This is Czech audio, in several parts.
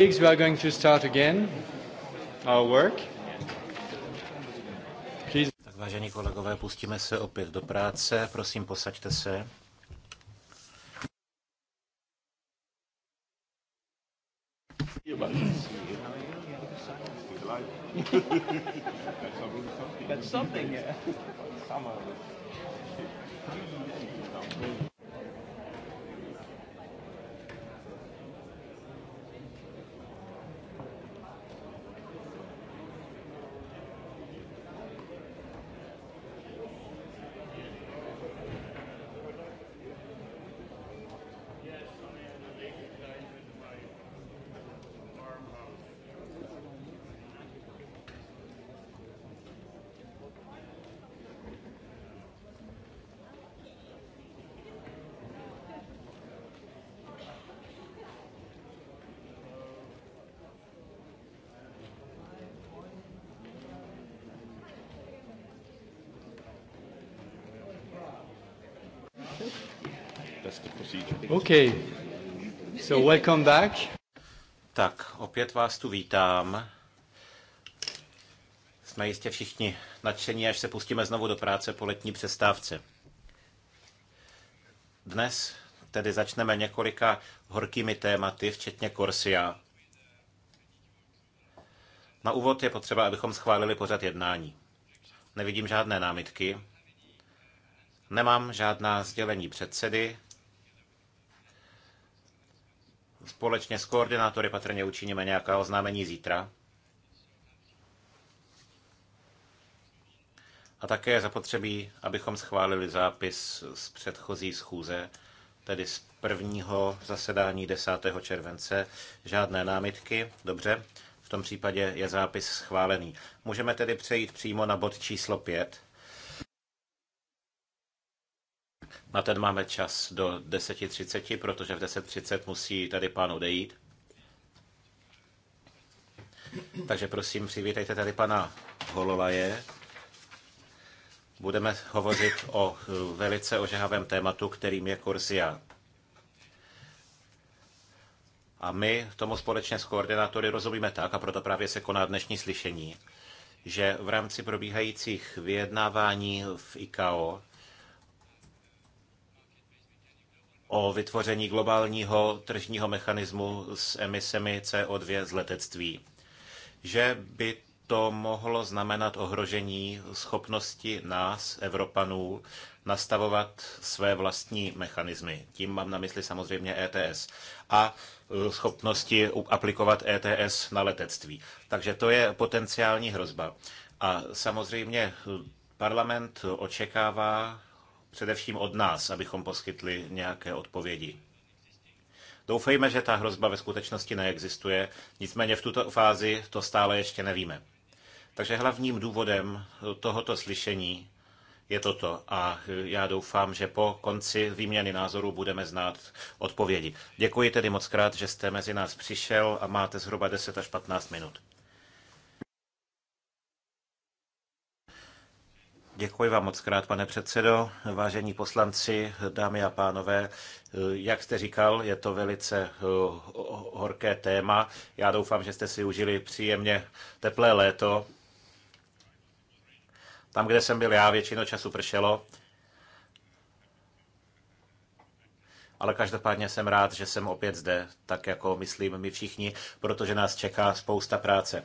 Colleagues, we are going to start again our work. Please. Tak vážení kolegové, pustíme se opět do práce. Prosím, posaďte se. That's something, yeah. Okay. So welcome back. Tak, opět vás tu vítám. Jsme jistě všichni nadšení, až se pustíme znovu do práce po letní přestávce. Dnes tedy začneme několika horkými tématy, včetně Korsia. Na úvod je potřeba, abychom schválili pořad jednání. Nevidím žádné námitky. Nemám žádná sdělení předsedy, Společně s koordinátory patrně učiníme nějaká oznámení zítra. A také je zapotřebí, abychom schválili zápis z předchozí schůze, tedy z prvního zasedání 10. července. Žádné námitky, dobře. V tom případě je zápis schválený. Můžeme tedy přejít přímo na bod číslo 5. Na ten máme čas do 10.30, protože v 10.30 musí tady pán odejít. Takže prosím, přivítejte tady pana Hololaje. Budeme hovořit o eh, velice ožehavém tématu, kterým je Korzia. A my tomu společně s koordinátory rozumíme tak, a proto právě se koná dnešní slyšení, že v rámci probíhajících vyjednávání v ICAO o vytvoření globálního tržního mechanismu s emisemi CO2 z letectví, že by to mohlo znamenat ohrožení schopnosti nás, Evropanů, nastavovat své vlastní mechanismy. Tím mám na mysli samozřejmě ETS. A e, schopnosti aplikovat ETS na letectví. Takže to je potenciální hrozba. A samozřejmě e, parlament očekává především od nás, abychom poskytli nějaké odpovědi. Doufejme, že ta hrozba ve skutečnosti neexistuje, nicméně v tuto fázi to stále ještě nevíme. Takže hlavním důvodem tohoto slyšení je toto a já doufám, že po konci výměny názorů budeme znát odpovědi. Děkuji tedy moc krát, že jste mezi nás přišel a máte zhruba 10 až 15 minut. Děkuji vám moc krát, pane předsedo. Vážení poslanci, dámy a pánové, jak jste říkal, je to velice eh, horké téma. Já doufám, že jste si užili příjemně teplé léto. Tam, kde jsem byl já, většinou času pršelo. ale každopádně jsem rád, že jsem opět zde, tak jako myslím my všichni, protože nás čeká spousta práce.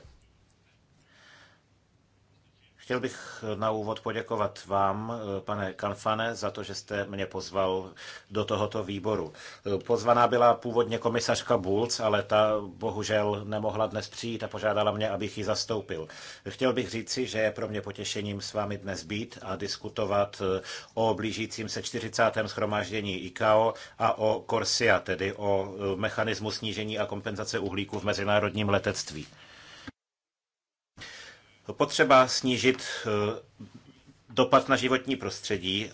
Chtěl bych na úvod poděkovat vám, pane Kanfane, za to, že jste mě pozval do tohoto výboru. Pozvaná byla původně komisařka Bulc, ale ta bohužel nemohla dnes přijít a požádala mě, abych ji zastoupil. Chtěl bych říci, že je pro mě potěšením s vámi dnes být a diskutovat eh, o blížícím se 40. schromáždění ICAO a o Corsia, tedy o eh, mechanismu snížení a kompenzace uhlíku v mezinárodním letectví potřeba snížit eh, dopad na životní prostředí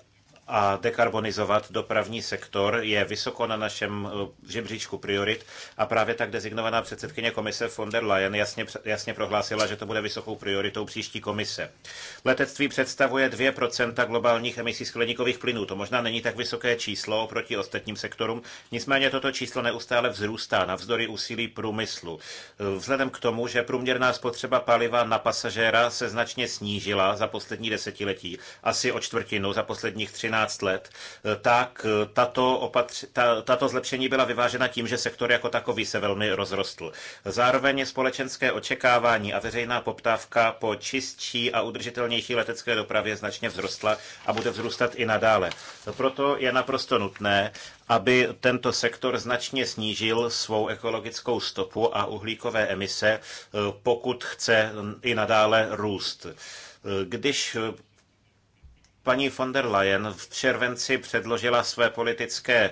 a dekarbonizovat dopravní sektor je vysoko na našem eh, žebříčku priorit a právě tak designovaná předsedkyně komise von der Leyen jasně, jasně prohlásila, že to bude vysokou prioritou příští komise. Letectví představuje 2% globálních emisí skleníkových plynů. To možná není tak vysoké číslo oproti ostatním sektorům, nicméně toto číslo neustále vzrůstá navzdory úsilí průmyslu. Eh, vzhledem k tomu, že průměrná spotřeba paliva na pasažéra se značně snížila za poslední desetiletí, asi o čtvrtinu za posledních 13 15 let, eh, tak eh, tato, opatř, ta, tato zlepšení byla vyvážena tím, že sektor jako takový se velmi rozrostl. Zároveň je společenské očekávání a veřejná poptávka po čistší a udržitelnější letecké dopravě značně vzrostla a bude vzrůstat i nadále. Proto je naprosto nutné, aby tento sektor značně snížil svou ekologickou stopu a uhlíkové emise, eh, pokud chce i nadále růst. Když Paní von der Leyen v červenci předložila své politické e,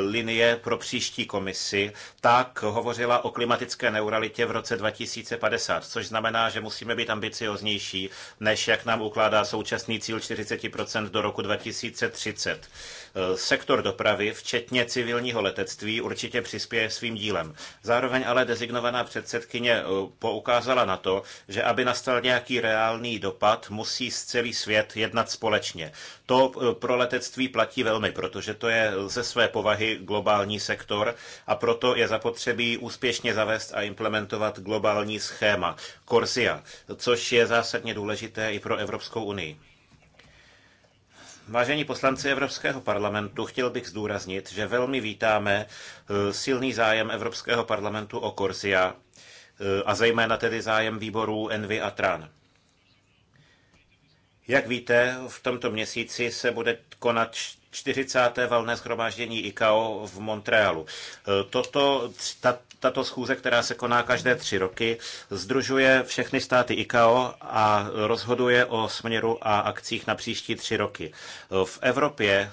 linie pro příští komisi, tak hovořila o klimatické neuralitě v roce 2050, což znamená, že musíme být ambicioznější, než jak nám ukládá současný cíl 40% do roku 2030. Eh, sektor dopravy, včetně civilního letectví, určitě přispěje svým dílem. Zároveň ale dezignovaná předsedkyně eh, poukázala na to, že aby nastal nějaký reálný dopad, musí celý svět jednat společně. To eh, pro letectví platí velmi, protože to je ze své povahy globální sektor a proto je zapotřebí úspěšně zavést a implementovat globální schéma, Corsia, což je zásadně důležité i pro Evropskou unii. Vážení poslanci Evropského parlamentu, chtěl bych zdůraznit, že velmi vítáme eh, silný zájem Evropského parlamentu o Korsia eh, a zejména tedy zájem výborů Envy a Tran. Jak víte, v tomto měsíci se bude konat 40. valné schromáždění ICAO v Montrealu. Eh, toto, ta, tato schůze, která se koná každé tři roky, združuje všechny státy ICAO a rozhoduje o směru a akcích na příští tři roky. V Evropě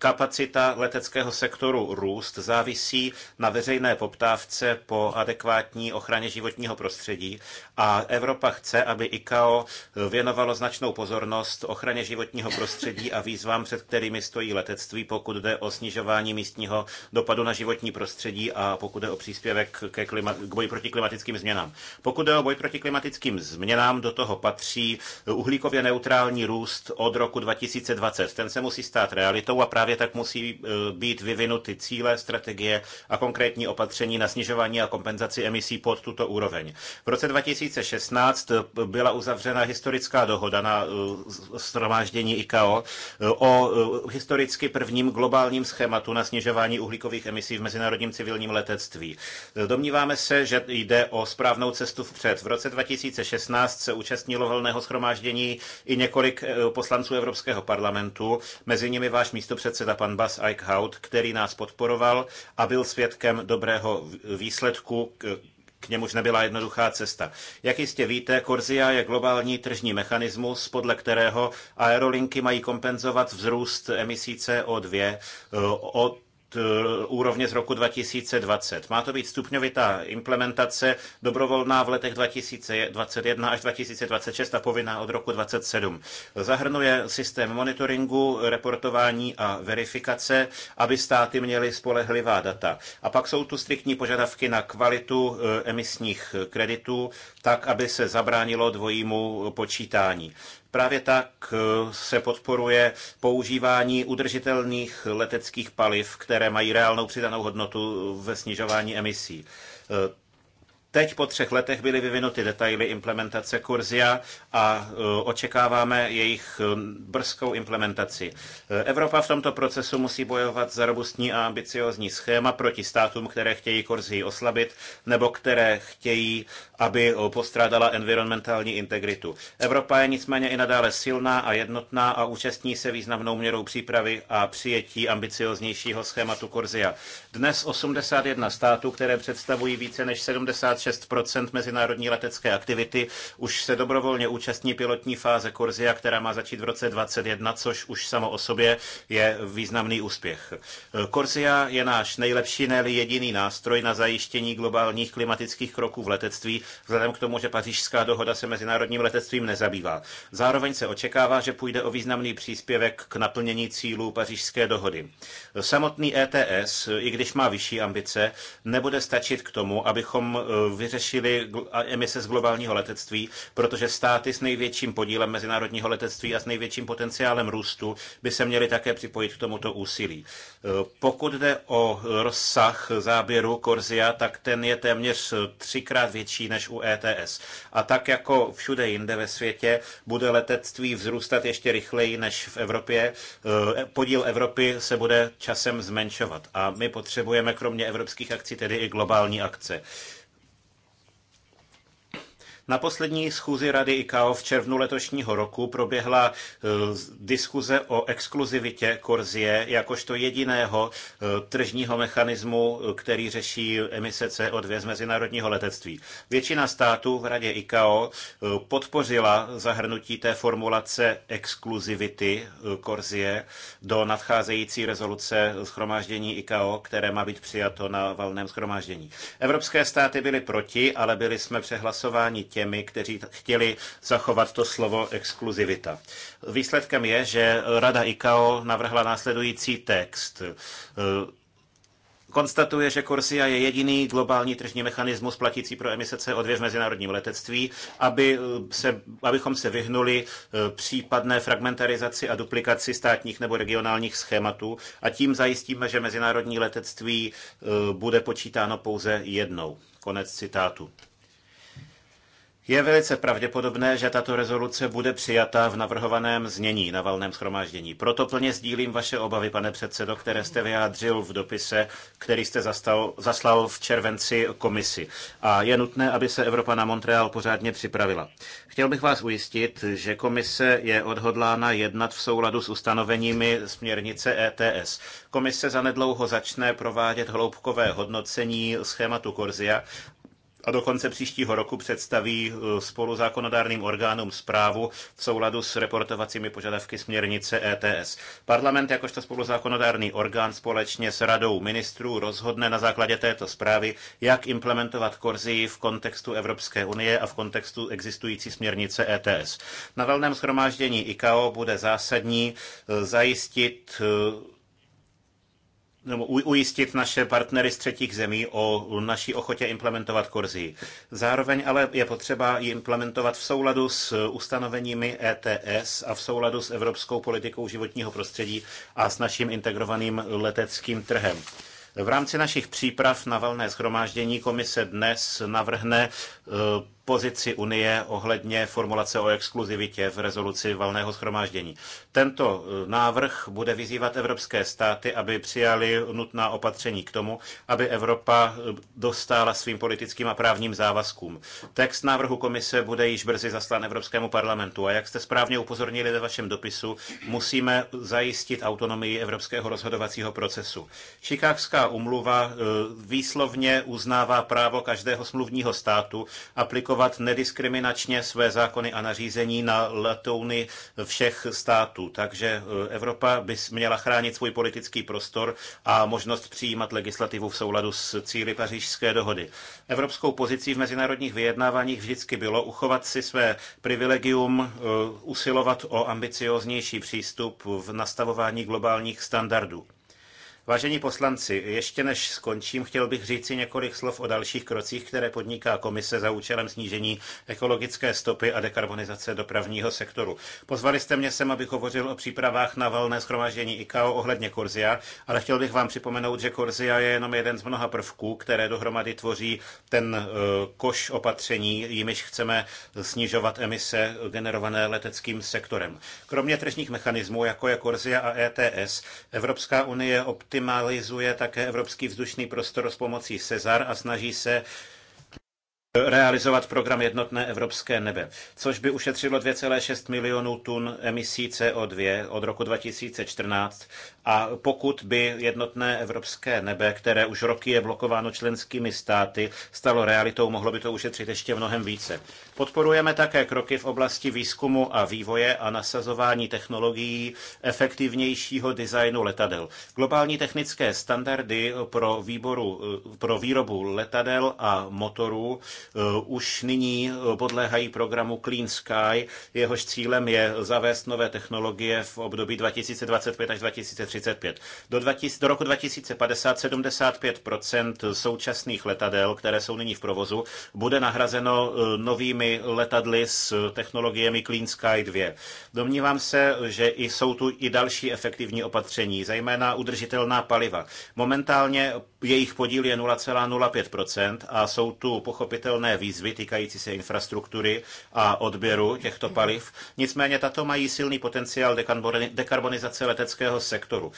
Kapacita leteckého sektoru růst závisí na veřejné poptávce po adekvátní ochraně životního prostředí a Evropa chce, aby ICAO věnovalo značnou pozornost ochraně životního prostředí a výzvám, před kterými stojí letectví, pokud jde o snižování místního dopadu na životní prostředí a pokud jde o příspěvek ke klima- k boji proti klimatickým změnám. Pokud jde o boj proti klimatickým změnám, do toho patří uhlíkově neutrální růst od roku 2020. Ten se musí stát realitou a právě Právě tak musí eh, být vyvinuty cíle, strategie a konkrétní opatření na snižování a kompenzaci emisí pod tuto úroveň. V roce 2016 eh, byla uzavřena historická dohoda na eh, shromáždění ICAO o historicky prvním globálním schématu na snižování uhlíkových emisí v mezinárodním civilním letectví. Domníváme se, že jde o správnou cestu vpřed. V roce 2016 se účastnilo volného schromáždění i několik poslanců Evropského parlamentu, mezi nimi váš místopředseda předseda pan Bas Eichhout, který nás podporoval a byl svědkem dobrého výsledku, k němuž nebyla jednoduchá cesta. Jak jistě víte, Korzia je globální tržní mechanismus, podle kterého aerolinky mají kompenzovat vzrůst emisí CO2 od Eh, úrovně z roku 2020. Má to být stupňovitá implementace, dobrovolná v letech 2021 až 2026 a povinná od roku 2027. Zahrnuje systém monitoringu, reportování a verifikace, aby státy měly spolehlivá data. A pak jsou tu striktní požadavky na kvalitu eh, emisních kreditů, tak, aby se zabránilo dvojímu počítání. Právě tak eh, se podporuje používání udržitelných leteckých paliv, které mají reálnou přidanou hodnotu ve snižování emisí. Eh, Teď po třech letech byly vyvinuty detaily implementace Kurzia a e, očekáváme jejich e, brzkou implementaci. E, Evropa v tomto procesu musí bojovat za robustní a ambiciozní schéma proti státům, které chtějí Kurzii oslabit nebo které chtějí, aby postrádala environmentální integritu. Evropa je nicméně i nadále silná a jednotná a účastní se významnou měrou přípravy a přijetí ambicioznějšího schématu Kurzia. Dnes 81 států, které představují více než 70 96 mezinárodní letecké aktivity už se dobrovolně účastní pilotní fáze Korzia, která má začít v roce 2021, což už samo o sobě je významný úspěch. Korzia je náš nejlepší, ne jediný nástroj na zajištění globálních klimatických kroků v letectví, vzhledem k tomu, že pařížská dohoda se mezinárodním letectvím nezabývá. Zároveň se očekává, že půjde o významný příspěvek k naplnění cílů pařížské dohody. Samotný ETS, i když má vyšší ambice, nebude stačit k tomu, abychom eh, vyřešili emise z globálního letectví, protože státy s největším podílem mezinárodního letectví a s největším potenciálem růstu by se měly také připojit k tomuto úsilí. E, pokud jde o rozsah záběru Korzia, tak ten je téměř třikrát větší než u ETS. A tak jako všude jinde ve světě, bude letectví vzrůstat ještě rychleji než v Evropě. E, podíl Evropy se bude časem zmenšovat a my potřebujeme kromě evropských akcí tedy i globální akce. Na poslední schůzi Rady ICAO v červnu letošního roku proběhla e, diskuze o exkluzivitě Korzie jakožto jediného e, tržního mechanismu, e, který řeší emise CO2 z mezinárodního letectví. Většina států v Radě ICAO podpořila zahrnutí té formulace exkluzivity Korzie do nadcházející rezoluce schromáždění ICAO, které má být přijato na valném schromáždění. Evropské státy byly proti, ale byli jsme přehlasováni tě, těmi, kteří chtěli zachovat to slovo exkluzivita. Výsledkem je, že Rada ICAO navrhla následující text konstatuje, že Corsia je jediný globální tržní mechanismus platící pro emise CO2 v mezinárodním letectví, aby eh, se, abychom se vyhnuli eh, případné fragmentarizaci a duplikaci státních nebo regionálních schématů a tím zajistíme, že mezinárodní letectví eh, bude počítáno pouze jednou. Konec citátu. Je velice pravděpodobné, že tato rezoluce bude přijata v navrhovaném znění na valném schromáždění. Proto plně sdílím vaše obavy, pane předsedo, které jste vyjádřil v dopise, který jste zastal, zaslal v červenci komisi. A je nutné, aby se Evropa na Montreal pořádně připravila. Chtěl bych vás ujistit, že komise je odhodlána jednat v souladu s ustanoveními směrnice ETS. Komise zanedlouho začne provádět hloubkové hodnocení schématu Korzia a do konce příštího roku představí eh, spolu zákonodárným orgánům zprávu v souladu s reportovacími požadavky směrnice ETS. Parlament jakožto zákonodárný orgán společně s radou ministrů rozhodne na základě této zprávy, jak implementovat korzii v kontextu Evropské unie a v kontextu existující směrnice ETS. Na velném schromáždění ICAO bude zásadní eh, zajistit eh, nebo ujistit naše partnery z třetích zemí o naší ochotě implementovat kurzy. Zároveň ale je potřeba ji implementovat v souladu s ustanoveními ETS a v souladu s evropskou politikou životního prostředí a s naším integrovaným leteckým trhem. V rámci našich příprav na valné schromáždění komise dnes navrhne eh, pozici Unie ohledně formulace o exkluzivitě v rezoluci valného schromáždění. Tento eh, návrh bude vyzývat evropské státy, aby přijali nutná opatření k tomu, aby Evropa eh, dostála svým politickým a právním závazkům. Text návrhu komise bude již brzy zaslán Evropskému parlamentu a jak jste správně upozornili ve vašem dopisu, musíme zajistit autonomii evropského rozhodovacího procesu. Šikákská umluva eh, výslovně uznává právo každého smluvního státu aplikovat aplikovat nediskriminačně své zákony a nařízení na letouny všech států. Takže eh, Evropa by měla chránit svůj politický prostor a možnost přijímat legislativu v souladu s cíly pařížské dohody. Evropskou pozicí v mezinárodních vyjednáváních vždycky bylo uchovat si své privilegium, eh, usilovat o ambicioznější přístup v nastavování globálních standardů. Vážení poslanci, ještě než skončím, chtěl bych říci několik slov o dalších krocích, které podniká komise za účelem snížení ekologické stopy a dekarbonizace dopravního sektoru. Pozvali jste mě sem, abych hovořil o přípravách na valné schromáždění ICAO ohledně Korzia, ale chtěl bych vám připomenout, že Korzia je jenom jeden z mnoha prvků, které dohromady tvoří ten eh, koš opatření, jimiž chceme snižovat emise generované leteckým sektorem. Kromě tržních mechanismů, jako je Korzia a ETS, Evropská unie opti optimalizuje také evropský vzdušný prostor s pomocí Cezar a snaží se realizovat program jednotné evropské nebe, což by ušetřilo 2,6 milionů tun emisí CO2 od roku 2014. A pokud by jednotné evropské nebe, které už roky je blokováno členskými státy, stalo realitou, mohlo by to ušetřit ještě mnohem více. Podporujeme také kroky v oblasti výzkumu a vývoje a nasazování technologií efektivnějšího designu letadel. Globální technické standardy pro, výboru, pro výrobu letadel a motorů eh, už nyní eh, podléhají programu Clean Sky. Jehož cílem je zavést nové technologie v období 2025 až 2035. Do, 20, do roku 2050 75 současných letadel, které jsou nyní v provozu, bude nahrazeno eh, novými letadly s technologiemi Clean Sky 2. Domnívám se, že i jsou tu i další efektivní opatření, zejména udržitelná paliva. Momentálně jejich podíl je 0,05% a jsou tu pochopitelné výzvy týkající se infrastruktury a odběru těchto paliv. Nicméně tato mají silný potenciál dekarbonizace leteckého sektoru.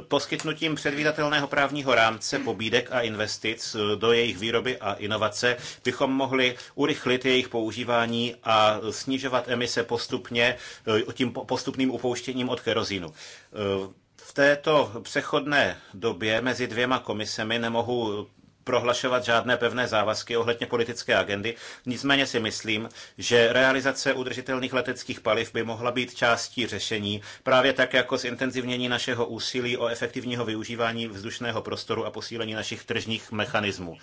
E, poskytnutím předvídatelného právního rámce pobídek a investic e, do jejich výroby a inovace bychom mohli urychlit jejich použití používání a snižovat emise postupně eh, tím postupným upouštěním od kerozínu. Eh, v této přechodné době mezi dvěma komisemi nemohu prohlašovat žádné pevné závazky ohledně politické agendy. Nicméně si myslím, že realizace udržitelných leteckých paliv by mohla být částí řešení, právě tak jako zintenzivnění našeho úsilí o efektivního využívání vzdušného prostoru a posílení našich tržních mechanismů.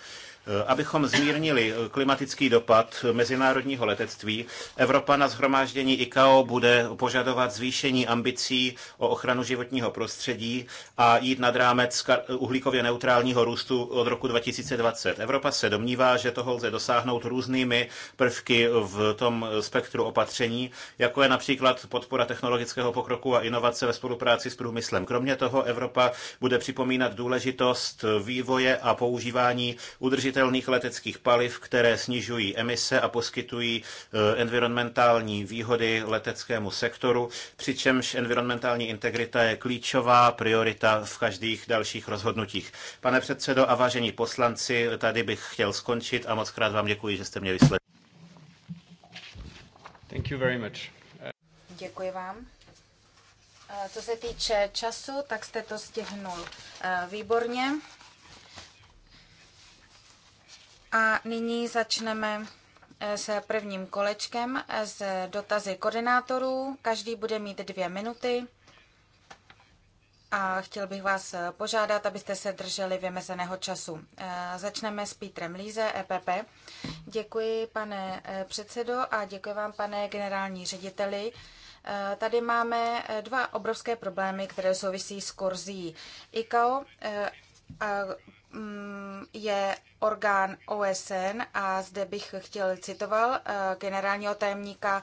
Eh, abychom zmírnili eh, klimatický dopad mezinárodního letectví, Evropa na zhromáždění ICAO bude požadovat zvýšení ambicí o ochranu životního prostředí a jít nad rámec uhlíkově neutrálního růstu od roku 2020. Evropa se domnívá, že toho lze dosáhnout různými prvky v tom eh, spektru opatření, jako je například podpora technologického pokroku a inovace ve spolupráci s průmyslem. Kromě toho Evropa bude připomínat důležitost vývoje a používání udržitelných udržitelných leteckých paliv, které snižují emise a poskytují eh, environmentální výhody leteckému sektoru, přičemž environmentální integrita je klíčová priorita v každých dalších rozhodnutích. Pane předsedo a vážení poslanci, tady bych chtěl skončit a moc krát vám děkuji, že jste mě vyslechli. Thank you very much. Děkuji vám. Eh, co se týče času, tak jste to stihnul eh, výborně. A nyní začneme eh, s prvním kolečkem z eh, dotazy koordinátorů. Každý bude mít dvě minuty. A chtěl bych vás eh, požádat, abyste se drželi vymezeného času. Začneme s Pítrem Líze, EPP. Děkuji, pane předsedo, a děkuji vám, pane generální řediteli. Tady máme dva obrovské problémy, které souvisí s korzí. ICAO Mm, je orgán OSN a zde bych chtěl citoval eh, generálního tajemníka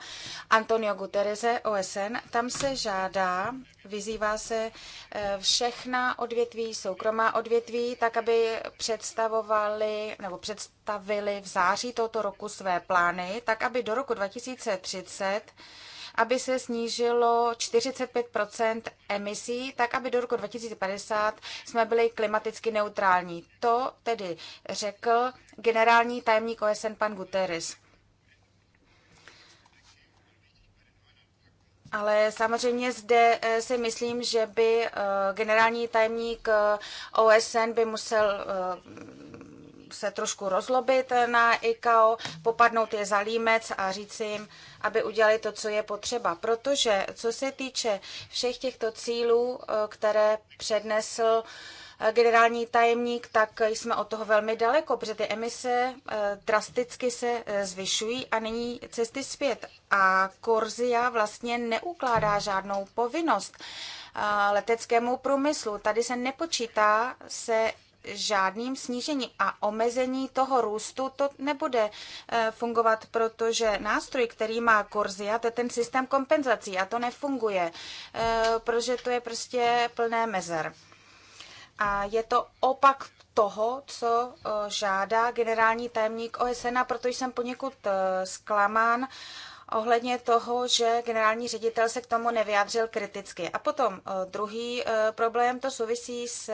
Antonio Gutereze OSN. Tam se žádá, vyzývá se eh, všechna odvětví, soukromá odvětví, tak aby představovali nebo představili v září tohoto roku své plány, tak aby do roku 2030 aby se snížilo 45 emisí, tak aby do roku 2050 jsme byli klimaticky neutrální. To tedy řekl generální tajemník OSN pan Guterres. Ale samozřejmě zde eh, si myslím, že by eh, generální tajemník eh, OSN by musel se trošku rozlobit na ICAO, popadnout je za límec a říct jim, aby udělali to, co je potřeba. Protože co se týče všech těchto cílů, eh, které přednesl eh, generální tajemník, tak jsme od toho velmi daleko, protože ty emise eh, drasticky se zvyšují a není cesty zpět. A Korzia vlastně neukládá žádnou povinnost leteckému průmyslu. Tady se nepočítá se žádným snížení a omezení toho růstu to nebude eh, fungovat, protože nástroj, který má a to je ten systém kompenzací a to nefunguje, eh, protože to je prostě plné mezer. A je to opak toho, co eh, žádá generální tajemník OSN, a proto jsem poněkud zklamán ohledně toho, že generální ředitel se k tomu nevyjádřil kriticky. A potom druhý problém, to souvisí s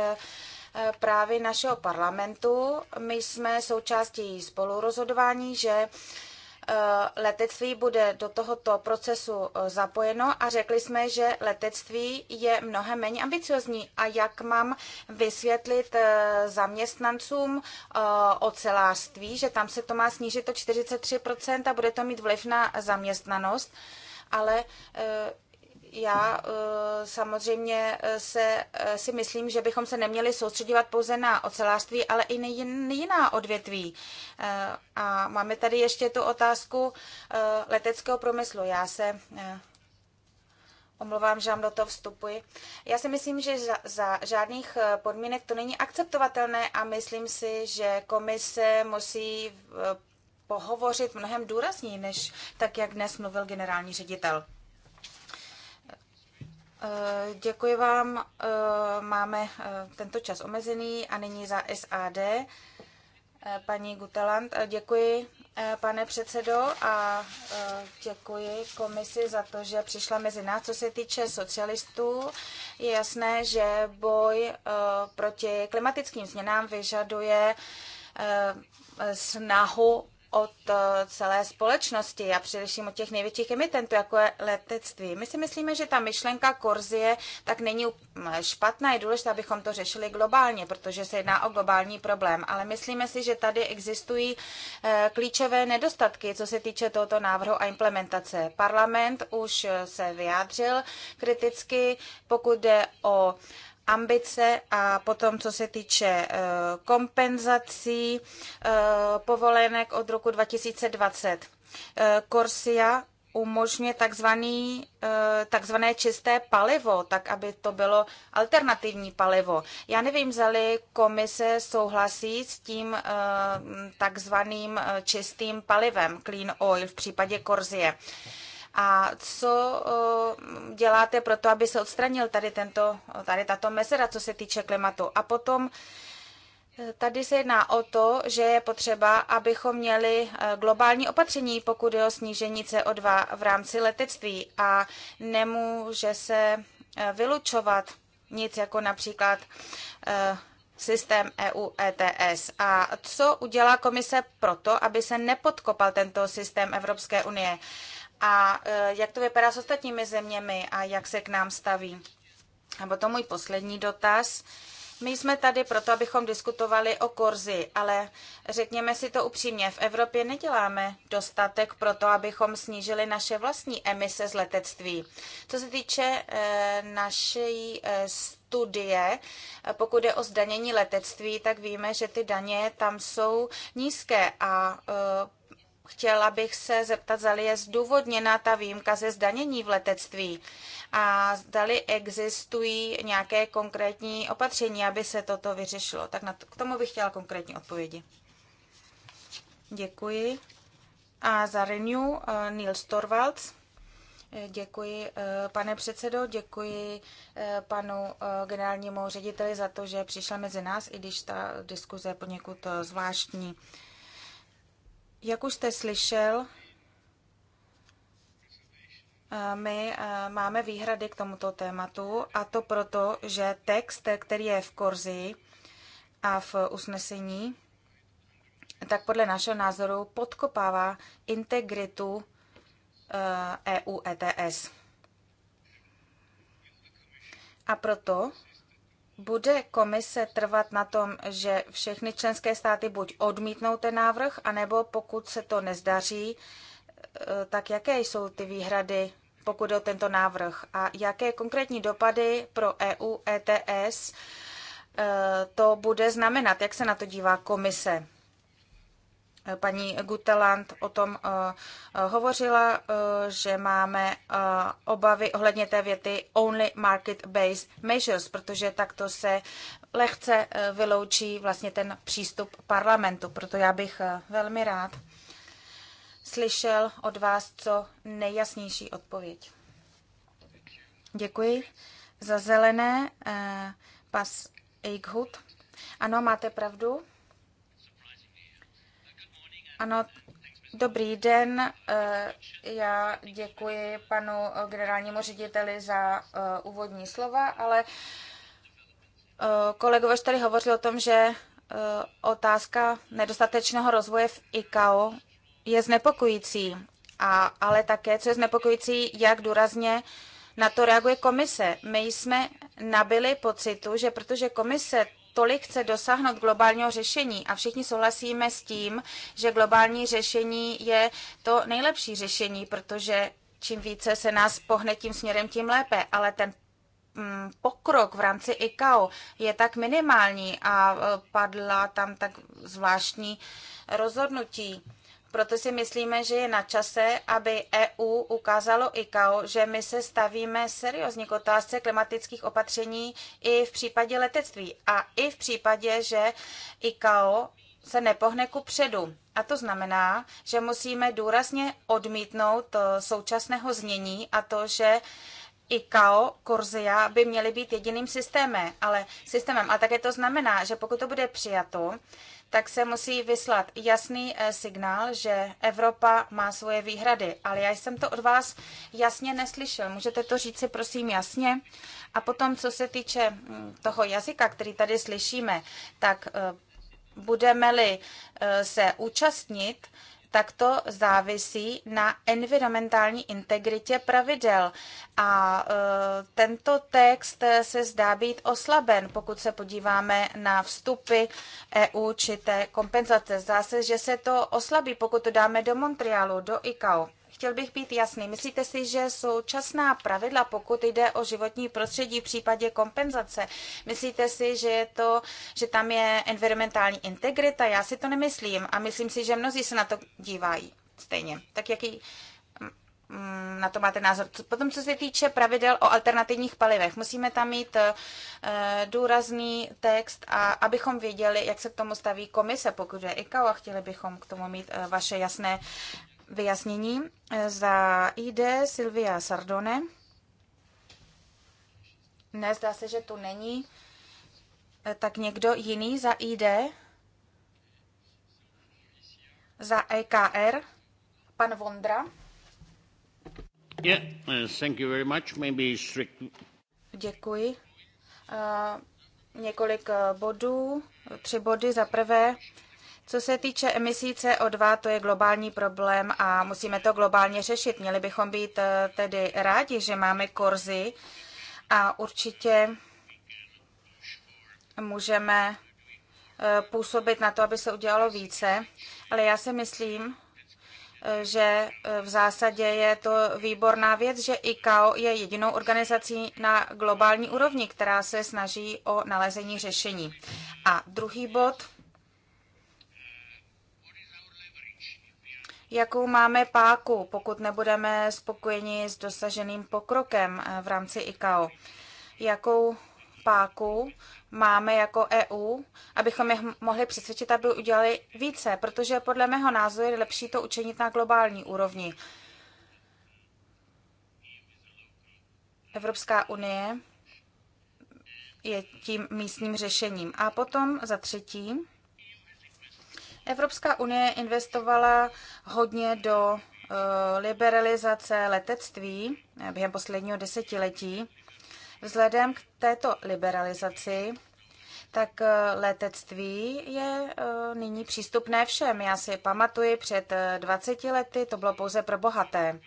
E, právě našeho parlamentu. My jsme součástí spolurozhodování, že e, letectví bude do tohoto procesu e, zapojeno a řekli jsme, že letectví je mnohem méně ambiciozní. A jak mám vysvětlit zaměstnancům ocelářství, že tam se to má snížit o 43% a bude to mít vliv na zaměstnanost, ale já eh, samozřejmě eh, se, eh, si myslím, že bychom se neměli soustředovat pouze na ocelářství, ale i jiná odvětví. A máme tady ještě tu otázku leteckého průmyslu. Já se Omlouvám, že vám do toho vstupuji. Já si myslím, že za, za žádných podmínek to není akceptovatelné a myslím si, že komise musí pohovořit mnohem důrazněji, než tak, jak dnes mluvil generální ředitel. Eh, děkuji vám. Eh, máme eh, tento čas omezený a nyní za SAD. Paní Guteland, děkuji, pane předsedo, a děkuji komisi za to, že přišla mezi nás. Co se týče socialistů, je jasné, že boj proti klimatickým změnám vyžaduje snahu od eh, celé společnosti a především od těch největších emitentů, jako je letectví. My si myslíme, že ta myšlenka Korzie tak není špatná, je důležité, abychom to řešili globálně, protože se jedná o globální problém, ale myslíme si, že tady existují eh, klíčové nedostatky, co se týče tohoto návrhu a implementace. Parlament už se vyjádřil kriticky, pokud jde o ambice a potom, co se týče eh, kompenzací eh, povolenek od roku 2020. Eh, Corsia umožňuje takzvaný, takzvané čisté palivo, tak aby to bylo alternativní palivo. Já nevím, zali komise souhlasí s tím takzvaným čistým palivem, clean oil v případě Korzie. A co eh, děláte pro to, aby se odstranil tady, tento, tady tato mezera, co se týče klimatu? A potom eh, Tady se jedná o to, že je potřeba, abychom měli eh, globální opatření, pokud je o snížení CO2 v rámci letectví a nemůže se vylučovat nic jako například systém EU ETS. A co udělá komise proto, aby se nepodkopal tento systém Evropské unie? a e, jak to vypadá s ostatními zeměmi a jak se k nám staví. A to můj poslední dotaz. My jsme tady proto, abychom diskutovali o korzi, ale řekněme si to upřímně, v Evropě neděláme dostatek pro to, abychom snížili naše vlastní emise z letectví. Co se týče e, naší e, studie, pokud je o zdanění letectví, tak víme, že ty daně tam jsou nízké a e, Chtěla bych se zeptat, zda je zdůvodněna ta výjimka ze zdanění v letectví a zda existují nějaké konkrétní opatření, aby se toto vyřešilo. Tak na to, k tomu bych chtěla konkrétní odpovědi. Děkuji. A za Renew eh, Nils Torvalds. Eh, děkuji, eh, pane předsedo, děkuji panu generálnímu řediteli za to, že přišel mezi nás, i když ta diskuze je poněkud zvláštní. Jak už jste slyšel, eh, my eh, máme výhrady k tomuto tématu a to proto, že text, který je v korzi a v usnesení, tak podle našeho názoru podkopává integritu EU eh, e ETS. A proto bude komise trvat na tom, že všechny členské státy buď odmítnou ten návrh, anebo pokud se to nezdaří, eh, tak jaké jsou ty výhrady, pokud o tento návrh a jaké konkrétní dopady pro EU ETS eh, to bude znamenat, jak se na to dívá komise. Paní Guteland o tom eh, eh, hovořila, eh, že máme obavy ohledně té věty only market-based measures, protože takto se lehce vyloučí vlastně ten přístup parlamentu. Proto já bych velmi rád slyšel od vás co nejjasnější odpověď. Děkuji. Za zelené pas Eichhut. Ano, máte pravdu. Ano, dobrý den. Eh, já děkuji panu eh, generálnímu řediteli za eh, úvodní slova, ale kolegové už tady hovořili o tom, že otázka nedostatečného rozvoje v ICAO je znepokojící, a, ale také, co je znepokojící, jak důrazně na to reaguje komise. My jsme nabili pocitu, že protože komise tolik chce dosáhnout globálního řešení a všichni souhlasíme s tím, že globální řešení je to nejlepší řešení, protože čím více se nás pohne tím směrem, tím lépe, ale ten mm, pokrok v rámci ICAO je tak minimální a e, padla tam tak zvláštní rozhodnutí proto si myslíme, že je na čase, aby EU ukázalo ICAO, že my se stavíme seriózně k otázce klimatických opatření i v případě letectví a i v případě, že ICAO se nepohne ku předu. A to znamená, že musíme důrazně odmítnout eh, současného znění a to, že ICAO, Korzia by měly být jediným systémem, ale systémem. A také to znamená, že pokud to bude přijato, tak se musí vyslat jasný eh, signál, že Evropa má svoje výhrady. Ale já jsem to od vás jasně neslyšel. Můžete to říct si prosím jasně? A potom, co se týče hm, toho jazyka, který tady slyšíme, tak eh, budeme-li eh, se účastnit, takto závisí na environmentální integritě pravidel. A e, tento text se zdá být oslaben, pokud se podíváme na vstupy EU či té kompenzace. Zdá se, že se to oslabí, pokud to dáme do Montrealu, do ICAO. Chtěl bych být jasný. Myslíte si, že současná pravidla, pokud jde o životní prostředí v případě kompenzace, myslíte si, že, je to, že tam je environmentální integrita? Já si to nemyslím a myslím si, že mnozí se na to dívají stejně. Tak jaký mm, na to máte názor. Potom, co se týče pravidel o alternativních palivech, musíme tam mít eh, důrazný text, a abychom věděli, jak se k tomu staví komise, pokud je ICAO a chtěli bychom k tomu mít eh, vaše jasné vyjasnění. Za ID Silvia Sardone. Ne, zdá se, že tu není. Eh, tak někdo jiný za ID? Za EKR? Pan Vondra? Yeah, uh, thank you very much. Maybe strict... Děkuji. Uh, několik eh, bodů, tři body. Za prvé, co se týče emisí CO2, to je globální problém a musíme to globálně řešit. Měli bychom být eh, tedy rádi, že máme korzy a určitě můžeme eh, působit na to, aby se udělalo více, ale já si myslím, eh, že v zásadě je to výborná věc, že ICAO je jedinou organizací na globální úrovni, která se snaží o nalezení řešení. A druhý bod – jakou máme páku, pokud nebudeme spokojeni s dosaženým pokrokem eh, v rámci ICAO. Jakou páku máme jako EU, abychom je mohli přesvědčit, aby udělali více, protože podle mého názoru je lepší to učinit na globální úrovni. Evropská unie je tím místním řešením. A potom za třetí, Evropská unie investovala hodně do eh, liberalizace letectví eh, během posledního desetiletí. Vzhledem k této liberalizaci, tak eh, letectví je nyní přístupné všem. Já si pamatuji, před 20 lety to bylo pouze pro bohaté.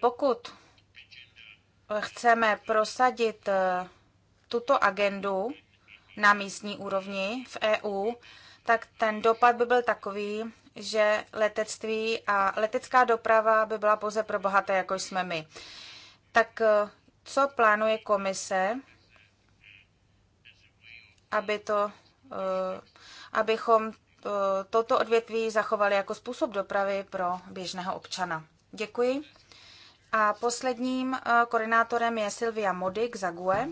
Pokud chceme prosadit tuto agendu na místní úrovni v EU, tak ten dopad by byl takový, že letectví a letecká doprava by byla pouze pro bohaté, jako jsme my. Tak eh, co plánuje komise, aby to, eh, abychom eh, toto odvětví zachovali jako způsob dopravy pro běžného občana? Děkuji. A posledním koordinátorem je Silvia Modik za GUE.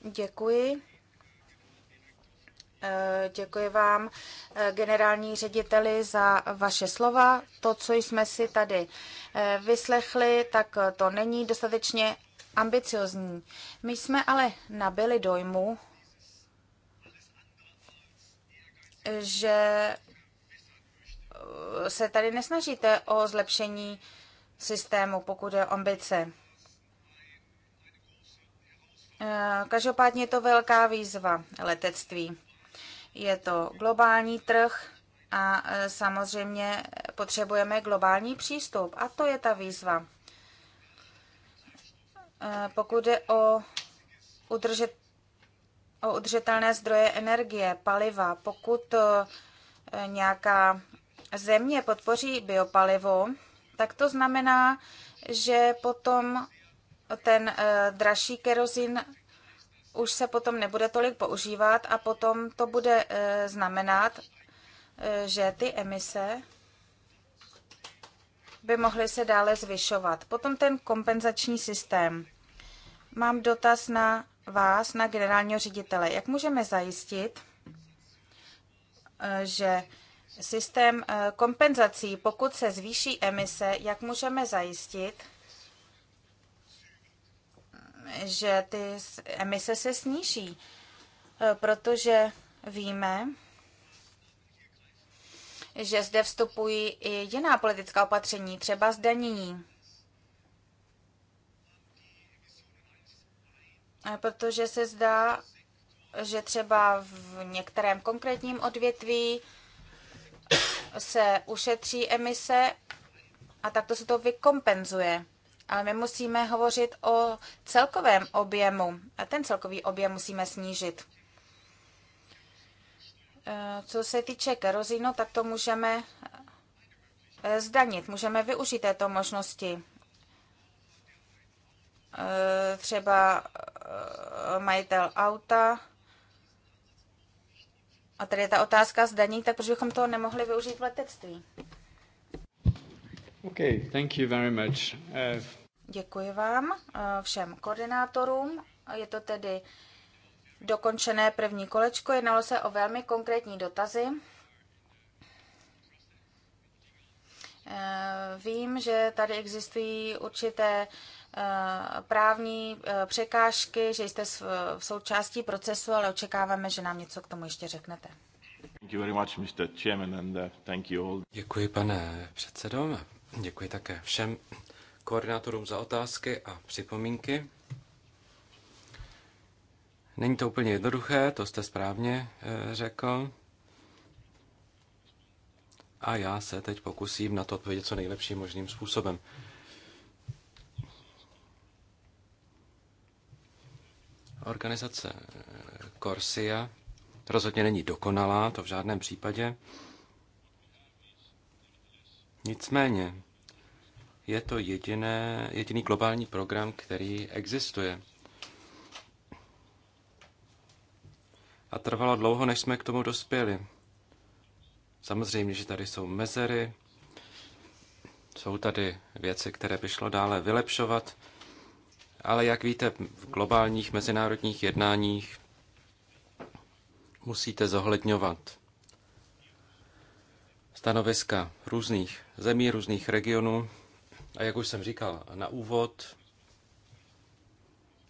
Děkuji. Eh, děkuji vám, eh, generální řediteli, za vaše slova. To, co jsme si tady eh, vyslechli, tak to není dostatečně ambiciozní. My jsme ale nabili dojmu, že se tady nesnažíte o zlepšení systému, pokud je ambice. Eh, každopádně je to velká výzva letectví. Je to globální trh a eh, samozřejmě potřebujeme globální přístup a to je ta výzva. Eh, pokud je o, udržet, o udržitelné zdroje energie, paliva, pokud nějaká země podpoří biopalivo, tak to znamená, že potom ten eh, dražší kerozin už se potom nebude tolik používat a potom to bude eh, znamenat, eh, že ty emise by mohly se dále zvyšovat. Potom ten kompenzační systém. Mám dotaz na vás, na generálního ředitele. Jak můžeme zajistit, že systém kompenzací, pokud se zvýší emise, jak můžeme zajistit, že ty emise se sníží, e, protože víme, že zde vstupují i jiná politická opatření, třeba zdanění. Protože se zdá, že třeba v některém konkrétním odvětví se ušetří emise a takto se to vykompenzuje ale my musíme hovořit o celkovém objemu. A ten celkový objem musíme snížit. E, co se týče kerozínu, tak to můžeme e, zdanit. Můžeme využít této možnosti. E, třeba majitel auta. A tady je ta otázka zdaní, tak proč bychom to nemohli využít v letectví? Okay, thank you very much. Uh, Děkuji vám eh, všem koordinátorům. Je to tedy dokončené první kolečko. Jednalo se o velmi konkrétní dotazy. Eh, vím, že tady existují určité eh, právní překážky, že jste v součástí procesu, ale očekáváme, že nám něco k tomu ještě řeknete. Uh, Děkuji, pane předsedo. Děkuji také všem koordinátorům za otázky a připomínky. Není to úplně jednoduché, to jste správně eh, řekl. A já se teď pokusím na to odpovědět co nejlepším možným způsobem. Organizace eh, Corsia rozhodně není dokonalá, to v žádném případě. Nicméně, je to jediné, jediný globální program, který existuje. A trvalo dlouho, než jsme k tomu dospěli. Samozřejmě, že tady jsou mezery, jsou tady věci, které by šlo dále vylepšovat, ale jak víte, v globálních mezinárodních jednáních musíte zohledňovat stanoviska různých zemí, různých regionů. A jak už jsem říkal na úvod,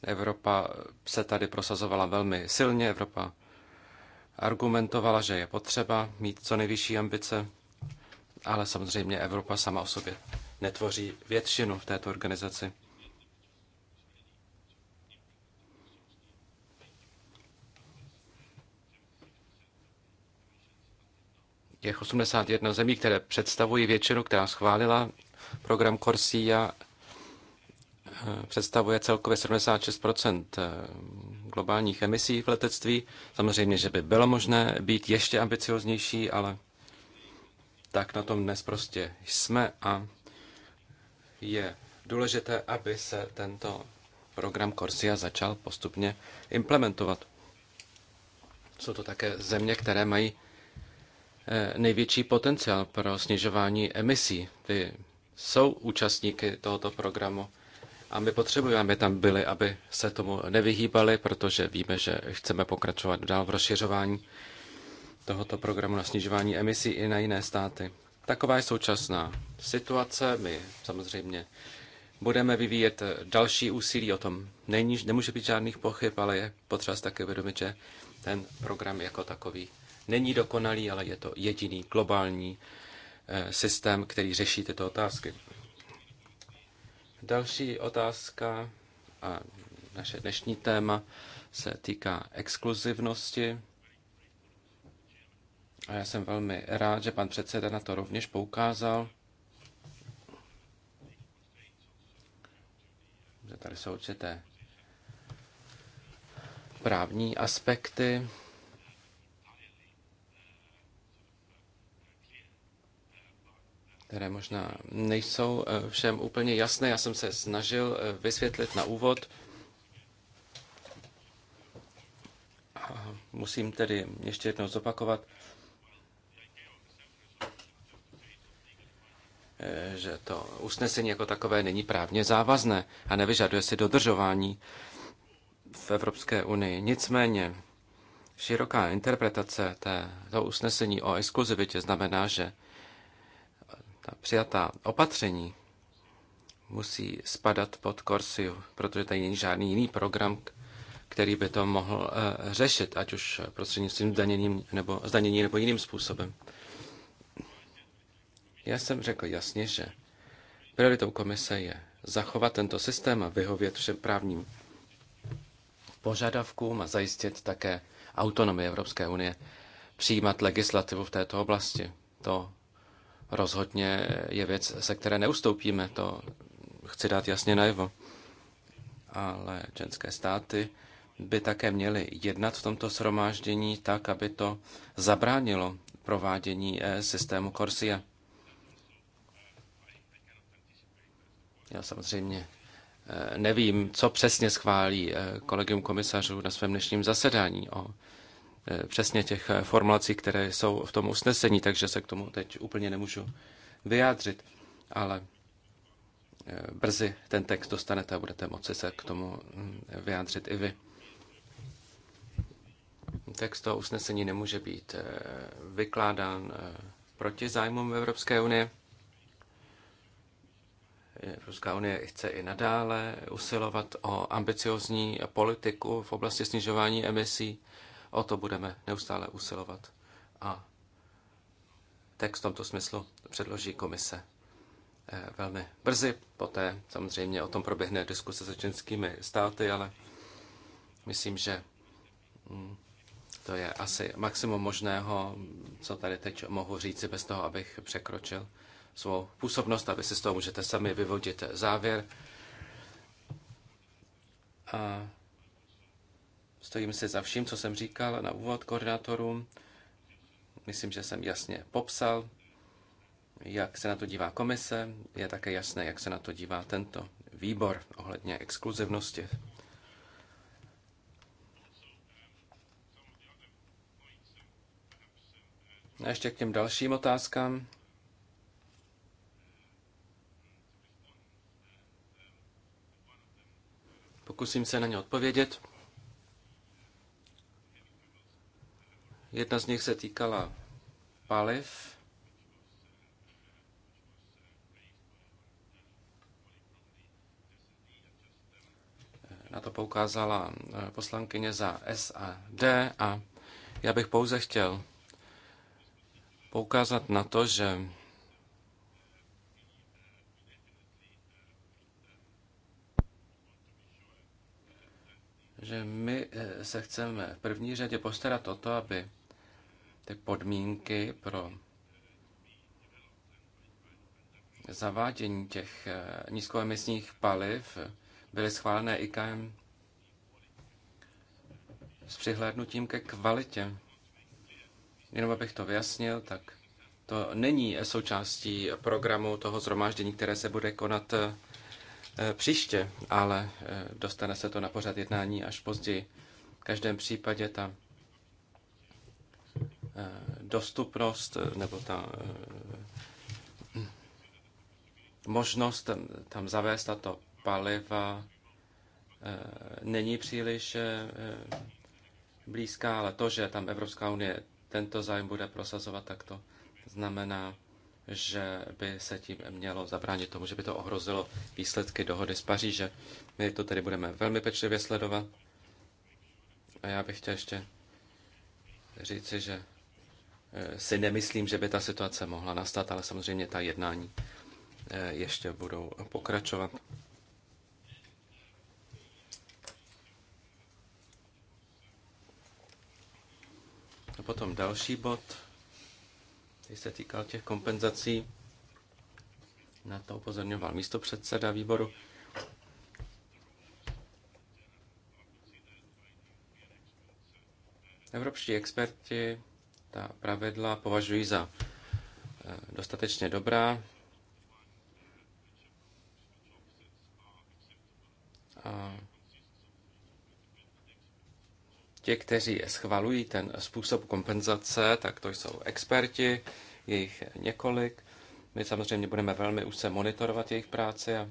Evropa se tady prosazovala velmi silně. Evropa argumentovala, že je potřeba mít co nejvyšší ambice, ale samozřejmě Evropa sama o sobě netvoří většinu v této organizaci. těch 81 zemí, které představují většinu, která schválila Program Corsia eh, představuje celkově 76 eh, globálních emisí v letectví. Samozřejmě, že by bylo možné být ještě ambicioznější, ale tak na tom dnes prostě jsme a je důležité, aby se tento program Corsia začal postupně implementovat. Jsou to také země, které mají eh, největší potenciál pro snižování emisí. Ty jsou účastníky tohoto programu. A my potřebujeme, aby tam byli, aby se tomu nevyhýbali, protože víme, že chceme pokračovat dál v rozšiřování tohoto programu na snižování emisí i na jiné státy. Taková je současná situace. My samozřejmě budeme vyvíjet další úsilí, o tom není, nemůže být žádných pochyb, ale je potřeba si také uvědomit, že ten program jako takový není dokonalý, ale je to jediný globální Eh, systém, který řeší tyto otázky. Další otázka a naše dnešní téma se týká exkluzivnosti. A já jsem velmi rád, že pan předseda na to rovněž poukázal. Že tady jsou určité právní aspekty které možná nejsou eh, všem úplně jasné. Já jsem se snažil eh, vysvětlit na úvod. A musím tedy ještě jednou zopakovat, eh, že to usnesení jako takové není právně závazné a nevyžaduje si dodržování v Evropské unii. Nicméně široká interpretace toho usnesení o exkluzivitě znamená, že ta přijatá opatření musí spadat pod Corsiu, protože tady není žádný jiný program, který by to mohl eh, řešit, ať už prostřednictvím zdaněním nebo, zdanění nebo jiným způsobem. Já jsem řekl jasně, že prioritou komise je zachovat tento systém a vyhovět všem právním požadavkům a zajistit také autonomii Evropské unie přijímat legislativu v této oblasti. To rozhodně je věc, se které neustoupíme, to chci dát jasně najevo. Ale členské státy by také měly jednat v tomto shromáždění tak, aby to zabránilo provádění eh, systému Corsia. Já samozřejmě eh, nevím, co přesně schválí eh, kolegium komisařů na svém dnešním zasedání o Eh, přesně těch eh, formulací, které jsou v tom usnesení, takže se k tomu teď úplně nemůžu vyjádřit, ale eh, brzy ten text dostanete a budete moci se k tomu hm, vyjádřit i vy. Text toho usnesení nemůže být vykládán proti zájmům Evropské unie. Evropská unie chce i nadále usilovat o ambiciozní politiku v oblasti snižování emisí O to budeme neustále usilovat a text v tomto smyslu předloží komise eh, velmi brzy. Poté samozřejmě o tom proběhne diskuse se členskými státy, ale myslím, že mm, to je asi maximum možného, co tady teď mohu říci, bez toho, abych překročil svou působnost, aby si z toho můžete sami vyvodit závěr. A Stojím si za vším, co jsem říkal na úvod koordinátorům. Myslím, že jsem jasně popsal, jak se na to dívá komise. Je také jasné, jak se na to dívá tento výbor ohledně exkluzivnosti. A ještě k těm dalším otázkám. Pokusím se na ně odpovědět. Jedna z nich se týkala paliv. Na to poukázala eh, poslankyně za SAD a já bych pouze chtěl poukázat na to, že že my eh, se chceme v první řadě postarat o to, aby ty podmínky pro zavádění těch eh, nízkoemisních paliv byly schválené IKM s přihlédnutím ke kvalitě. Jenom abych to vyjasnil, tak to není součástí programu toho zhromáždění, které se bude konat eh, příště, ale eh, dostane se to na pořad jednání až později. V každém případě ta Eh, dostupnost eh, nebo ta eh, možnost tam zavést tato paliva není příliš blízká, ale to, že tam Evropská unie tento zájem bude prosazovat, tak to znamená, že by se tím mělo zabránit tomu, že by to ohrozilo výsledky dohody z Paříže. My to tedy budeme velmi pečlivě sledovat. A já bych chtěl ještě říci, že Eh, si nemyslím, že by ta situace mohla nastat, ale samozřejmě ta jednání eh, ještě budou pokračovat. A potom další bod, který se týkal těch kompenzací. Na to upozorňoval místo předseda výboru. Evropští experti ta pravidla považuji za eh, dostatečně dobrá. A ti, kteří schvalují ten způsob kompenzace, tak to jsou experti, jejich několik. My samozřejmě budeme velmi úzce monitorovat jejich práci a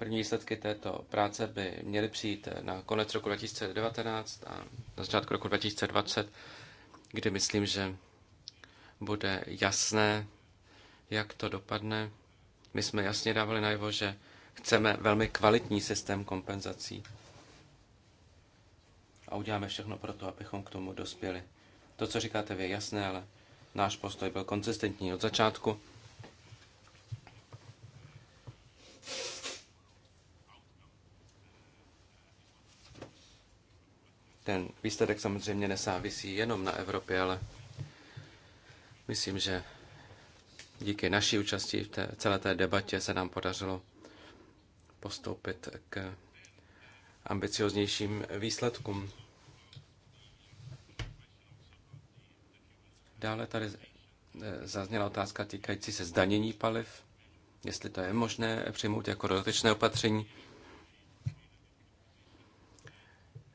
První výsledky této práce by měly přijít na konec roku 2019 a na začátku roku 2020, kdy myslím, že bude jasné, jak to dopadne. My jsme jasně dávali najevo, že chceme velmi kvalitní systém kompenzací a uděláme všechno pro to, abychom k tomu dospěli. To, co říkáte vy, je jasné, ale náš postoj byl konzistentní od začátku. Ten výsledek samozřejmě nesávisí jenom na Evropě, ale myslím, že díky naší účasti v té, celé té debatě se nám podařilo postoupit k ambicioznějším výsledkům. Dále tady eh, zazněla otázka týkající se zdanění paliv, jestli to je možné přijmout jako dodatečné opatření.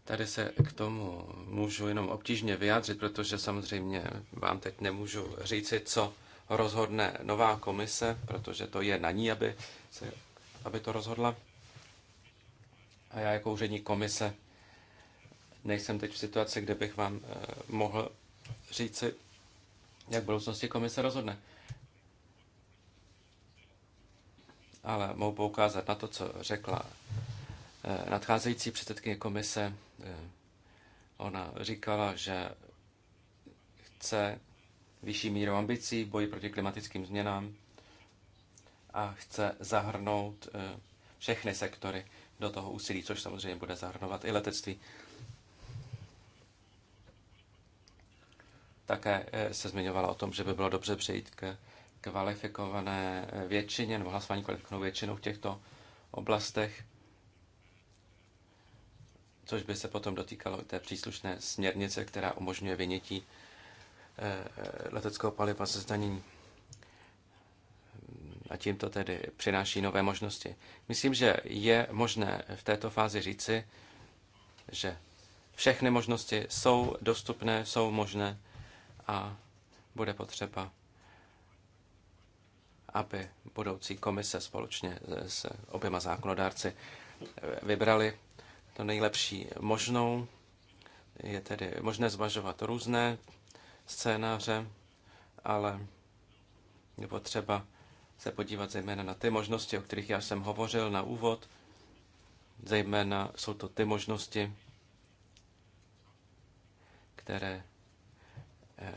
Tady se k tomu můžu jenom obtížně vyjádřit, protože samozřejmě vám teď nemůžu říci, co rozhodne nová komise, protože to je na ní, aby, se, aby to rozhodla. A já jako úřední komise nejsem teď v situaci, kde bych vám eh, mohl říci, jak v budoucnosti komise rozhodne. Ale mohu poukázat na to, co řekla Eh, nadcházející předsedkyně komise, eh, ona říkala, že chce vyšší míru ambicí v boji proti klimatickým změnám a chce zahrnout eh, všechny sektory do toho úsilí, což samozřejmě bude zahrnovat i letectví. Také se zmiňovala o tom, že by bylo dobře přejít k kvalifikované většině nebo hlasování kvalifikovanou většinou v těchto oblastech což by se potom dotýkalo té příslušné směrnice, která umožňuje vynětí eh, eh, leteckého paliva ze zdanění. A tím to tedy přináší nové možnosti. Myslím, že je možné v této fázi říci, že všechny možnosti jsou dostupné, jsou možné a bude potřeba, aby budoucí komise společně s oběma zákonodárci eh, vybrali to nejlepší možnou. Je tedy možné zvažovat různé scénáře, ale je potřeba se podívat zejména na ty možnosti, o kterých já jsem hovořil na úvod. Zejména jsou to ty možnosti, které eh,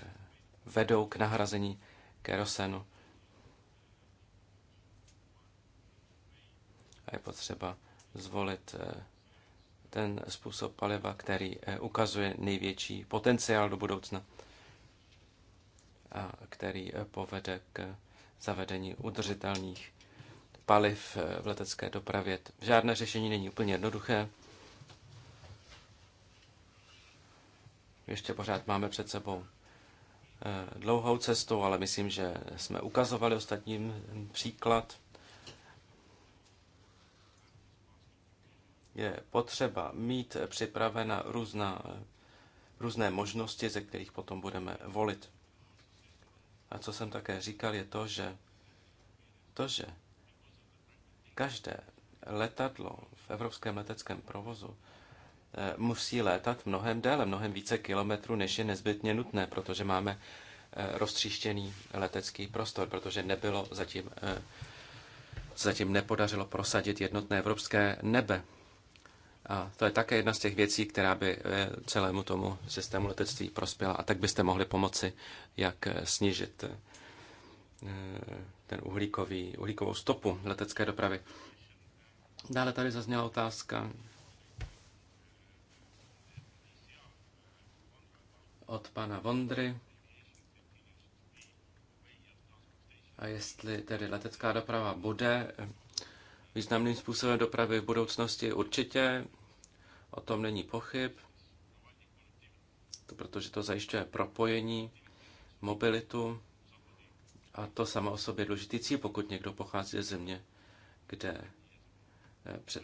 vedou k nahrazení kerosenu. A je potřeba zvolit eh, ten způsob paliva, který eh, ukazuje největší potenciál do budoucna a který eh, povede k zavedení udržitelných paliv eh, v letecké dopravě. Žádné řešení není úplně jednoduché. Ještě pořád máme před sebou dlouhou cestu, ale myslím, že jsme ukazovali ostatním příklad. je potřeba mít připravena různá, různé možnosti, ze kterých potom budeme volit. A co jsem také říkal, je to, že to, že každé letadlo v evropském leteckém provozu eh, musí létat mnohem déle, mnohem více kilometrů, než je nezbytně nutné, protože máme eh, roztříštěný letecký prostor, protože nebylo zatím, eh, zatím nepodařilo prosadit jednotné evropské nebe. A to je také jedna z těch věcí, která by eh, celému tomu systému letectví prospěla. A tak byste mohli pomoci, jak eh, snížit eh, ten uhlíkový, uhlíkovou stopu letecké dopravy. Dále tady zazněla otázka od pana Vondry. A jestli tedy letecká doprava bude významným způsobem dopravy v budoucnosti, určitě O tom není pochyb, to protože to zajišťuje propojení, mobilitu a to samo o sobě důležitý cíl, pokud někdo pochází ze země, kde eh, před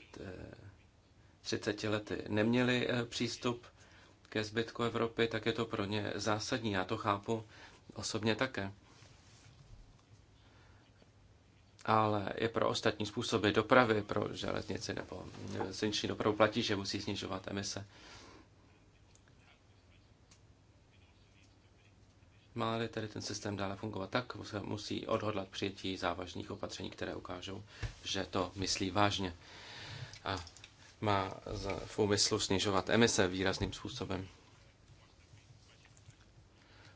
30 eh, lety neměli eh, přístup ke zbytku Evropy, tak je to pro ně zásadní. Já to chápu osobně také ale i pro ostatní způsoby dopravy, pro železnici nebo silniční dopravu platí, že musí snižovat emise. má tedy ten systém dále fungovat tak, musí odhodlat přijetí závažných opatření, které ukážou, že to myslí vážně a má v úmyslu snižovat emise výrazným způsobem.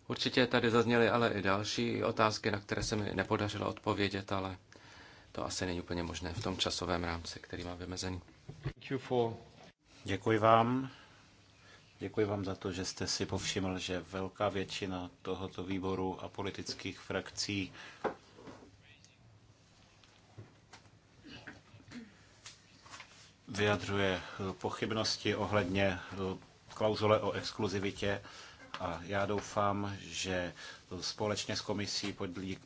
Určitě tady zazněly ale i další otázky, na které se mi nepodařilo odpovědět, ale to asi není úplně možné v tom časovém rámci, který má vymezený. Děkuji vám. Děkuji vám za to, že jste si povšiml, že velká většina tohoto výboru a politických frakcí vyjadřuje pochybnosti ohledně klauzule o exkluzivitě a já doufám, že společně s komisí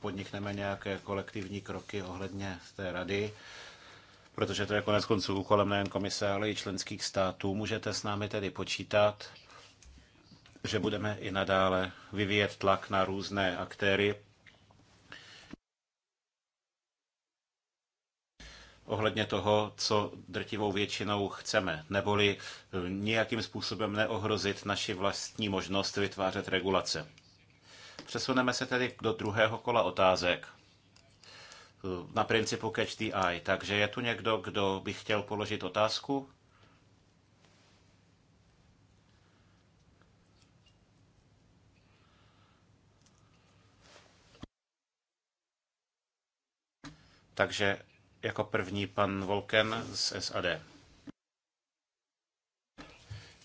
podnikneme nějaké kolektivní kroky ohledně té rady, protože to je konec konců úkolem nejen komise, ale i členských států. Můžete s námi tedy počítat, že budeme i nadále vyvíjet tlak na různé aktéry, ohledně toho, co drtivou většinou chceme, neboli nějakým způsobem neohrozit naši vlastní možnost vytvářet regulace. Přesuneme se tedy do druhého kola otázek na principu catch the eye. Takže je tu někdo, kdo by chtěl položit otázku? Takže jako první pan Volken z SAD.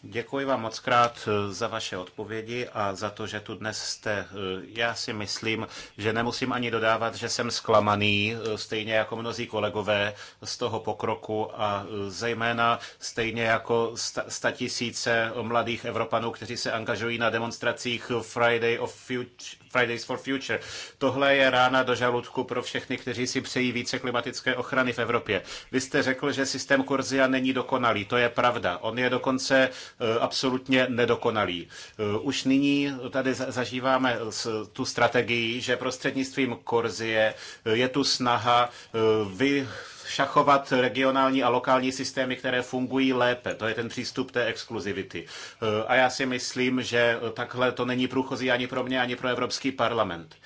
Děkuji vám moc krát eh, za vaše odpovědi a za to, že tu dnes jste. Eh, já si myslím, že nemusím ani dodávat, že jsem zklamaný, eh, stejně jako mnozí kolegové z toho pokroku a zejména stejně jako sta tisíce mladých Evropanů, kteří se angažují na demonstracích Friday of Future, Fridays for Future. Tohle je rána do žaludku pro všechny, kteří si přejí více klimatické ochrany v Evropě. Vy jste řekl, že systém Kurzia není dokonalý. To je pravda. On je dokonce e, absolutně nedokonalý. E, už nyní tady zažíváme tu strategii, že prostřednictvím Kurzie e, je tu snaha vy šachovat regionální a lokální systémy, které fungují lépe. To je ten přístup té exkluzivity. E, a já si myslím, že takhle to není průchozí ani pro mě, ani pro Evropský parlament. E,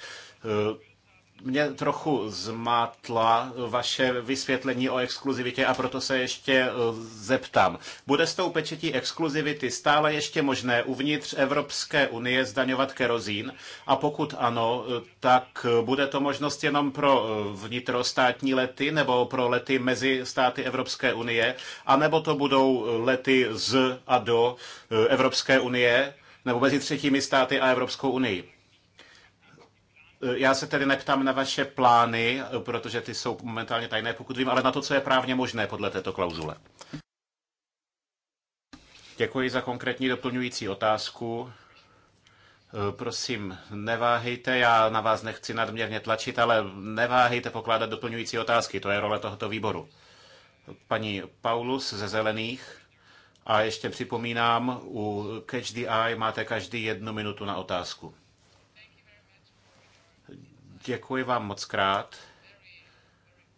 mě trochu zmátla vaše vysvětlení o exkluzivitě a proto se ještě e, zeptám. Bude s tou pečetí exkluzivity stále ještě možné uvnitř Evropské unie zdaňovat kerozín? A pokud ano, e, tak bude to možnost jenom pro e, vnitrostátní lety nebo pro lety mezi státy Evropské unie? A nebo to budou lety z a do Evropské unie nebo mezi třetími státy a Evropskou unii? Já se tedy neptám na vaše plány, protože ty jsou momentálně tajné, pokud vím, ale na to, co je právně možné podle této klauzule. Děkuji za konkrétní doplňující otázku. Prosím, neváhejte, já na vás nechci nadměrně tlačit, ale neváhejte pokládat doplňující otázky, to je role tohoto výboru. Paní Paulus ze Zelených. A ještě připomínám, u Catch the Eye máte každý jednu minutu na otázku. Děkuji vám moc krát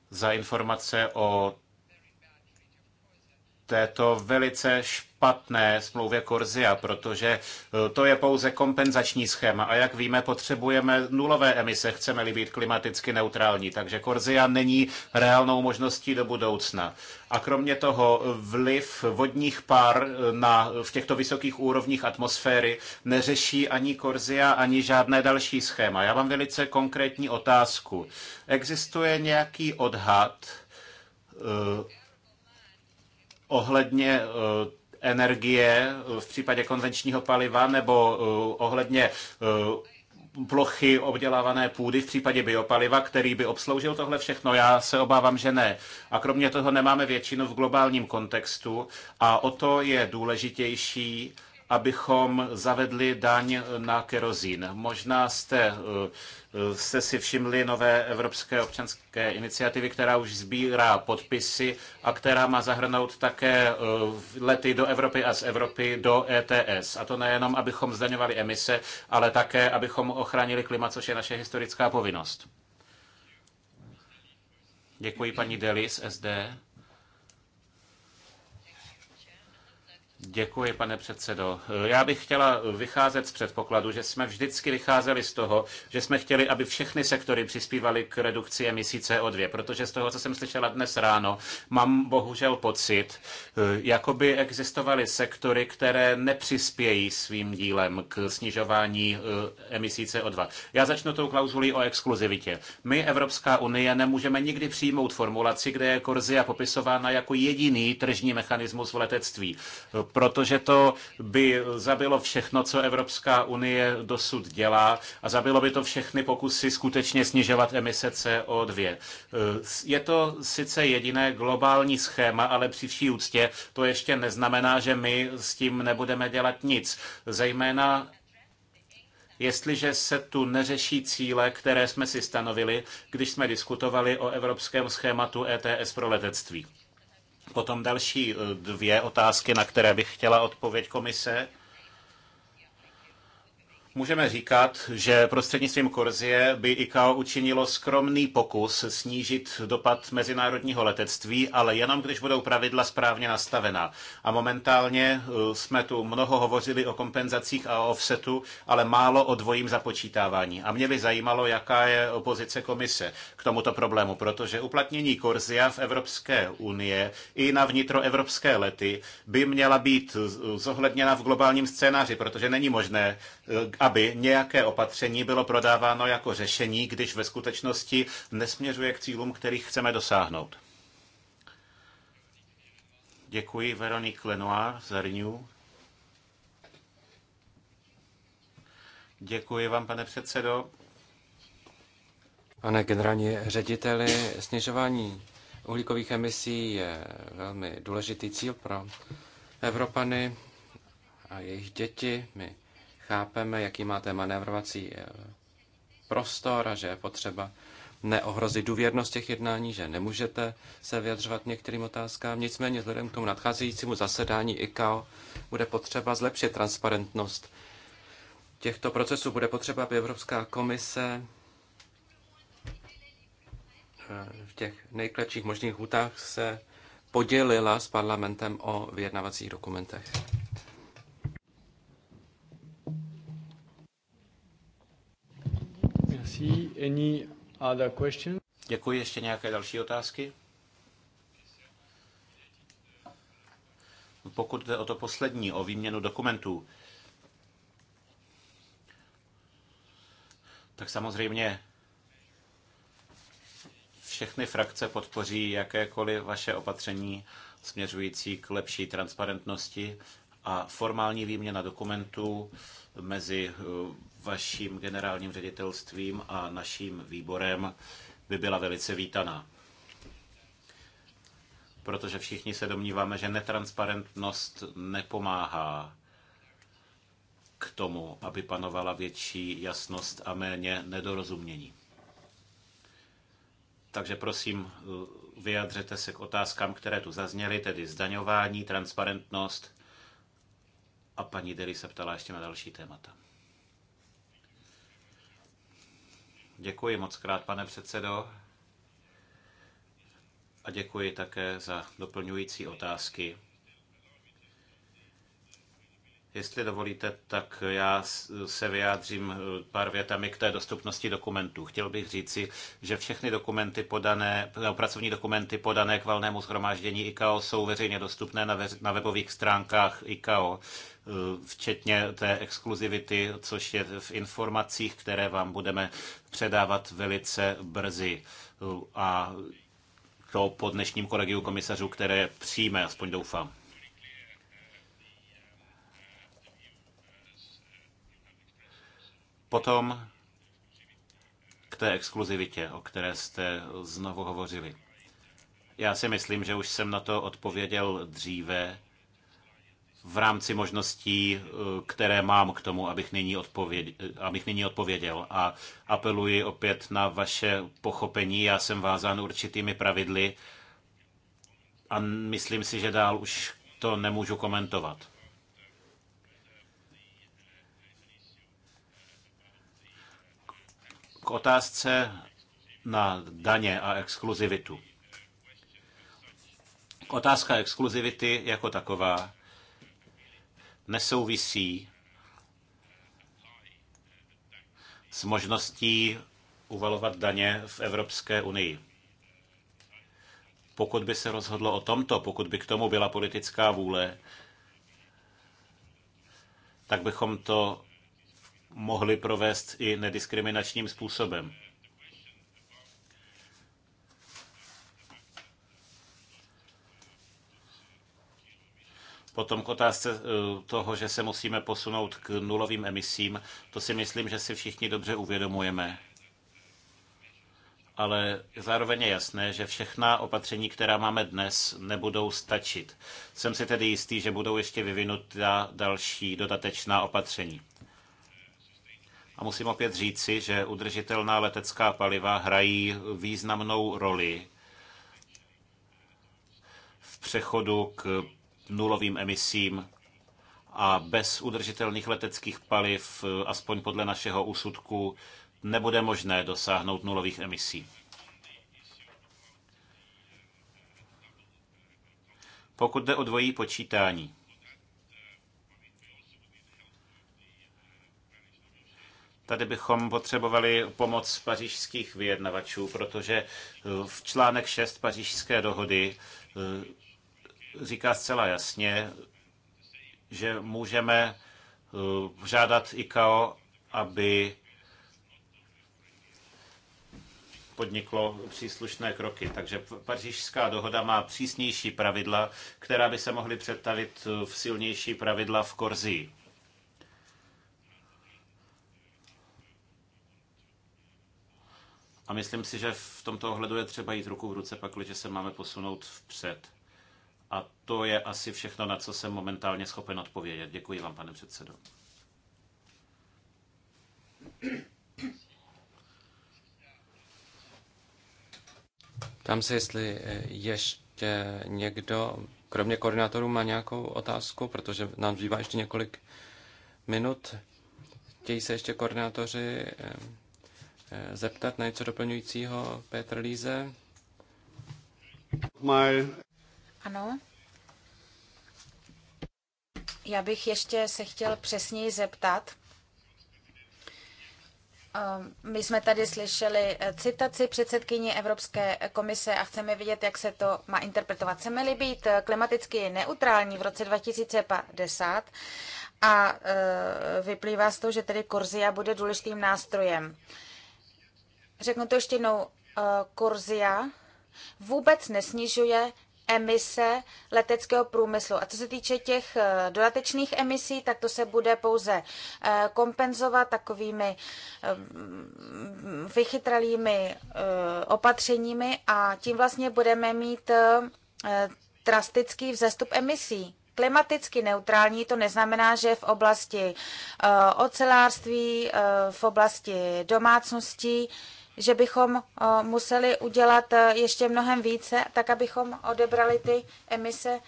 za informace o této velice špatné smlouvě Korzia, protože e, to je pouze kompenzační schéma a jak víme, potřebujeme nulové emise, chceme-li být klimaticky neutrální, takže Korzia není reálnou možností do budoucna. A kromě toho vliv vodních pár e, na, v těchto vysokých úrovních atmosféry neřeší ani Korzia, ani žádné další schéma. Já mám velice konkrétní otázku. Existuje nějaký odhad, e, ohledně eh, energie eh, v případě konvenčního paliva nebo eh, ohledně plochy obdělávané půdy v případě biopaliva, který by obsloužil tohle všechno? Já se obávám, že ne. A kromě toho nemáme většinu v globálním kontextu a o to je důležitější, abychom zavedli daň na kerozín. Možná jste eh, jste si všimli nové Evropské občanské iniciativy, která už sbírá podpisy a která má zahrnout také eh, lety do Evropy a z Evropy do ETS. A to nejenom, abychom zdaňovali emise, ale také, abychom ochránili klima, což je naše historická povinnost. Děkuji paní Deli z SD. Děkuji, pane předsedo. Já bych chtěla vycházet z předpokladu, že jsme vždycky vycházeli z toho, že jsme chtěli, aby všechny sektory přispívaly k redukci emisí CO2, protože z toho, co jsem slyšela dnes ráno, mám bohužel pocit, eh, jako by existovaly sektory, které nepřispějí svým dílem k snižování eh, emisí CO2. Já začnu tou klauzulí o exkluzivitě. My, Evropská unie, nemůžeme nikdy přijmout formulaci, kde je Korzia popisována jako jediný tržní mechanismus v letectví protože to by zabilo všechno, co Evropská unie dosud dělá a zabilo by to všechny pokusy skutečně snižovat emise CO2. E, je to sice jediné globální schéma, ale při vší úctě to ještě neznamená, že my s tím nebudeme dělat nic. Zejména jestliže se tu neřeší cíle, které jsme si stanovili, když jsme diskutovali o evropském schématu ETS pro letectví. Potom další eh, dvě otázky, na které bych chtěla odpověď komise. Můžeme říkat, že prostřednictvím Korzie by ICAO učinilo skromný pokus snížit dopad mezinárodního letectví, ale jenom když budou pravidla správně nastavena. A momentálně eh, jsme tu mnoho hovořili o kompenzacích a o offsetu, ale málo o dvojím započítávání. A mě by zajímalo, jaká je opozice komise k tomuto problému, protože uplatnění Korzia v Evropské unie i na vnitroevropské lety by měla být eh, zohledněna v globálním scénáři, protože není možné aby nějaké opatření bylo prodáváno jako řešení, když ve skutečnosti nesměřuje k cílům, kterých chceme dosáhnout. Děkuji Veronik Lenoir z Renew. Děkuji vám, pane předsedo. Pane generální řediteli, snižování uhlíkových emisí je velmi důležitý cíl pro Evropany a jejich děti. My chápeme, jaký máte manévrovací eh, prostor a že je potřeba neohrozit důvěrnost těch jednání, že nemůžete se vyjadřovat některým otázkám. Nicméně vzhledem k tomu nadcházejícímu zasedání ICAO bude potřeba zlepšit transparentnost těchto procesů. Bude potřeba, aby Evropská komise eh, v těch nejkratších možných hůtách se podělila s parlamentem o vyjednavacích dokumentech. Merci. Any other Děkuji. Ještě nějaké další otázky? Pokud jde o to poslední, o výměnu dokumentů, tak samozřejmě všechny frakce podpoří jakékoliv vaše opatření směřující k lepší transparentnosti a formální výměna dokumentů mezi eh, vaším generálním ředitelstvím a naším výborem by byla velice vítaná. Protože všichni se domníváme, že netransparentnost nepomáhá k tomu, aby panovala větší jasnost a méně nedorozumění. Takže prosím, eh, vyjadřete se k otázkám, které tu zazněly, tedy zdaňování, transparentnost a paní Dery se ptala ještě na další témata. Děkuji moc krát, pane předsedo. A děkuji také za doplňující otázky. Jestli dovolíte, tak já se vyjádřím eh, pár větami k té dostupnosti dokumentů. Chtěl bych říci, že všechny dokumenty podané, eh, pracovní dokumenty podané k valnému schromáždění ICAO jsou veřejně dostupné na, veř, na webových stránkách ICAO, eh, včetně té exkluzivity, což je v informacích, které vám budeme předávat velice brzy. A to po dnešním kolegiu komisařů, které přijme, aspoň doufám. Potom k té exkluzivitě, o které jste znovu hovořili. Já si myslím, že už jsem na to odpověděl dříve v rámci možností, eh, které mám k tomu, abych nyní, odpověd, abych nyní odpověděl. A apeluji opět na vaše pochopení. Já jsem vázán určitými pravidly a myslím si, že dál už to nemůžu komentovat. K otázce na daně a exkluzivitu. Otázka exkluzivity jako taková nesouvisí s možností uvalovat daně v Evropské unii. Pokud by se rozhodlo o tomto, pokud by k tomu byla politická vůle, tak bychom to mohli provést i nediskriminačním způsobem. Potom k otázce eh, toho, že se musíme posunout k nulovým emisím, to si myslím, že si všichni dobře uvědomujeme. Ale zároveň je jasné, že všechna opatření, která máme dnes, nebudou stačit. Jsem si tedy jistý, že budou ještě vyvinuta další dodatečná opatření. A musím opět říci, že udržitelná letecká paliva hrají významnou roli v přechodu k nulovým emisím a bez udržitelných leteckých paliv, aspoň podle našeho úsudku, nebude možné dosáhnout nulových emisí. Pokud jde o dvojí počítání, Tady bychom potřebovali pomoc pařížských vyjednavačů, protože eh, v článek 6 pařížské dohody eh, říká zcela jasně, že můžeme eh, žádat ICAO, aby podniklo příslušné kroky. Takže pařížská dohoda má přísnější pravidla, která by se mohly přetavit v silnější pravidla v Korzii. myslím si, že v tomto ohledu je třeba jít ruku v ruce, pakliže se máme posunout vpřed. A to je asi všechno, na co jsem momentálně schopen odpovědět. Děkuji vám, pane předsedo. Tam se, jestli eh, ještě někdo, kromě koordinátorů, má nějakou otázku, protože nám zbývá ještě několik minut. Chtějí se ještě koordinátoři eh, Eh, zeptat na něco doplňujícího Petr Líze? My... Ano. Já bych ještě se chtěl přesněji zeptat. Eh, my jsme tady slyšeli eh, citaci předsedkyni Evropské komise a chceme vidět, jak se to má interpretovat. Chceme-li být klimaticky neutrální v roce 2050 a vyplývá z toho, že tedy Korzia bude důležitým nástrojem řeknu to ještě jednou, Kurzia eh, vůbec nesnižuje emise leteckého průmyslu. A co se týče těch eh, dodatečných emisí, tak to se bude pouze eh, kompenzovat takovými vychytralými opatřeními a tím vlastně budeme mít drastický vzestup emisí. Klimaticky neutrální to neznamená, že v oblasti ocelářství, v oblasti domácností, že bychom eh, museli udělat eh, ještě mnohem více, tak abychom odebrali ty emise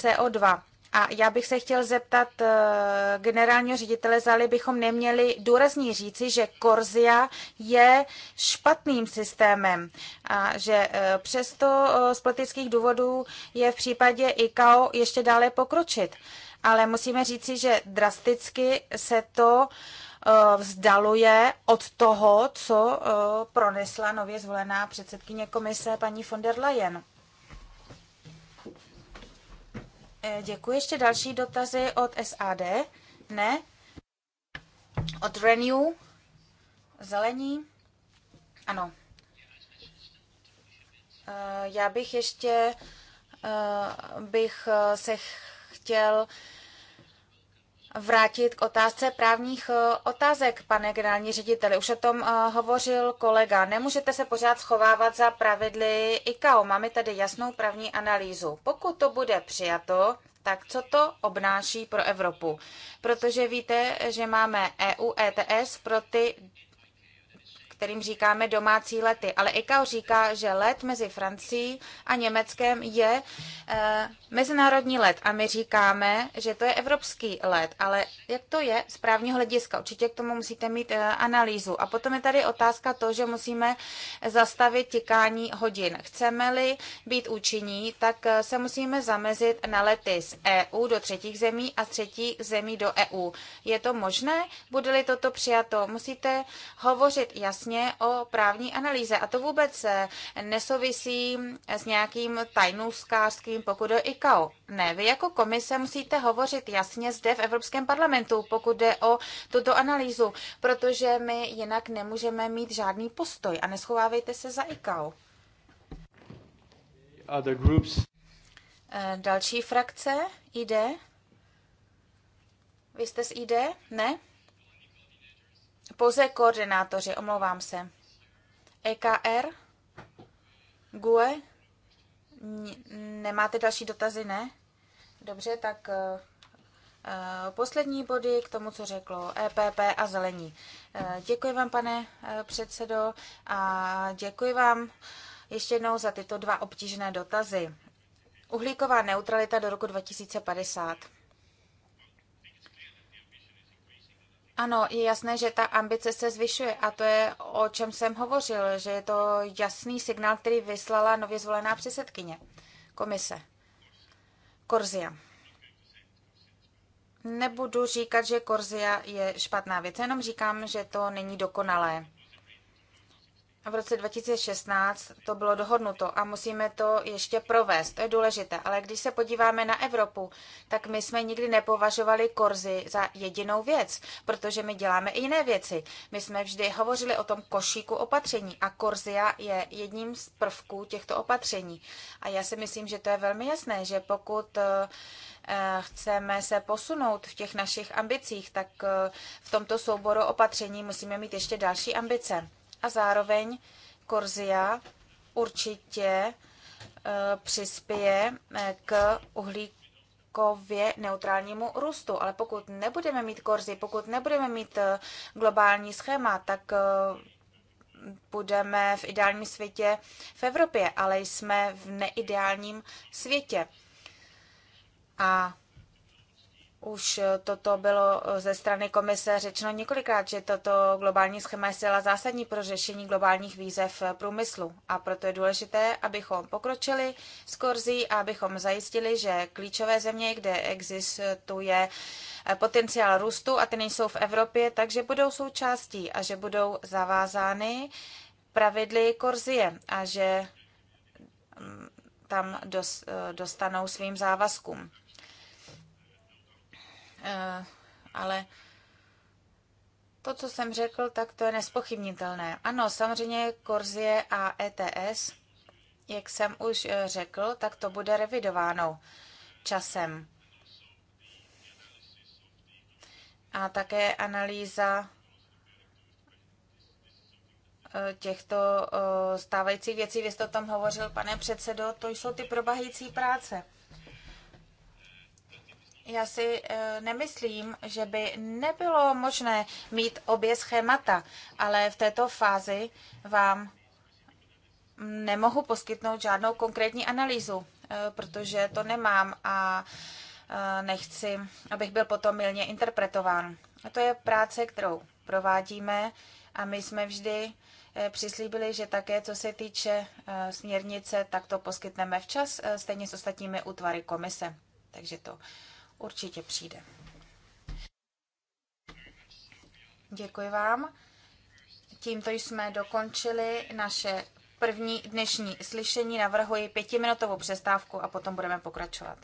CO2. A já bych se chtěl zeptat eh, generálního ředitele, zali bychom neměli důrazně říci, že Korzia je špatným systémem a že přesto z politických důvodů je v případě ICAO ještě dále pokročit. Ale musíme říci, že drasticky se to uh, Eh, vzdaluje od toho, co eh, pronesla nově zvolená předsedkyně komise paní von der Leyen. Eh, děkuji. Ještě další dotazy od SAD? Ne. Od Renew? Zelení? Ano. Já bych ještě bych se chtěl vrátit k otázce právních eh, otázek, pane generální řediteli. Už o tom eh, hovořil kolega. Nemůžete se pořád schovávat za pravidly ICAO. Máme tady jasnou právní analýzu. Pokud to bude přijato, tak co to obnáší pro Evropu? Protože víte, že máme EU ETS pro ty kterým říkáme domácí lety. Ale ICAO říká, že let mezi Francií a Německem je e, mezinárodní let a my říkáme, že to je evropský let. Ale jak to je z právního hlediska? Určitě k tomu musíte mít e, analýzu. A potom je tady otázka to, že musíme zastavit tikání hodin. Chceme-li být účinní, tak eh, se musíme zamezit na lety z EU do třetích zemí a z třetích zemí do EU. Je to možné? Bude-li toto přijato, musíte hovořit jasně vlastně o právní analýze. A to vůbec eh, nesouvisí s nějakým tajnůskářským, pokud o ICAO. Ne, vy jako komise musíte hovořit jasně zde v Evropském parlamentu, pokud jde o tuto analýzu, protože my jinak nemůžeme mít žádný postoj a neschovávejte se za ICAO. Other groups. Eh, další frakce, ID? Vy jste z ID? Ne? Pouze koordinátoři, omlouvám se. EKR? GUE? Nemáte další dotazy, ne? Dobře, tak eh, eh, poslední body k tomu, co řeklo EPP a zelení. Eh, děkuji vám, pane předsedo, a děkuji vám ještě jednou za tyto dva obtížné dotazy. Uhlíková neutralita do roku 2050. Ano, je jasné, že ta ambice se zvyšuje a to je, o čem jsem hovořil, že je to jasný signál, který vyslala nově zvolená předsedkyně komise. Korzia. Nebudu říkat, že Korzia je špatná věc, jenom říkám, že to není dokonalé v roce 2016 to bylo dohodnuto a musíme to ještě provést, to je důležité. Ale když se podíváme na Evropu, tak my jsme nikdy nepovažovali korzy za jedinou věc, protože my děláme i jiné věci. My jsme vždy hovořili o tom košíku opatření a korzia je jedním z prvků těchto opatření. A já si myslím, že to je velmi jasné, že pokud eh, eh, chceme se posunout v těch našich ambicích, tak eh, v tomto souboru opatření musíme mít ještě další ambice. A zároveň Korzia určitě eh, přispěje eh, k uhlíkově neutrálnímu růstu. Ale pokud nebudeme mít korzy, pokud nebudeme mít eh, globální schéma, tak budeme v ideálním světě v Evropě, ale jsme v neideálním světě. A už eh, toto bylo eh, ze strany komise řečeno několikrát, že toto globální schéma je zcela zásadní pro řešení globálních výzev eh, průmyslu. A proto je důležité, abychom pokročili z korzí a abychom zajistili, že klíčové země, kde existuje potenciál růstu a ty nejsou v Evropě, takže budou součástí a že budou zavázány pravidly korzie a že mm, tam dostanou svým závazkům. Eh, ale to, co jsem řekl, tak to je nespochybnitelné. Ano, samozřejmě Korzie a ETS, jak jsem už eh, řekl, tak to bude revidováno časem. A také analýza eh, těchto stávajících věcí, vy jste o tom hovořil, pane předsedo, to jsou ty probahající práce. Já si eh, nemyslím, že by nebylo možné mít obě schémata, ale v této fázi vám nemohu poskytnout žádnou konkrétní analýzu, eh, protože to nemám a eh, nechci, abych byl potom milně interpretován. A to je práce, kterou provádíme a my jsme vždy přislíbili, že také co se týče směrnice, tak to poskytneme včas, stejně s ostatními útvary komise. Takže to určitě přijde. Děkuji vám. Tímto jsme dokončili naše první dnešní slyšení. Navrhuji pětiminutovou přestávku a potom budeme pokračovat.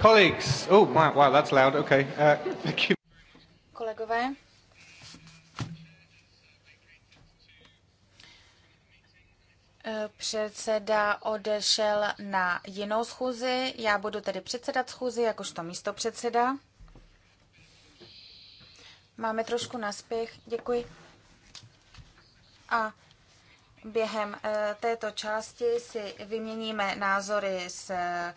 Colleagues. Oh, wow, that's loud. Okay. Uh, thank you. Kolegové. Předseda odešel na jinou schůzi. Já budu tedy předsedat schůzi jakožto místo předseda. Máme trošku naspěch. Děkuji. Během eh, této části si vyměníme názory s eh,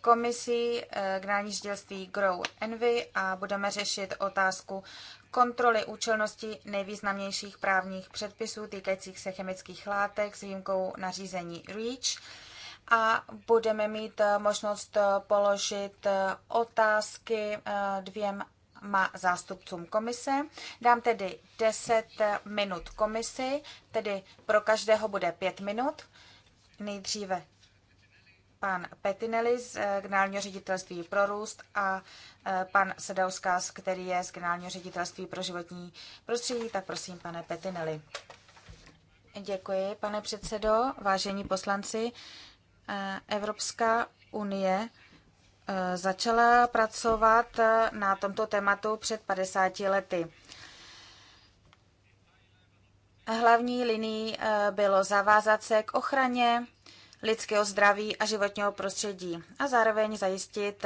komisí eh, generální ředitelství Grow Envy a budeme řešit otázku kontroly účelnosti nejvýznamnějších právních předpisů týkajících se chemických látek s výjimkou nařízení REACH a budeme mít možnost položit otázky dvěm má zástupcům komise. Dám tedy 10 minut komisi, tedy pro každého bude 5 minut. Nejdříve pan Petinelli z eh, generálního ředitelství pro růst a eh, pan Sedauskas, který je z generálního ředitelství pro životní prostředí. Tak prosím, pane Petinelli. Děkuji, pane předsedo, vážení poslanci. Eh, Evropská unie Eh, začala pracovat eh, na tomto tématu před 50 lety. Hlavní linií eh, bylo zavázat se k ochraně lidského zdraví a životního prostředí a zároveň zajistit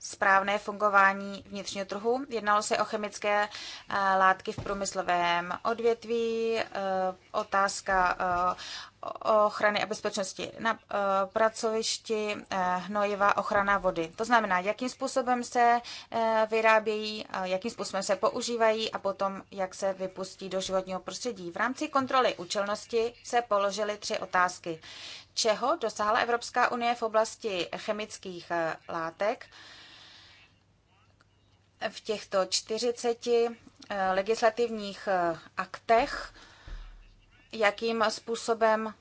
správné fungování vnitřního trhu. Jednalo se o chemické látky v průmyslovém odvětví, otázka ochrany a bezpečnosti na eh, pracovišti, eh, hnojiva, ochrana vody. To znamená, jakým způsobem se eh, vyrábějí, jakým způsobem se používají a potom, jak se vypustí do životního prostředí. V rámci kontroly účelnosti se položily tři otázky. Čeho dosáhla Evropská unie v oblasti chemických látek? V těchto 40 legislativních aktech jakým způsobem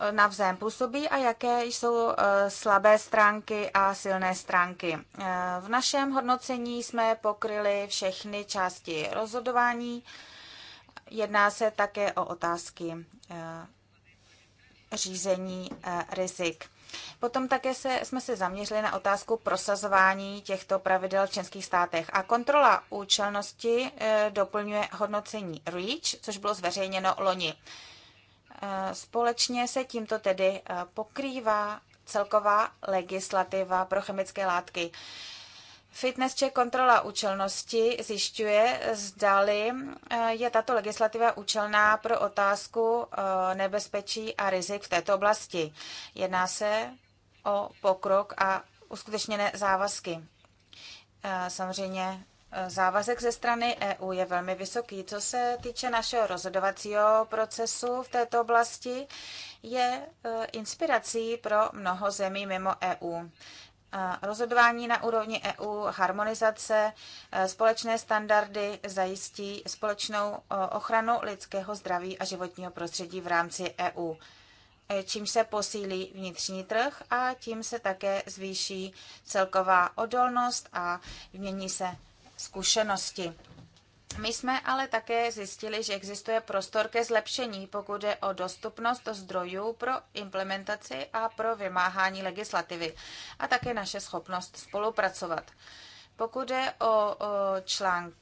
eh, navzájem působí a jaké jsou eh, slabé stránky a silné stránky. Eh, v našem hodnocení jsme pokryli všechny části rozhodování. Jedná se také o otázky řízení rizik. Potom také se, jsme se zaměřili na otázku prosazování těchto pravidel v českých státech a kontrola účelnosti e, doplňuje hodnocení REACH, což bylo zveřejněno loni. E, společně se tímto tedy e, pokrývá celková legislativa pro chemické látky. Fitness check kontrola účelnosti zjišťuje, zdali eh, je tato legislativa účelná pro otázku eh, nebezpečí a rizik v této oblasti. Jedná se o pokrok a uskutečněné závazky. Eh, samozřejmě Závazek ze strany EU je velmi vysoký. Co se týče našeho rozhodovacího procesu v této oblasti, je inspirací pro mnoho zemí mimo EU. Rozhodování na úrovni EU, harmonizace, e, společné standardy zajistí společnou e, ochranu lidského zdraví a životního prostředí v rámci EU, e, Čím se posílí vnitřní trh a tím se také zvýší celková odolnost a změní se zkušenosti. My jsme ale také zjistili, že existuje prostor ke zlepšení, pokud je o dostupnost zdrojů pro implementaci a pro vymáhání legislativy a také naše schopnost spolupracovat. Pokud je o, článk,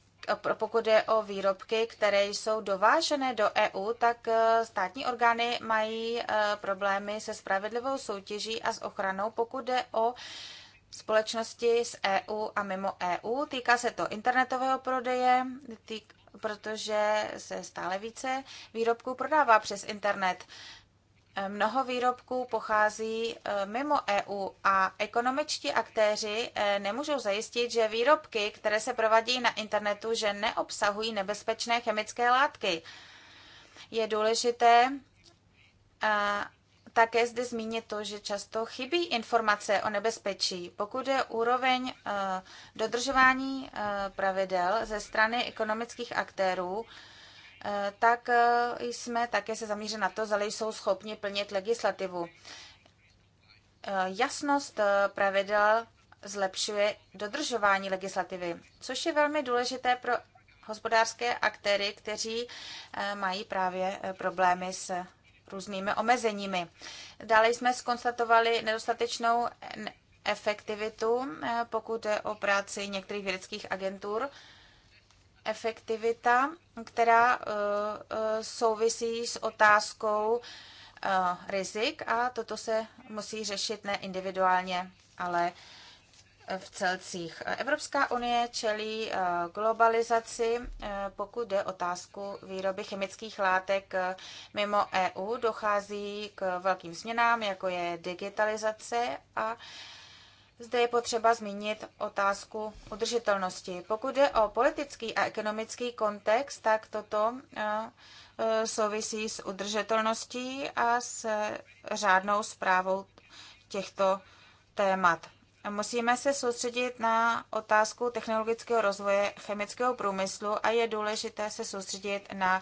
pokud je o výrobky, které jsou dovážené do EU, tak e, státní orgány mají e, problémy se spravedlivou soutěží a s ochranou, pokud je o společnosti z EU a mimo EU. Týká se to internetového prodeje, týk, protože se stále více výrobků prodává přes internet. E, mnoho výrobků pochází e, mimo EU a ekonomičtí aktéři e, nemůžou zajistit, že výrobky, které se provadí na internetu, že neobsahují nebezpečné chemické látky. Je důležité, také zde zmínit to, že často chybí informace o nebezpečí. Pokud je úroveň eh, dodržování eh, pravidel ze strany ekonomických aktérů, eh, tak jsme také se zaměřili na to, zda jsou schopni plnit legislativu. Jasnost pravidel zlepšuje dodržování legislativy, což je velmi důležité pro hospodářské aktéry, kteří mají právě problémy s různými omezeními. Dále jsme skonstatovali nedostatečnou efektivitu, eh, pokud je o práci některých vědeckých agentur. Efektivita, která eh, eh, souvisí s otázkou rizik a toto se musí řešit ne individuálně, ale v celcích. Evropská unie čelí eh, globalizaci, eh, pokud jde otázku výroby chemických látek eh, mimo EU. Dochází k velkým změnám, jako je digitalizace a zde je potřeba zmínit otázku udržitelnosti. Pokud jde o politický a ekonomický kontext, tak toto souvisí s udržitelností a s řádnou zprávou těchto témat. Musíme se soustředit na otázku technologického rozvoje chemického průmyslu a je důležité se soustředit na,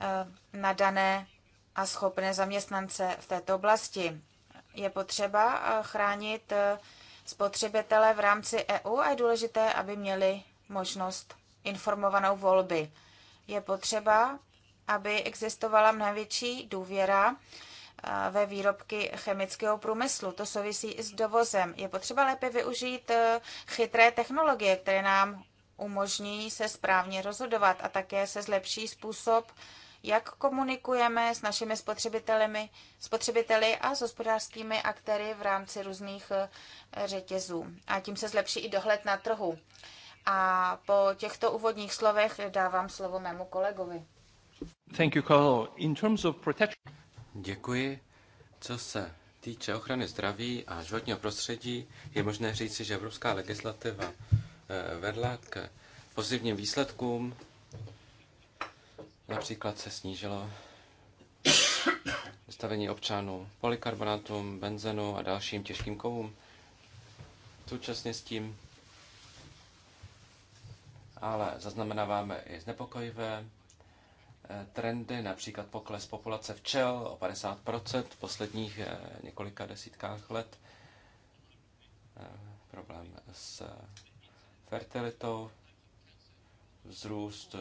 eh, na dané a schopné zaměstnance v této oblasti. Je potřeba eh, chránit eh, spotřebitele v rámci EU a je důležité, aby měli možnost informovanou volby. Je potřeba, aby existovala mnohem větší důvěra ve výrobky chemického průmyslu. To souvisí i s dovozem. Je potřeba lépe využít e, chytré technologie, které nám umožní se správně rozhodovat a také se zlepší způsob, jak komunikujeme s našimi spotřebitelemi, spotřebiteli a s hospodářskými aktéry v rámci různých e, řetězů. A tím se zlepší i dohled na trhu. A po těchto úvodních slovech dávám slovo mému kolegovi. Thank you, Carlo. In terms of protection... Děkuji. Co se týče ochrany zdraví a životního prostředí, je možné říci, že evropská legislativa eh, vedla k pozitivním výsledkům. Například se snížilo stavení občanů polikarbonátům, benzenu a dalším těžkým kovům. Současně s tím ale zaznamenáváme i znepokojivé Eh, trendy, například pokles populace včel o 50% v posledních eh, několika desítkách let, eh, problém s fertilitou, vzrůst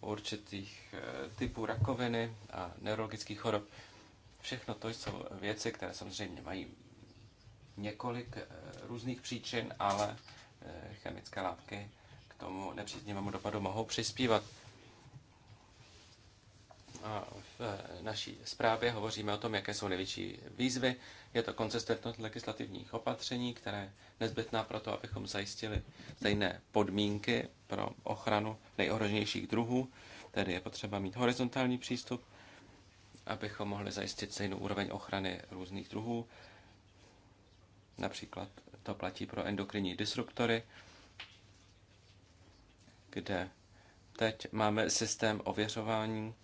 určitých typů rakoviny a neurologických chorob. Všechno to jsou věci, které samozřejmě mají několik různých příčin, ale chemické látky k tomu nepříznivému dopadu mohou přispívat v eh, naší zprávě hovoříme o tom, jaké jsou největší výzvy. Je to konzistentnost legislativních opatření, které nezbytná pro to, abychom zajistili stejné podmínky pro ochranu nejohroženějších druhů. Tedy je potřeba mít horizontální přístup, abychom mohli zajistit stejnou úroveň ochrany různých druhů. Například to platí pro endokrinní disruptory, kde teď máme systém ověřování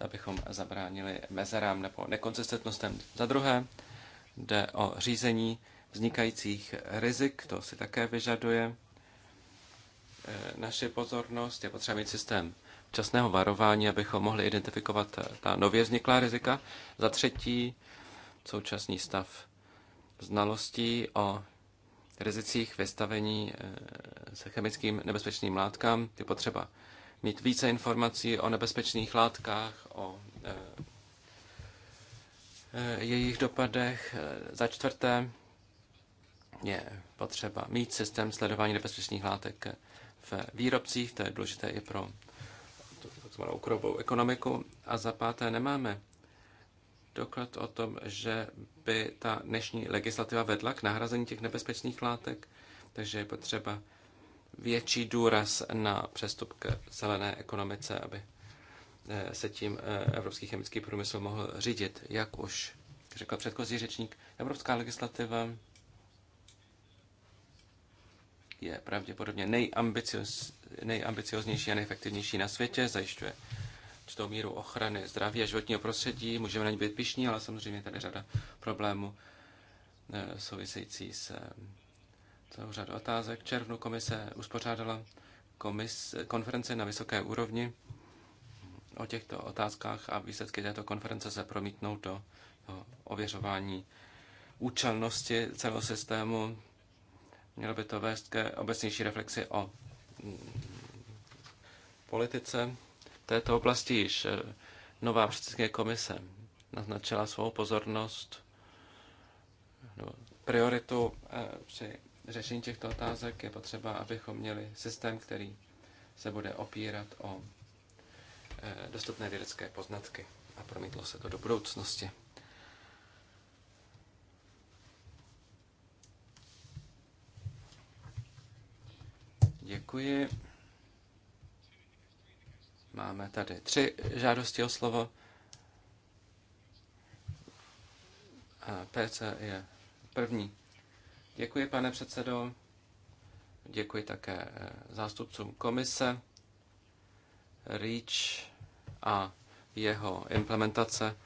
abychom zabránili mezerám nebo nekonzistentnostem. Za druhé jde o řízení vznikajících rizik, to si také vyžaduje e, naši pozornost. Je potřeba mít systém časného varování, abychom mohli identifikovat e, ta nově vzniklá rizika. Za třetí, současný stav znalostí o rizicích vystavení e, se chemickým nebezpečným látkám. Je potřeba mít více informací o nebezpečných látkách, o eh, eh, jejich dopadech. Eh, za čtvrté je potřeba mít systém sledování nebezpečných látek v výrobcích, to je důležité i pro takzvanou krovou ekonomiku. A za páté nemáme doklad o tom, že by ta dnešní legislativa vedla k nahrazení těch nebezpečných látek, takže je potřeba větší důraz na přestup k zelené ekonomice, aby eh, se tím eh, evropský chemický průmysl mohl řídit. Jak už řekl předchozí řečník, evropská legislativa je pravděpodobně nejambicioz, nejambicioznější a nejefektivnější na světě, zajišťuje čtou míru ochrany zdraví a životního prostředí. Můžeme na ní být pišní, ale samozřejmě tady řada problémů eh, související s celou řadu otázek. V červnu komise uspořádala komis, konferenci na vysoké úrovni o těchto otázkách a výsledky této konference se promítnou do, do ověřování účelnosti celého systému. Mělo by to vést ke obecnější reflexi o mm, politice. V této oblasti již eh, nová předsedkyně komise naznačila svou pozornost prioritu eh, při řešení těchto otázek je potřeba, abychom měli systém, který se bude opírat o eh, dostupné vědecké poznatky a promítlo se to do budoucnosti. Děkuji. Máme tady tři žádosti o slovo. A eh, PC je první. Děkuji, pane předsedo. Děkuji také eh, zástupcům komise. REACH a jeho implementace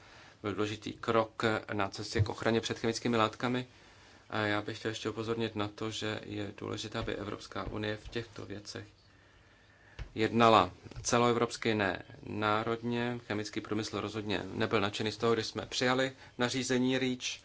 byl důležitý krok na cestě k ochraně před chemickými látkami. A já bych chtěl ještě upozornit na to, že je důležité, aby Evropská unie v těchto věcech jednala celoevropsky, ne národně. Chemický průmysl rozhodně nebyl nadšený z toho, když jsme přijali nařízení REACH,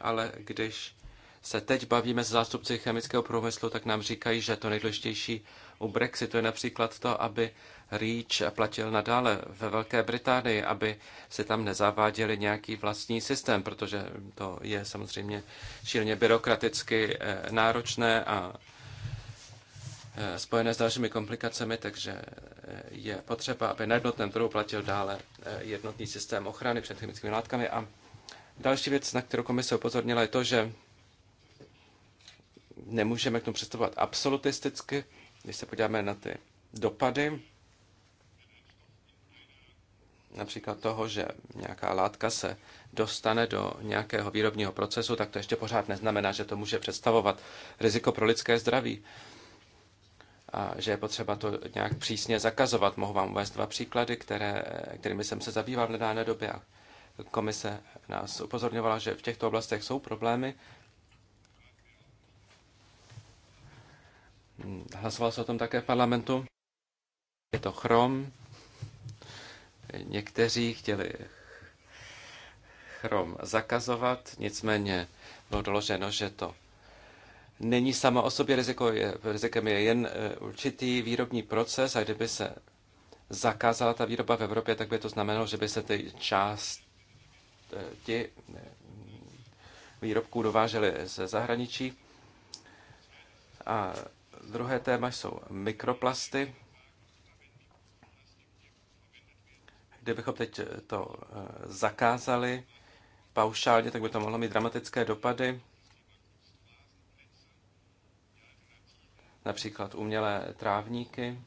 ale když se teď bavíme s zástupci chemického průmyslu, tak nám říkají, že to nejdůležitější u Brexitu je například to, aby REACH platil nadále ve Velké Británii, aby se tam nezaváděli nějaký vlastní systém, protože to je samozřejmě šíleně byrokraticky eh, náročné a eh, spojené s dalšími komplikacemi, takže eh, je potřeba, aby na jednotném trhu platil dále jednotný systém ochrany před chemickými látkami. A další věc, na kterou komise upozornila, je to, že nemůžeme k tomu přistupovat absolutisticky, když se podíváme na ty dopady, například toho, že nějaká látka se dostane do nějakého výrobního procesu, tak to ještě pořád neznamená, že to může představovat riziko pro lidské zdraví. A že je potřeba to nějak přísně zakazovat. Mohu vám uvést dva příklady, které, kterými jsem se zabýval v nedávné době. Komise nás upozorňovala, že v těchto oblastech jsou problémy, Hlasoval se o tom také v parlamentu. Je to chrom. Někteří chtěli chrom zakazovat, nicméně bylo doloženo, že to není samo o sobě riziko, je, rizikem je jen e, určitý výrobní proces a kdyby se zakázala ta výroba v Evropě, tak by to znamenalo, že by se ty části e, výrobků dovážely ze zahraničí. A Druhé téma jsou mikroplasty. Kdybychom teď to eh, zakázali paušálně, tak by to mohlo mít dramatické dopady. Například umělé trávníky.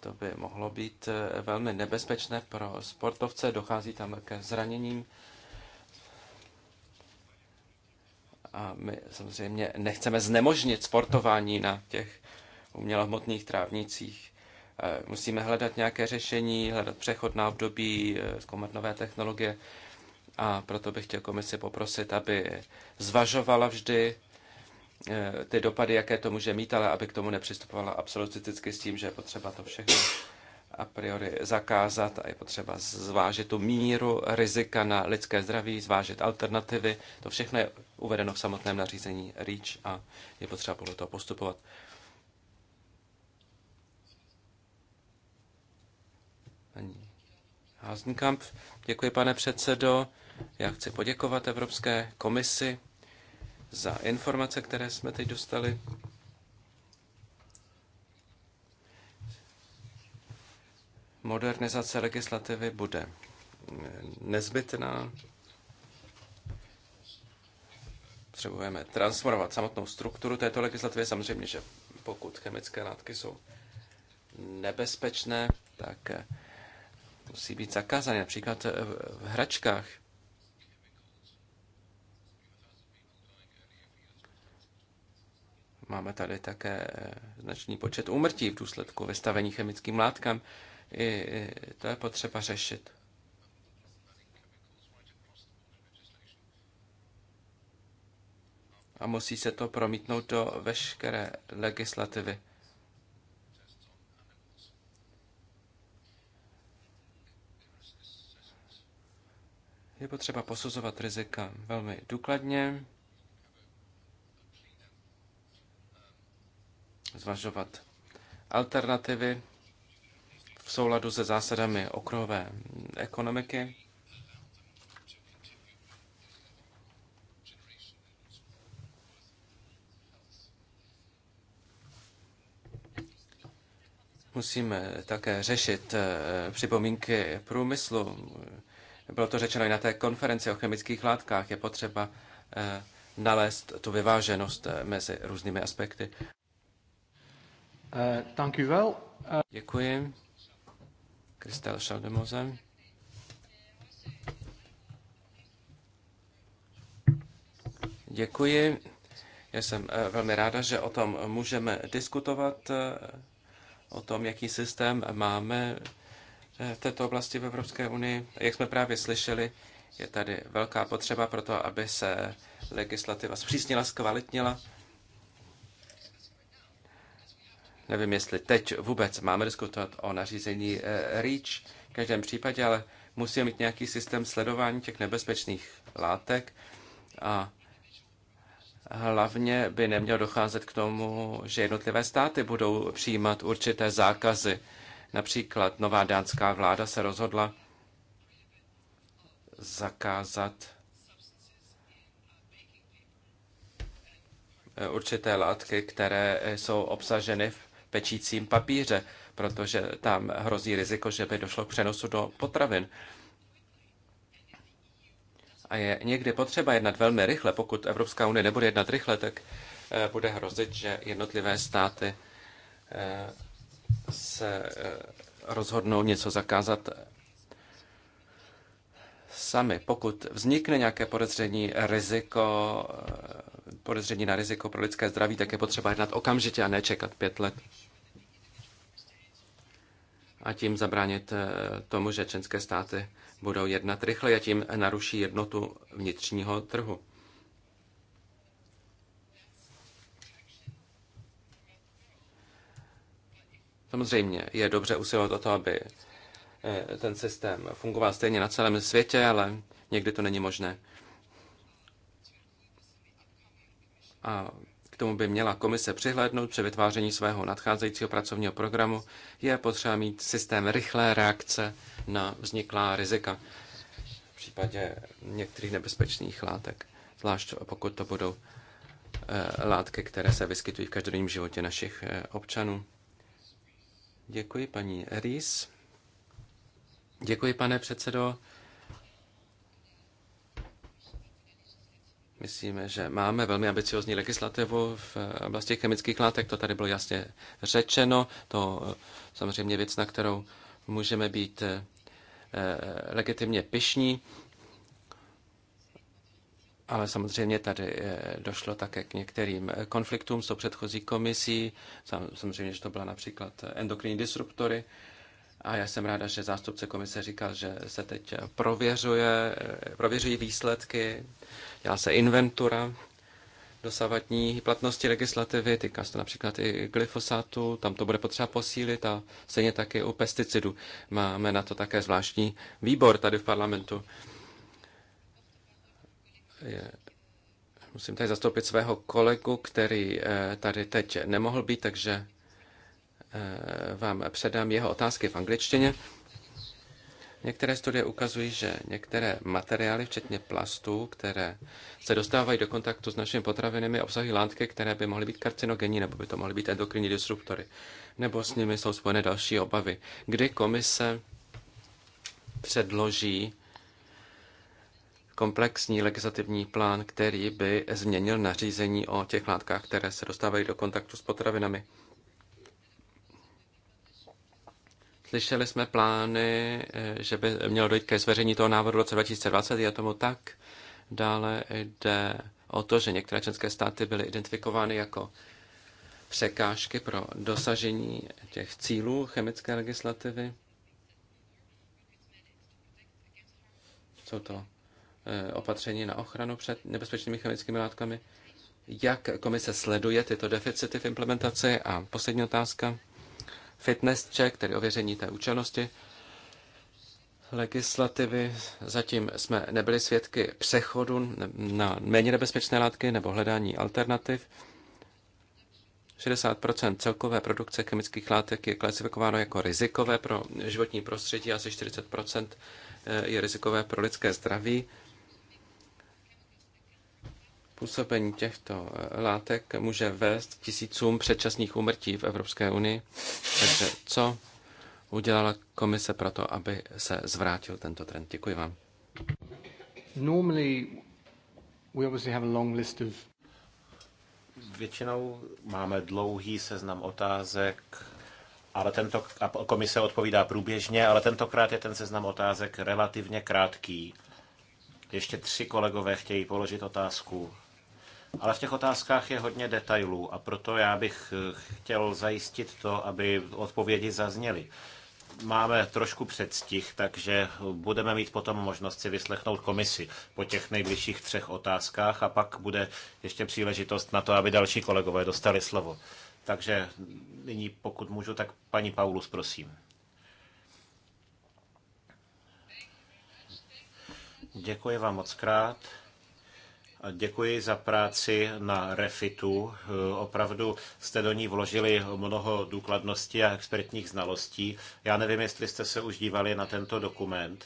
To by mohlo být eh, velmi nebezpečné pro sportovce, dochází tam ke zraněním A my samozřejmě nechceme znemožnit sportování na těch umělohmotných trávnicích. Eh, musíme hledat nějaké řešení, hledat přechod na období, eh, zkoumat nové technologie. A proto bych chtěl komisi poprosit, aby zvažovala vždy eh, ty dopady, jaké to může mít, ale aby k tomu nepřistupovala absolutisticky s tím, že je potřeba to všechno a priori zakázat a je potřeba zvážit tu míru rizika na lidské zdraví, zvážit alternativy. To všechno je uvedeno v samotném nařízení REACH a je potřeba podle toho postupovat. Paní Hasenkamp, děkuji pane předsedo. Já chci poděkovat Evropské komisi za informace, které jsme teď dostali. modernizace legislativy bude nezbytná. Potřebujeme transformovat samotnou strukturu této legislativy. Samozřejmě, že pokud chemické látky jsou nebezpečné, tak eh, musí být zakázány například eh, v hračkách. Máme tady také eh, značný počet úmrtí v důsledku vystavení chemickým látkám. I to je potřeba řešit. A musí se to promítnout do veškeré legislativy. Je potřeba posuzovat rizika velmi důkladně, zvažovat alternativy souladu se zásadami okrové ekonomiky. Musíme také řešit eh, připomínky průmyslu. Bylo to řečeno i na té konferenci o chemických látkách. Je potřeba eh, nalézt tu vyváženost eh, mezi různými aspekty. Děkuji. Kristel Šaldemozem. Děkuji. Já jsem eh, velmi ráda, že o tom můžeme diskutovat, eh, o tom, jaký systém máme eh, v této oblasti v Evropské unii. Jak jsme právě slyšeli, je tady velká potřeba pro to, aby se legislativa zpřísnila, zkvalitnila Nevím, jestli teď vůbec máme diskutovat o nařízení eh, REACH v každém případě, ale musíme mít nějaký systém sledování těch nebezpečných látek a hlavně by nemělo docházet k tomu, že jednotlivé státy budou přijímat určité zákazy. Například nová dánská vláda se rozhodla zakázat eh, určité látky, které jsou obsaženy v pečícím papíře, protože tam hrozí riziko, že by došlo k přenosu do potravin. A je někdy potřeba jednat velmi rychle. Pokud Evropská unie nebude jednat rychle, tak eh, bude hrozit, že jednotlivé státy eh, se eh, rozhodnou něco zakázat sami. Pokud vznikne nějaké podezření, riziko podezření na riziko pro lidské zdraví, tak je potřeba jednat okamžitě a nečekat pět let. A tím zabránit eh, tomu, že členské státy budou jednat rychle a tím naruší jednotu vnitřního trhu. Samozřejmě je dobře usilovat o to, aby eh, ten systém fungoval stejně na celém světě, ale někdy to není možné. a k tomu by měla komise přihlédnout při vytváření svého nadcházejícího pracovního programu, je potřeba mít systém rychlé reakce na vzniklá rizika v případě některých nebezpečných látek, zvlášť pokud to budou eh, látky, které se vyskytují v každodenním životě našich eh, občanů. Děkuji, paní Rýs. Děkuji, pane předsedo. Myslím, že máme velmi ambiciozní legislativu v eh, oblasti chemických látek, to tady bylo jasně řečeno. To eh, samozřejmě věc, na kterou můžeme být eh, legitimně pyšní. Ale samozřejmě tady došlo také k některým konfliktům s tou předchozí komisí. Samozřejmě, že to byla například endokrinní disruptory, a já jsem ráda, že zástupce komise říkal, že se teď prověřuje, prověřují výsledky, dělá se inventura dosavadní platnosti legislativy, týká se to například i glyfosátu, tam to bude potřeba posílit a stejně taky u pesticidů. Máme na to také zvláštní výbor tady v parlamentu. Je, musím tady zastoupit svého kolegu, který eh, tady teď nemohl být, takže Eh, vám předám jeho otázky v angličtině. Některé studie ukazují, že některé materiály, včetně plastů, které se dostávají do kontaktu s našimi potravinami, obsahují látky, které by mohly být karcinogenní nebo by to mohly být endokrinní disruptory. Nebo s nimi jsou spojené další obavy. Kdy komise předloží komplexní legislativní plán, který by změnil nařízení o těch látkách, které se dostávají do kontaktu s potravinami. Slyšeli jsme plány, eh, že by mělo dojít ke zveřejnění toho návrhu v roce 2020, je tomu tak. Dále jde o to, že některé členské státy byly identifikovány jako překážky pro dosažení těch cílů chemické legislativy. Jsou to eh, opatření na ochranu před nebezpečnými chemickými látkami. Jak komise sleduje tyto deficity v implementaci? A poslední otázka fitness check, tedy ověření té účelnosti legislativy. Zatím jsme nebyli svědky přechodu na méně nebezpečné látky nebo hledání alternativ. 60 celkové produkce chemických látek je klasifikováno jako rizikové pro životní prostředí, asi 40 eh, je rizikové pro lidské zdraví. Působení těchto eh, látek může vést tisícům předčasných úmrtí v Evropské unii. Takže co udělala komise pro to, aby se zvrátil tento trend? Děkuji vám. Normally, we obviously have a long list of... Většinou máme dlouhý seznam otázek, ale tento, a komise odpovídá průběžně, ale tentokrát je ten seznam otázek relativně krátký. Ještě tři kolegové chtějí položit otázku. Ale v těch otázkách je hodně detailů a proto já bych eh, chtěl zajistit to, aby odpovědi zazněly. Máme trošku předstih, takže budeme mít potom možnost si vyslechnout komisi po těch nejbližších třech otázkách a pak bude ještě příležitost na to, aby další kolegové dostali slovo. Takže nyní, pokud můžu, tak paní Paulus, prosím. Děkuji vám moc krát. Děkuji za práci na Refitu. Opravdu jste do ní vložili mnoho důkladnosti a expertních znalostí. Já nevím, jestli jste se už dívali na tento dokument.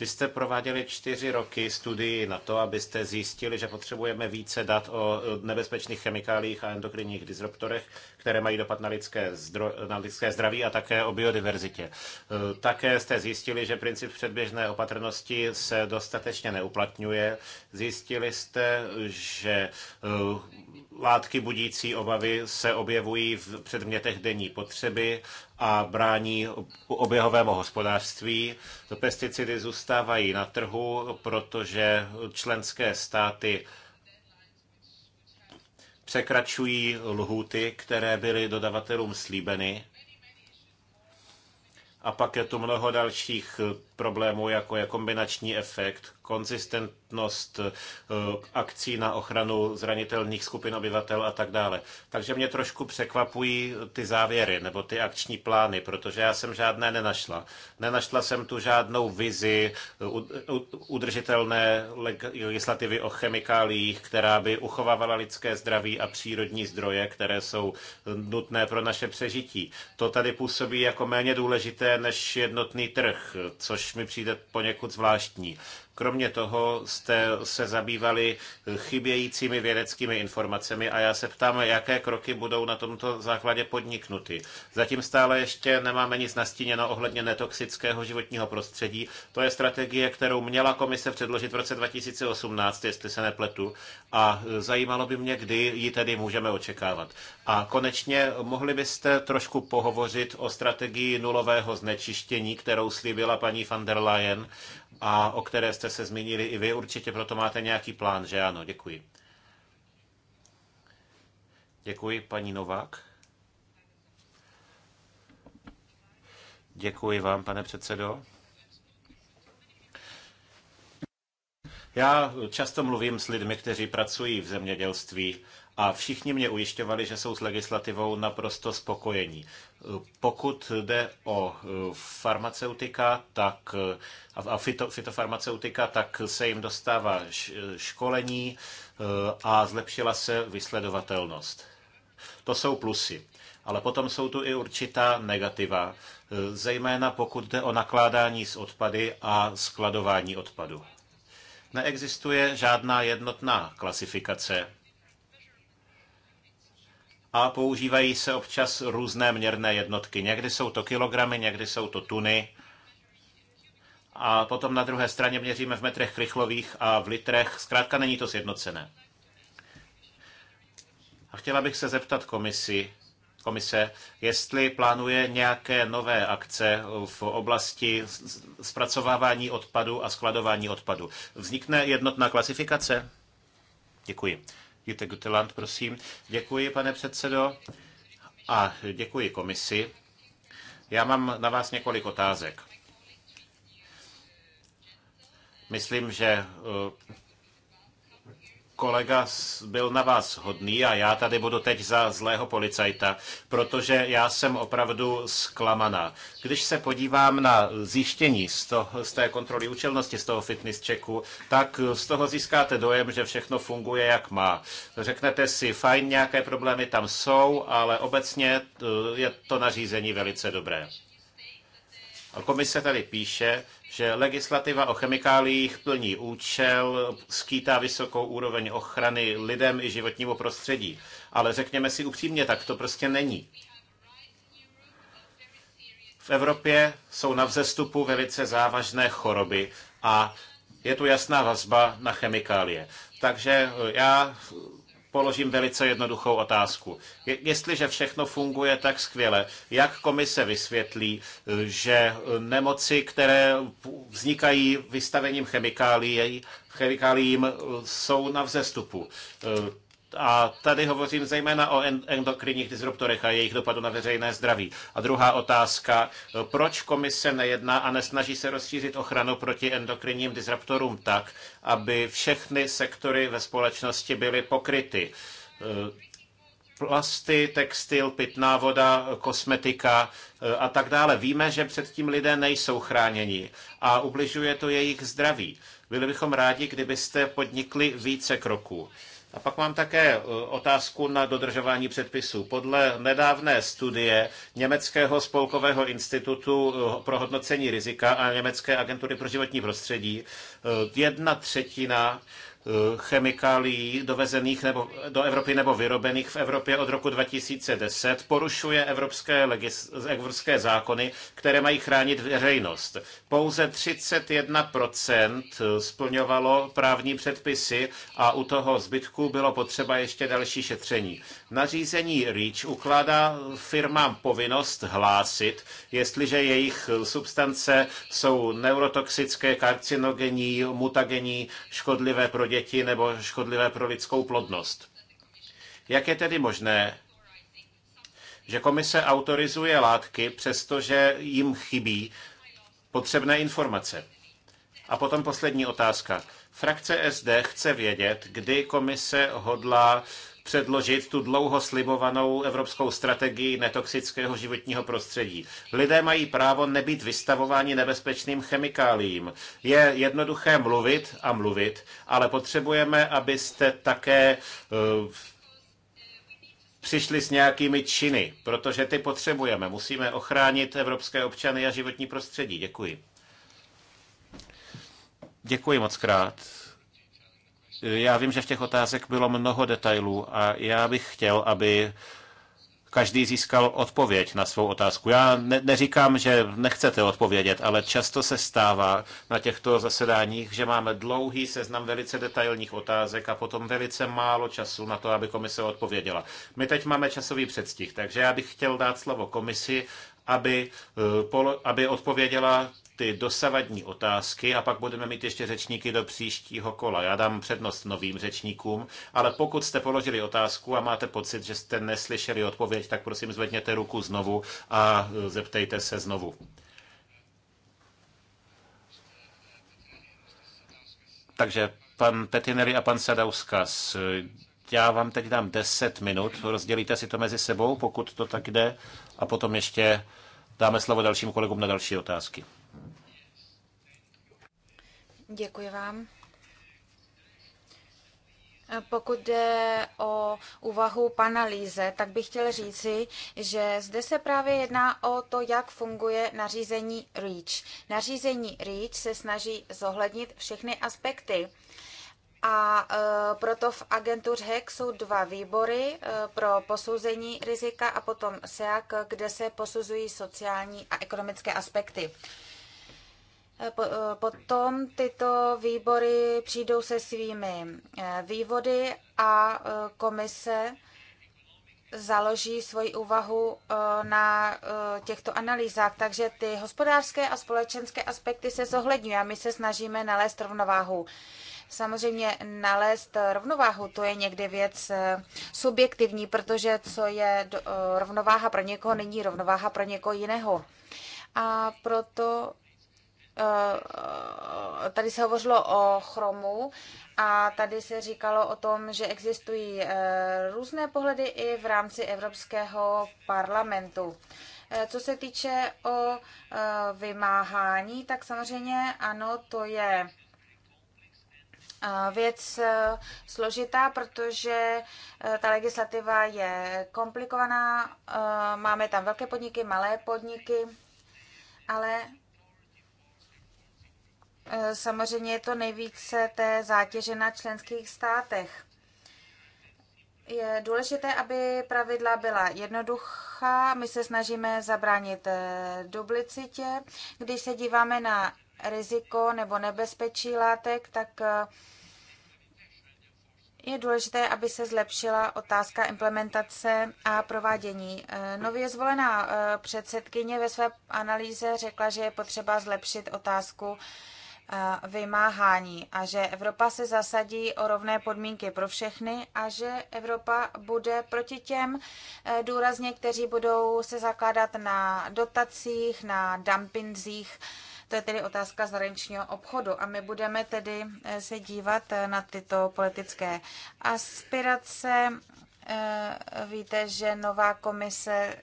Vy jste prováděli čtyři roky studii na to, abyste zjistili, že potřebujeme více dat o nebezpečných chemikáliích a endokrinních disruptorech, které mají dopad na lidské, zdro, na lidské zdraví a také o biodiverzitě. E, také jste zjistili, že princip předběžné opatrnosti se dostatečně neuplatňuje. Zjistili jste, že e, látky budící obavy se objevují v předmětech denní potřeby a brání oběhovému hospodářství. Pesticidy zůstávají na trhu, protože členské státy překračují lhůty, které byly dodavatelům slíbeny. A pak je tu mnoho dalších problémů, jako je kombinační efekt, konzistentnost eh, akcí na ochranu zranitelných skupin obyvatel a tak dále. Takže mě trošku překvapují ty závěry nebo ty akční plány, protože já jsem žádné nenašla. Nenašla jsem tu žádnou vizi eh, udržitelné legislativy o chemikáliích, která by uchovávala lidské zdraví a přírodní zdroje, které jsou eh, nutné pro naše přežití. To tady působí jako méně důležité než jednotný trh, což mi přijde poněkud zvláštní. Kromě toho jste se zabývali chybějícími vědeckými informacemi a já se ptám, jaké kroky budou na tomto základě podniknuty. Zatím stále ještě nemáme nic nastíněno ohledně netoxického životního prostředí. To je strategie, kterou měla komise předložit v roce 2018, jestli se nepletu. A zajímalo by mě, kdy ji tedy můžeme očekávat. A konečně mohli byste trošku pohovořit o strategii nulového znečištění, kterou slíbila paní van der Leyen a o které jste se zmínili i vy. Určitě proto máte nějaký plán, že ano? Děkuji. Děkuji, paní Novák. Děkuji vám, pane předsedo. Já často mluvím s lidmi, kteří pracují v zemědělství a všichni mě ujišťovali, že jsou s legislativou naprosto spokojení. Pokud jde o e, farmaceutika tak, e, a fito, fitofarmaceutika, tak se jim dostává e, školení a zlepšila se vysledovatelnost. To jsou plusy. Ale potom jsou tu i určitá negativa, zejména pokud jde o nakládání s odpady a skladování odpadu. Neexistuje žádná jednotná klasifikace a používají se občas různé měrné jednotky. Někdy jsou to kilogramy, někdy jsou to tuny. A potom na druhé straně měříme v metrech krychlových a v litrech. Zkrátka není to sjednocené. A chtěla bych se zeptat komisi, komise, jestli plánuje nějaké nové akce v oblasti zpracovávání odpadu a skladování odpadu. Vznikne jednotná klasifikace? Děkuji. Jite Guteland, prosím. Děkuji, pane předsedo, a děkuji komisi. Já mám na vás několik otázek. Myslím, že kolega byl na vás hodný a já tady budu teď za zlého policajta, protože já jsem opravdu zklamaná. Když se podívám na zjištění z, toho, z té kontroly účelnosti, z toho fitness checku, tak z toho získáte dojem, že všechno funguje jak má. Řeknete si, fajn, nějaké problémy tam jsou, ale obecně eh, je to nařízení velice dobré. A komise tady píše, že legislativa o chemikáliích plní účel, skýtá vysokou úroveň ochrany lidem i životnímu prostředí. Ale řekněme si upřímně, tak to prostě není. V Evropě jsou na vzestupu velice závažné choroby a je tu jasná vazba na chemikálie. Takže já položím velice jednoduchou otázku. Jestliže všechno funguje tak skvěle, jak komise vysvětlí, že nemoci, které vznikají vystavením chemikálií, chemikáliím, jsou na vzestupu? A tady hovořím zejména o endokrinních disruptorech a jejich dopadu na veřejné zdraví. A druhá otázka, proč komise nejedná a nesnaží se rozšířit ochranu proti endokrinním disruptorům tak, aby všechny sektory ve společnosti byly pokryty? Plasty, textil, pitná voda, kosmetika a tak dále. Víme, že předtím lidé nejsou chráněni a ubližuje to jejich zdraví. Byli bychom rádi, kdybyste podnikli více kroků. A pak mám také e, otázku na dodržování předpisů. Podle nedávné studie Německého spolkového institutu e, pro hodnocení rizika a Německé agentury pro životní prostředí e, jedna třetina Eh, chemikálií dovezených nebo do Evropy nebo vyrobených v Evropě od roku 2010 porušuje evropské, legis, evropské zákony, které mají chránit veřejnost. Pouze 31% eh, splňovalo právní předpisy a u toho zbytku bylo potřeba ještě další šetření. Nařízení REACH ukládá firmám povinnost hlásit, jestliže jejich substance jsou neurotoxické, karcinogenní, mutagenní, škodlivé pro děti nebo škodlivé pro lidskou plodnost. Jak je tedy možné, že komise autorizuje látky, přestože jim chybí potřebné informace? A potom poslední otázka. Frakce SD chce vědět, kdy komise hodlá předložit tu dlouho slibovanou evropskou strategii netoxického životního prostředí. Lidé mají právo nebýt vystavováni nebezpečným chemikáliím. Je jednoduché mluvit a mluvit, ale potřebujeme, abyste také eh, přišli s nějakými činy, protože ty potřebujeme. Musíme ochránit evropské občany a životní prostředí. Děkuji. Děkuji moc krát. Já vím, že v těch otázek bylo mnoho detailů a já bych chtěl, aby každý získal odpověď na svou otázku. Já ne- neříkám, že nechcete odpovědět, ale často se stává na těchto zasedáních, že máme dlouhý seznam velice detailních otázek a potom velice málo času na to, aby komise odpověděla. My teď máme časový předstih, takže já bych chtěl dát slovo komisi, aby, eh, aby odpověděla ty dosavadní otázky a pak budeme mít ještě řečníky do příštího kola. Já dám přednost novým řečníkům, ale pokud jste položili otázku a máte pocit, že jste neslyšeli odpověď, tak prosím zvedněte ruku znovu a e, zeptejte se znovu. Takže pan Petinery a pan Sadauskas, e, já vám teď dám 10 minut, rozdělíte si to mezi sebou, pokud to tak jde, a potom ještě dáme slovo dalším kolegům na další otázky. Děkuji vám. Pokud jde o úvahu pana Líze, tak bych chtěl říci, že zde se právě jedná o to, jak funguje nařízení REACH. Nařízení REACH se snaží zohlednit všechny aspekty. A e, proto v agentuře e jsou dva výbory e, pro posouzení rizika a potom SEAC, kde se posuzují sociální a ekonomické aspekty. E, Eh, eh, potom tyto výbory přijdou se svými eh, vývody a komise založí svoji úvahu na těchto analýzách. Takže ty hospodářské a společenské aspekty se zohledňují a my se snažíme nalézt rovnováhu. Samozřejmě nalézt rovnováhu, to je někdy věc subjektivní, protože co je rovnováha pro někoho, není rovnováha pro někoho jiného. A proto Eh, tady se hovořilo o chromu a tady se říkalo o tom, že existují eh, různé pohledy i v rámci Evropského parlamentu. Eh, co se týče o vymáhání, tak samozřejmě ano, to je věc složitá, protože ta legislativa je komplikovaná, máme tam velké podniky, malé podniky, ale E, samozřejmě je to nejvíce té zátěže na členských státech. Je důležité, aby pravidla byla jednoduchá. My se snažíme zabránit e, duplicitě. Když se díváme na riziko nebo nebezpečí látek, tak e, je důležité, aby se zlepšila otázka implementace a provádění. Nově zvolená předsedkyně ve své analýze řekla, že je potřeba zlepšit otázku vymáhání a že Evropa se zasadí o rovné podmínky pro všechny a že Evropa bude proti těm e, důrazně, kteří budou se zakládat na dotacích, na dumpingzích. To je tedy otázka zahraničního obchodu a my budeme tedy e, se dívat e, na tyto politické aspirace Eh, víte, že nová komise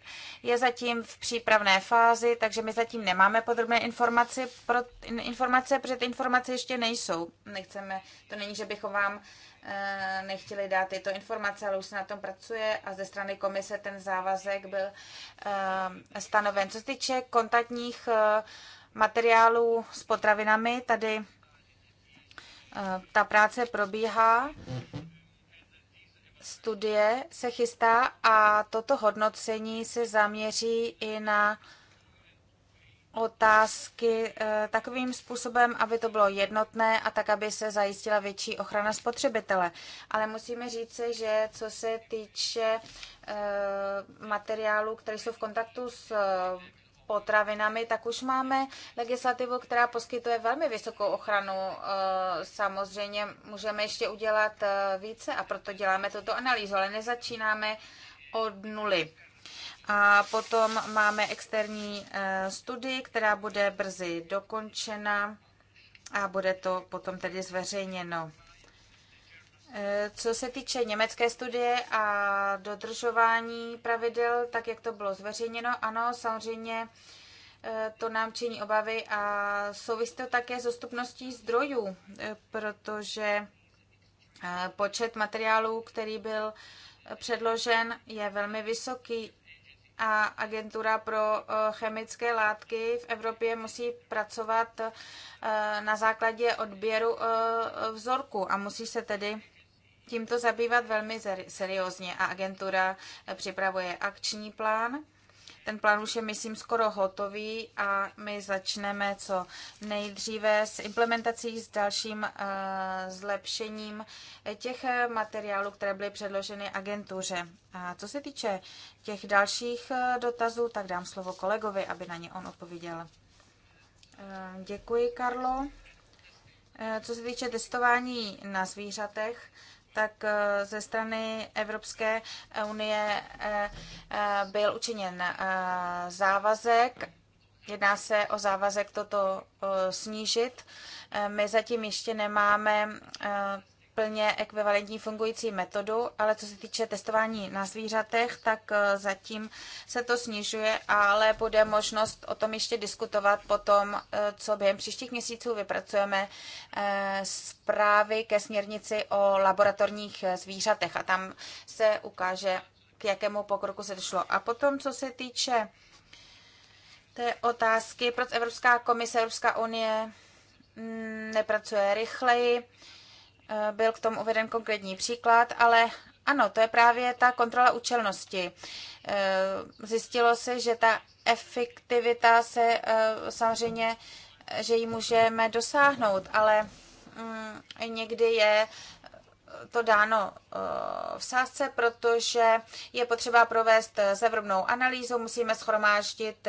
je zatím v přípravné fázi, takže my zatím nemáme podrobné informace, pro, informace protože ty informace ještě nejsou. Nechceme, to není, že bychom vám eh, nechtěli dát tyto informace, ale už se na tom pracuje a ze strany komise ten závazek byl eh, stanoven. Co se týče kontaktních materiálů s potravinami, tady ta práce probíhá. Mm-hmm studie se chystá a toto hodnocení se zaměří i na otázky eh, takovým způsobem, aby to bylo jednotné a tak, aby se zajistila větší ochrana spotřebitele. Ale musíme říct, že co se týče eh, materiálů, které jsou v kontaktu s potravinami, tak už máme legislativu, která poskytuje velmi vysokou ochranu. Eh, samozřejmě můžeme ještě udělat eh, více a proto děláme tuto analýzu, ale nezačínáme od nuly. A potom máme externí eh, studii, která bude brzy dokončena a bude to potom tedy zveřejněno. Eh, co se týče německé studie a dodržování pravidel, tak jak to bylo zveřejněno, ano, samozřejmě eh, to nám činí obavy a souvisí to také s dostupností zdrojů, eh, protože počet materiálů, který byl předložen, je velmi vysoký a agentura pro chemické látky v Evropě musí pracovat na základě odběru vzorku a musí se tedy tímto zabývat velmi seriózně a agentura eh, připravuje akční plán. Ten plán už je, myslím, skoro hotový a my začneme co nejdříve s implementací, s dalším eh, zlepšením eh, těch materiálů, které byly předloženy agentuře. A co se týče těch dalších dotazů, tak dám slovo kolegovi, aby na ně on odpověděl. Děkuji, Karlo. Co se týče testování na zvířatech, tak eh, ze strany Evropské unie eh, eh, byl učiněn závazek. Jedná se o závazek toto snížit. My zatím ještě nemáme plně ekvivalentní fungující metodu, ale co se týče testování na zvířatech, tak eh, zatím se to snižuje, ale bude možnost o tom ještě diskutovat potom, eh, co během příštích měsíců vypracujeme eh, zprávy ke směrnici o laboratorních zvířatech a tam se ukáže, k jakému pokroku se došlo. A potom, co se týče té otázky, proč Evropská komise, Evropská unie mm, nepracuje rychleji, byl k tomu uveden konkrétní příklad, ale ano, to je právě ta kontrola účelnosti. E, zjistilo se, že ta efektivita se e, samozřejmě, že ji můžeme dosáhnout, ale mm, někdy je to dáno e, v sázce, protože je potřeba provést zevrubnou analýzu, musíme schromáždit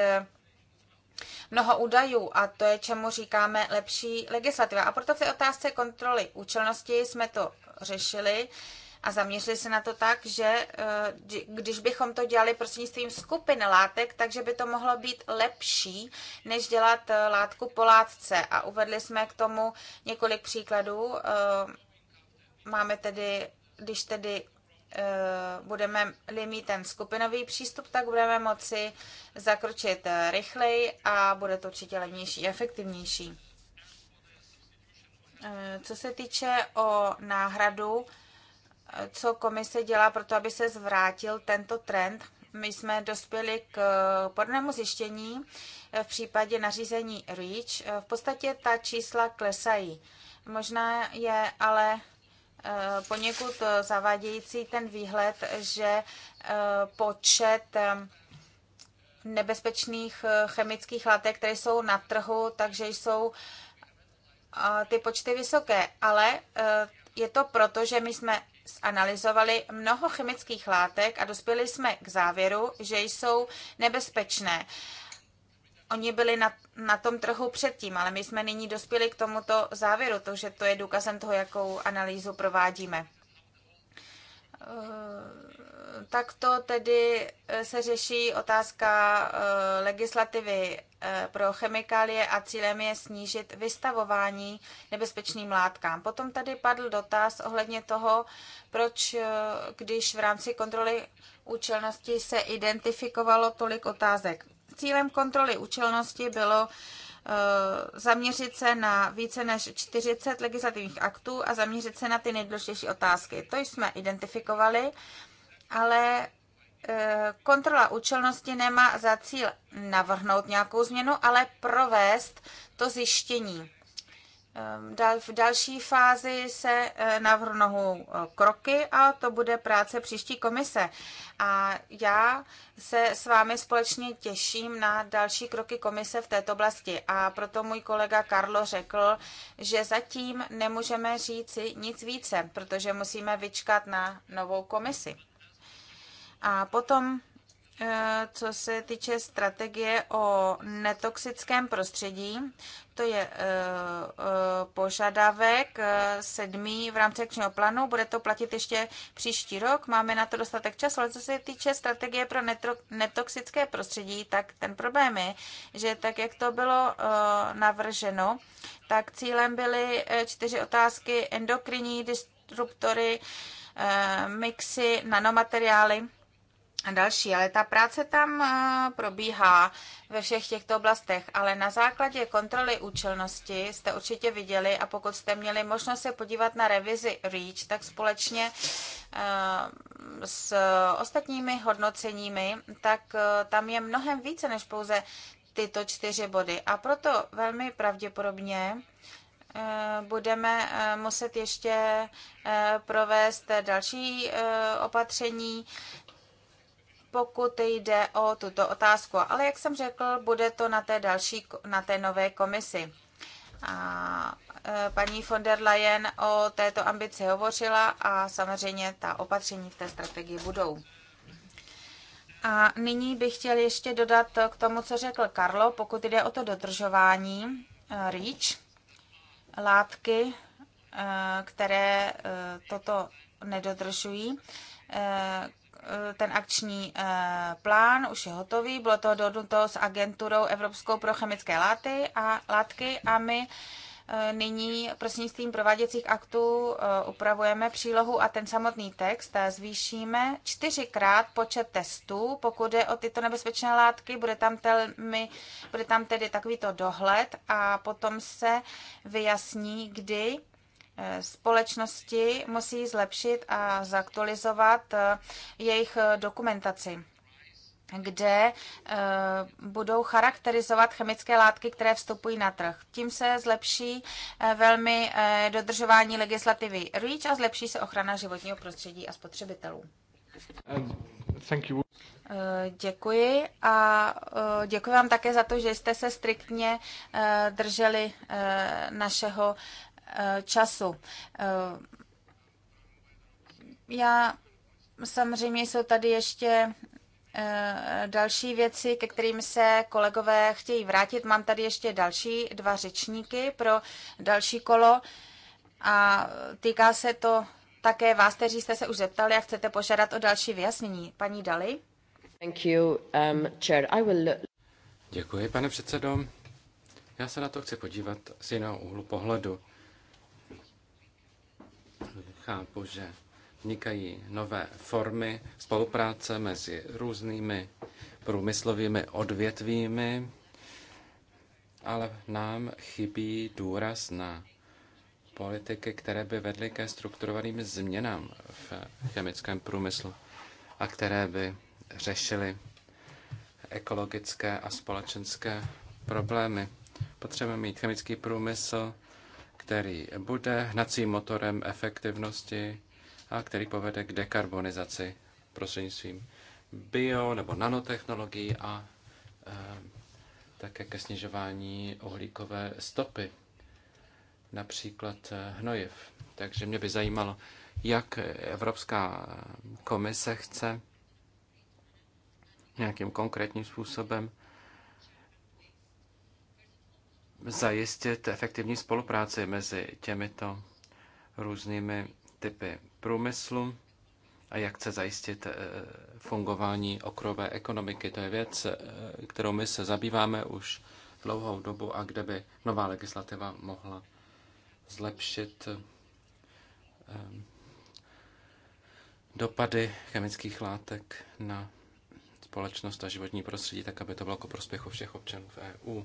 mnoho údajů a to je, čemu říkáme lepší legislativa. A proto v té otázce kontroly účelnosti jsme to řešili a zaměřili se na to tak, že eh, když bychom to dělali prostřednictvím skupin látek, takže by to mohlo být lepší, než dělat eh, látku po látce. A uvedli jsme k tomu několik příkladů. Eh, máme tedy, když tedy Eh, budeme-li mít ten skupinový přístup, tak budeme moci zakročit eh, rychleji a bude to určitě levnější efektivnější. Eh, co se týče o náhradu, co komise dělá pro to, aby se zvrátil tento trend, my jsme dospěli k podnému zjištění v případě nařízení REACH. V podstatě ta čísla klesají. Možná je ale Eh, poněkud eh, zavádějící ten výhled, že eh, počet nebezpečných chemických látek, které jsou na trhu, takže jsou ty počty vysoké. Ale je to proto, že my jsme zanalizovali mnoho chemických látek a dospěli jsme k závěru, že jsou nebezpečné. Oni byli na, na tom trhu předtím, ale my jsme nyní dospěli k tomuto závěru, že to je důkazem toho, jakou analýzu provádíme. Eh, Takto tedy eh, se řeší otázka eh, legislativy pro chemikálie a cílem je snížit vystavování nebezpečným látkám. Potom tady padl dotaz ohledně toho, proč když v rámci kontroly účelnosti se identifikovalo tolik otázek. Cílem kontroly účelnosti bylo eh, zaměřit se na více než 40 legislativních aktů a zaměřit se na ty nejdůležitější otázky. To jsme identifikovali, ale eh, kontrola účelnosti nemá za cíl navrhnout nějakou změnu, ale provést to zjištění. Ehm, v další fázi se eh, navrhnou eh, kroky a to bude práce příští komise. A já se s vámi společně těším na další kroky komise v této oblasti. A proto můj kolega Karlo řekl, že zatím nemůžeme říci nic více, protože musíme vyčkat na novou komisi. A potom Eh, co se týče strategie o netoxickém prostředí, to je eh, eh, požadavek sedmý v rámci akčního plánu, bude to platit ještě příští rok, máme na to dostatek času, ale co se týče strategie pro netoxické prostředí, tak ten problém je, že tak, jak to bylo navrženo, tak cílem byly čtyři otázky endokrinní disruptory, mixy, nanomateriály, a další, ale ta práce tam eh, probíhá ve všech těchto oblastech, ale na základě kontroly účelnosti jste určitě viděli a pokud jste měli možnost se podívat na revizi REACH, tak společně eh, s ostatními hodnoceními, tak eh, tam je mnohem více než pouze tyto čtyři body. A proto velmi pravděpodobně budeme muset ještě provést další opatření pokud jde o tuto otázku. Ale jak jsem řekl, bude to na té další, na té nové komisi. A e, paní von der Leyen o této ambici hovořila a samozřejmě ta opatření v té strategii budou. A nyní bych chtěl ještě dodat k tomu, co řekl Karlo, pokud jde o to dodržování e, REACH, látky, e, které toto nedodržují, Eh, ten akční eh, plán už je hotový, bylo to dohodnuto s agenturou Evropskou pro chemické láty a látky a my eh, nyní prostřednictvím prováděcích aktů upravujeme přílohu a ten samotný text zvýšíme čtyřikrát počet testů, pokud je o tyto nebezpečné látky, bude tam, my, bude tam tedy takovýto dohled a potom se vyjasní, kdy společnosti musí zlepšit a zaktualizovat eh, jejich eh, dokumentaci kde eh, budou charakterizovat chemické látky, které vstupují na trh. Tím se zlepší velmi dodržování legislativy REACH a zlepší se ochrana životního prostředí a spotřebitelů. Um, thank you. Děkuji a děkuji vám také za to, že jste se striktně drželi našeho Eh, času. Eh, já samozřejmě jsou tady ještě eh, další věci, ke kterým se kolegové chtějí vrátit. Mám tady ještě další dva řečníky pro další kolo a týká se to také vás, kteří jste se už zeptali a chcete požádat o další vyjasnění. Paní Dali. Thank you, um, chair. I will... Děkuji, pane předsedo. Já se na to chci podívat z jiného úhlu pohledu. Chápu, že vznikají nové formy spolupráce mezi různými průmyslovými odvětvími, ale nám chybí důraz na politiky, které by vedly ke strukturovaným změnám v chemickém průmyslu a které by řešily ekologické a společenské problémy. Potřebujeme mít chemický průmysl, který bude hnacím motorem efektivnosti a který povede k dekarbonizaci prostřednictvím bio nebo nanotechnologií a e, také ke snižování uhlíkové stopy, například eh, hnojiv. Takže mě by zajímalo, jak Evropská komise chce nějakým konkrétním způsobem zajistit efektivní spolupráci mezi těmito různými typy průmyslu a jak chce zajistit eh, fungování okrové ekonomiky. To je věc, eh, kterou my se zabýváme už dlouhou dobu a kde by nová legislativa mohla zlepšit eh, dopady chemických látek na společnost a životní prostředí, tak aby to bylo ku prospěchu všech občanů v EU.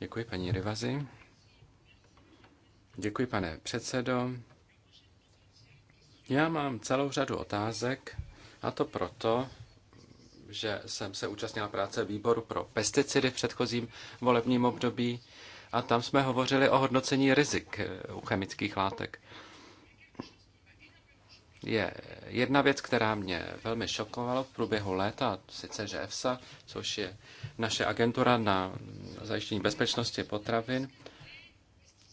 Děkuji, paní Rivazi. Děkuji, pane předsedo. Já mám celou řadu otázek, a to proto, že jsem se účastnila práce výboru pro pesticidy v předchozím volebním období a tam jsme hovořili o hodnocení rizik u chemických látek je jedna věc, která mě velmi šokovala v průběhu léta, sice že EFSA, což je naše agentura na zajištění bezpečnosti potravin,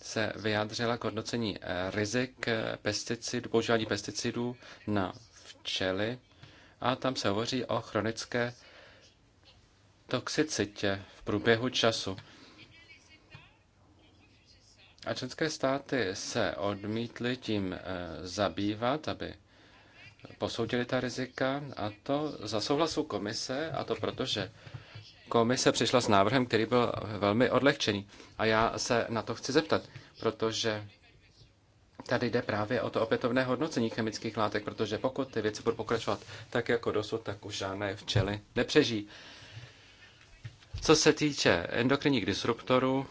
se vyjádřila k hodnocení rizik pesticidů, používání pesticidů na včely a tam se hovoří o chronické toxicitě v průběhu času. A členské státy se odmítly tím eh, zabývat, aby posoudili ta rizika, a to za souhlasu komise, a to protože komise přišla s návrhem, který byl velmi odlehčený. A já se na to chci zeptat, protože tady jde právě o to opětovné hodnocení chemických látek, protože pokud ty věci budou pokračovat tak jako dosud, tak už žádné včely nepřežijí. Co se týče endokrinních disruptorů,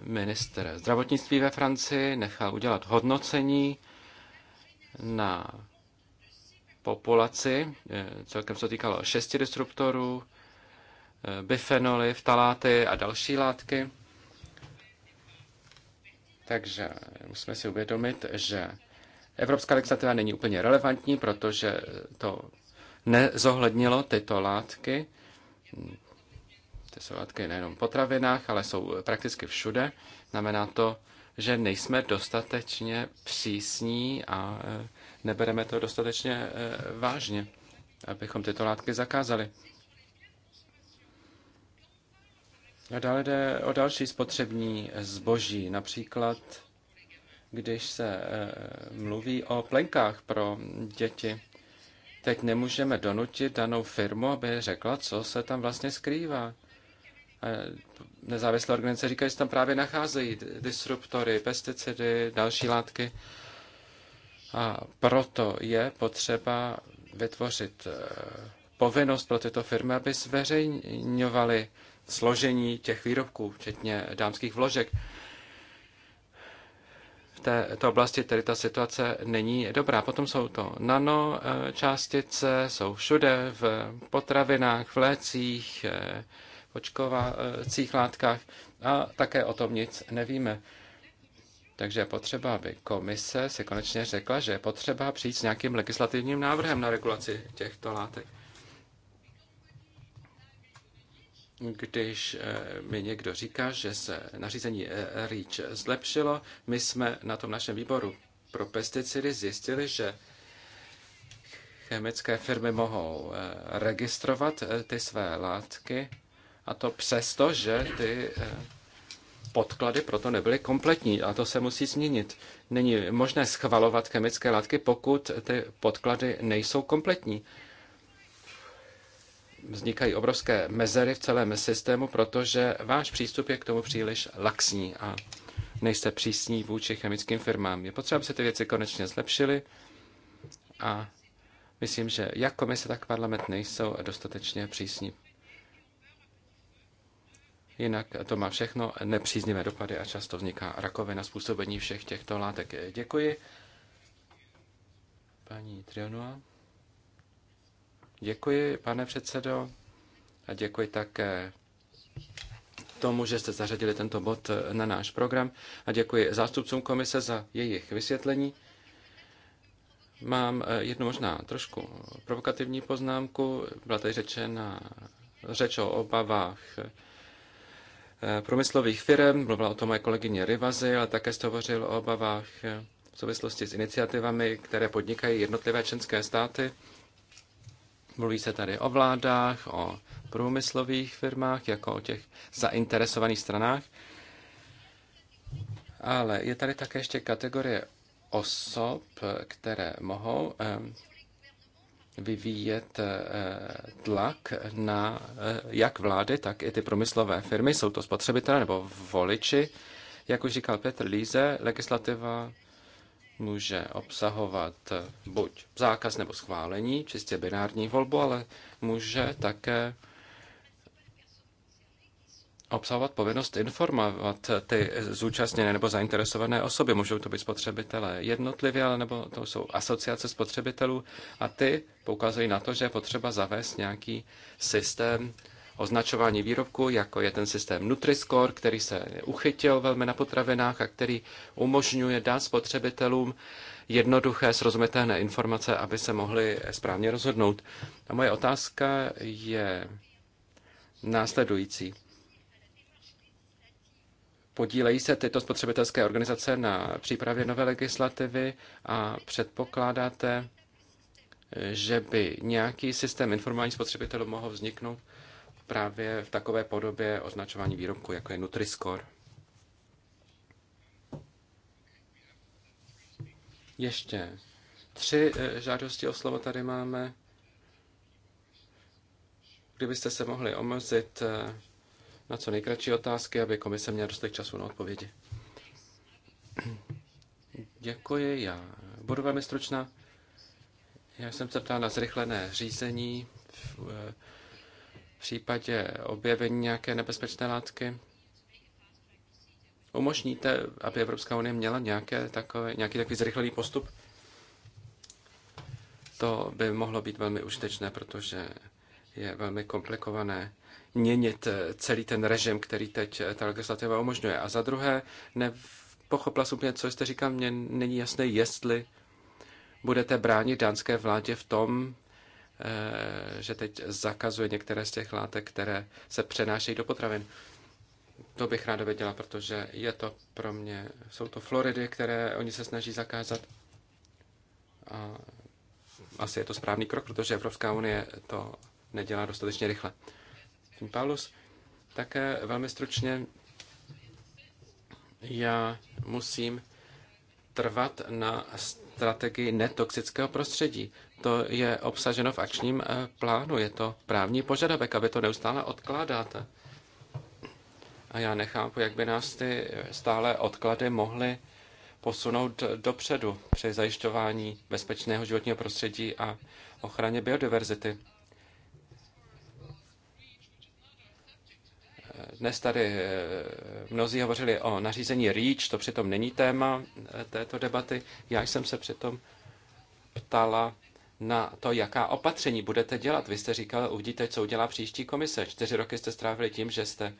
minister zdravotnictví ve Francii nechal udělat hodnocení na populaci, eh, celkem se týkalo šesti disruptorů, eh, bifenoly, vtaláty a další látky. Takže musíme si uvědomit, že evropská legislativa není úplně relevantní, protože to nezohlednilo tyto látky jsou látky nejenom v potravinách, ale jsou prakticky všude. Znamená to, že nejsme dostatečně přísní a eh, nebereme to dostatečně eh, vážně, abychom tyto látky zakázali. A dále jde o další spotřební zboží, například když se eh, mluví o plenkách pro děti. Teď nemůžeme donutit danou firmu, aby řekla, co se tam vlastně skrývá nezávislé organizace říkají, že tam právě nacházejí disruptory, pesticidy, další látky. A proto je potřeba vytvořit eh, povinnost pro tyto firmy, aby zveřejňovaly složení těch výrobků, včetně dámských vložek. V této oblasti tedy ta situace není dobrá. Potom jsou to nanočástice, eh, jsou všude v potravinách, v lécích, eh, očkovacích látkách a také o tom nic nevíme. Takže je potřeba, aby komise se konečně řekla, že je potřeba přijít s nějakým legislativním návrhem na regulaci těchto látek. Když eh, mi někdo říká, že se nařízení eh, REACH zlepšilo, my jsme na tom našem výboru pro pesticidy zjistili, že chemické firmy mohou eh, registrovat ty své látky a to přesto, že ty eh, podklady proto nebyly kompletní a to se musí změnit. Není možné schvalovat chemické látky, pokud ty podklady nejsou kompletní. Vznikají obrovské mezery v celém systému, protože váš přístup je k tomu příliš laxní a nejste přísní vůči chemickým firmám. Je potřeba, aby se ty věci konečně zlepšily a myslím, že jak komise, tak parlament nejsou dostatečně přísní. Jinak to má všechno nepříznivé dopady a často vzniká rakovina způsobení všech těchto látek. Děkuji. Paní Trionua. Děkuji, pane předsedo, a děkuji také tomu, že jste zařadili tento bod na náš program a děkuji zástupcům komise za jejich vysvětlení. Mám eh, jednu možná trošku provokativní poznámku. Byla tady řečena řeč o obavách Eh, průmyslových firm, mluvila o tom moje kolegyně Rivazy, ale také jste hovořil o obavách eh, v souvislosti s iniciativami, které podnikají jednotlivé členské státy. Mluví se tady o vládách, o průmyslových firmách, jako o těch zainteresovaných stranách. Ale je tady také ještě kategorie osob, eh, které mohou vyvíjet eh, tlak na eh, jak vlády, tak i ty průmyslové firmy. Jsou to spotřebitelé nebo voliči. Jak už říkal Petr Líze, legislativa může obsahovat eh, buď zákaz nebo schválení, čistě binární volbu, ale může také obsahovat povinnost informovat ty zúčastněné nebo zainteresované osoby. Můžou to být spotřebitelé jednotlivě, ale nebo to jsou asociace spotřebitelů a ty poukazují na to, že je potřeba zavést nějaký systém označování výrobku, jako je ten systém Nutriscore, který se uchytil velmi na potravinách a který umožňuje dát spotřebitelům jednoduché, srozumitelné informace, aby se mohli správně rozhodnout. A moje otázka je následující. Podílejí se tyto spotřebitelské organizace na přípravě nové legislativy a předpokládáte, že by nějaký systém informování spotřebitelů mohl vzniknout právě v takové podobě označování výrobku, jako je Nutriscore. Ještě tři eh, žádosti o slovo tady máme. Kdybyste se mohli omezit eh, na co nejkratší otázky, aby komise měla dostatek času na odpovědi. Děkuji, já budu velmi stručná. Já jsem se ptal na zrychlené řízení eh, v případě objevení nějaké nebezpečné látky. Umožníte, aby Evropská unie měla nějaké takové, nějaký takový zrychlený postup? To by mohlo být velmi užitečné, protože je velmi komplikované měnit eh, celý ten režim, který teď eh, ta legislativa umožňuje. A za druhé, nepochopila jsem úplně, co jste říkal, mně není jasné, jestli budete bránit dánské vládě v tom, eh, že teď zakazuje některé z těch látek, které se přenášejí do potravin. To bych ráda věděla, protože je to pro mě, jsou to Floridy, které oni se snaží zakázat. A asi je to správný krok, protože Evropská unie to nedělá dostatečně rychle. Tím Paulus také velmi stručně já musím trvat na strategii netoxického prostředí. To je obsaženo v akčním eh, plánu, je to právní požadavek, aby to neustále odkládáte. A já nechápu, jak by nás ty stále odklady mohly posunout dopředu při zajišťování bezpečného životního prostředí a ochraně biodiverzity. Dnes tady eh, mnozí hovořili o nařízení REACH, to přitom není téma eh, této debaty. Já jsem se přitom ptala na to, jaká opatření budete dělat. Vy jste říkal, uvidíte, co udělá příští komise. Čtyři roky jste strávili tím, že jste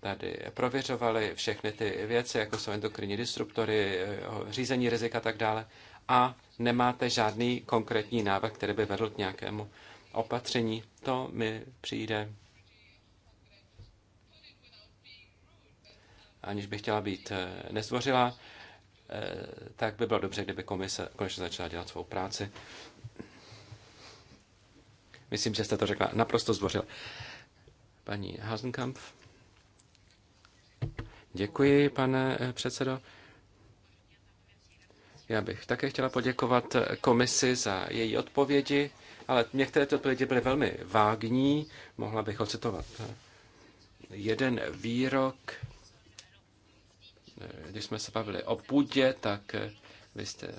tady prověřovali všechny ty věci, jako jsou endokrinní disruptory, eh, řízení rizika a tak dále. A nemáte žádný konkrétní návrh, který by vedl k nějakému opatření. To mi přijde aniž by chtěla být eh, nezdvořilá, eh, tak by bylo dobře, kdyby komise konečně začala dělat svou práci. Myslím, že jste to řekla naprosto zdvořil. Paní Hasenkampf. Děkuji, pane eh, předsedo. Já bych také chtěla poděkovat komisi za její odpovědi, ale některé ty odpovědi byly velmi vágní. Mohla bych ocitovat jeden výrok když jsme se bavili o půdě, tak vy jste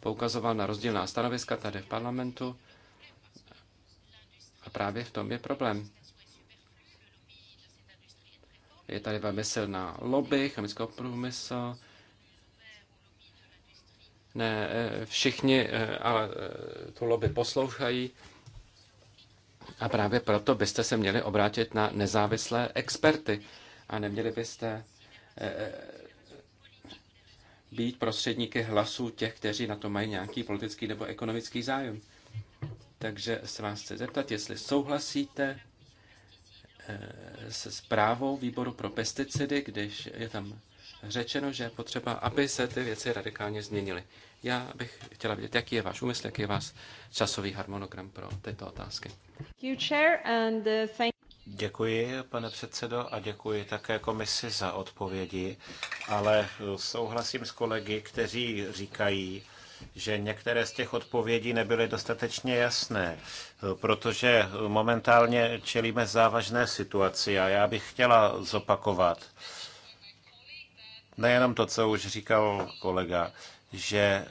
poukazoval na rozdílná stanoviska tady v parlamentu. A právě v tom je problém. Je tady velmi silná lobby chemického průmysl. Ne, eh, všichni eh, ale eh, tu lobby poslouchají. A právě proto byste se měli obrátit na nezávislé experty a neměli byste být prostředníky hlasů těch, kteří na to mají nějaký politický nebo ekonomický zájem. Takže se vás chci zeptat, jestli souhlasíte eh, se zprávou výboru pro pesticidy, když je tam řečeno, že je potřeba, aby se ty věci radikálně změnily. Já bych chtěla vědět, jaký je váš úmysl, jaký je váš časový harmonogram pro tyto otázky. Uh, Děkuji, pane předsedo, a děkuji také komisi za odpovědi, ale souhlasím s kolegy, kteří říkají, že některé z těch odpovědí nebyly dostatečně jasné, protože momentálně čelíme závažné situaci a já bych chtěla zopakovat nejenom to, co už říkal kolega, že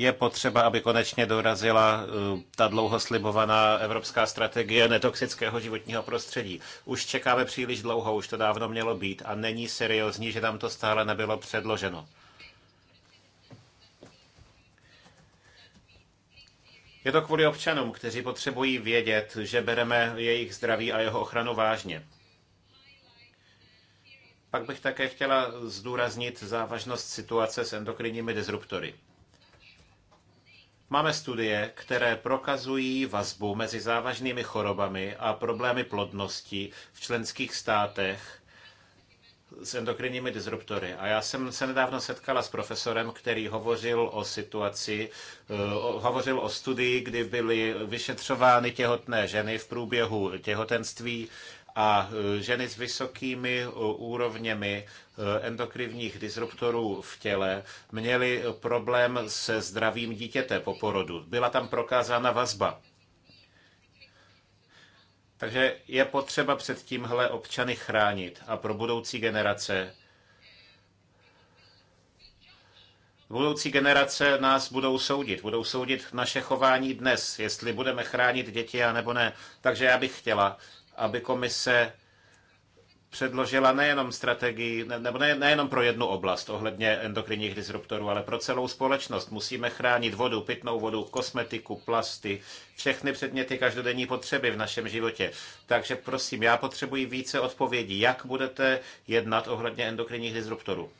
je potřeba, aby konečně dorazila eh, ta dlouho slibovaná evropská strategie netoxického životního prostředí. Už čekáme příliš dlouho, už to dávno mělo být a není seriózní, že nám to stále nebylo předloženo. Je to kvůli občanům, kteří potřebují vědět, že bereme jejich zdraví a jeho ochranu vážně. Pak bych také chtěla zdůraznit závažnost situace s endokrinními disruptory. Máme studie, které prokazují vazbu mezi závažnými chorobami a problémy plodnosti v členských státech s endokrinními disruptory. A já jsem se nedávno setkala s profesorem, který hovořil o situaci, eh, hovořil o studii, kdy byly vyšetřovány těhotné ženy v průběhu těhotenství a eh, ženy s vysokými eh, úrovněmi Eh, endokrinních disruptorů v těle měly problém se zdravím dítěte po porodu. Byla tam prokázána vazba. Takže je potřeba před tímhle občany chránit a pro budoucí generace. Budoucí generace nás budou soudit. Budou soudit naše chování dnes, jestli budeme chránit děti a nebo ne. Takže já bych chtěla, aby komise předložila nejenom strategii, nebo ne, nejenom pro jednu oblast ohledně endokrinních disruptorů, ale pro celou společnost. Musíme chránit vodu, pitnou vodu, kosmetiku, plasty, všechny předměty každodenní potřeby v našem životě. Takže prosím, já potřebuji více odpovědí. Jak budete jednat ohledně endokrinních disruptorů?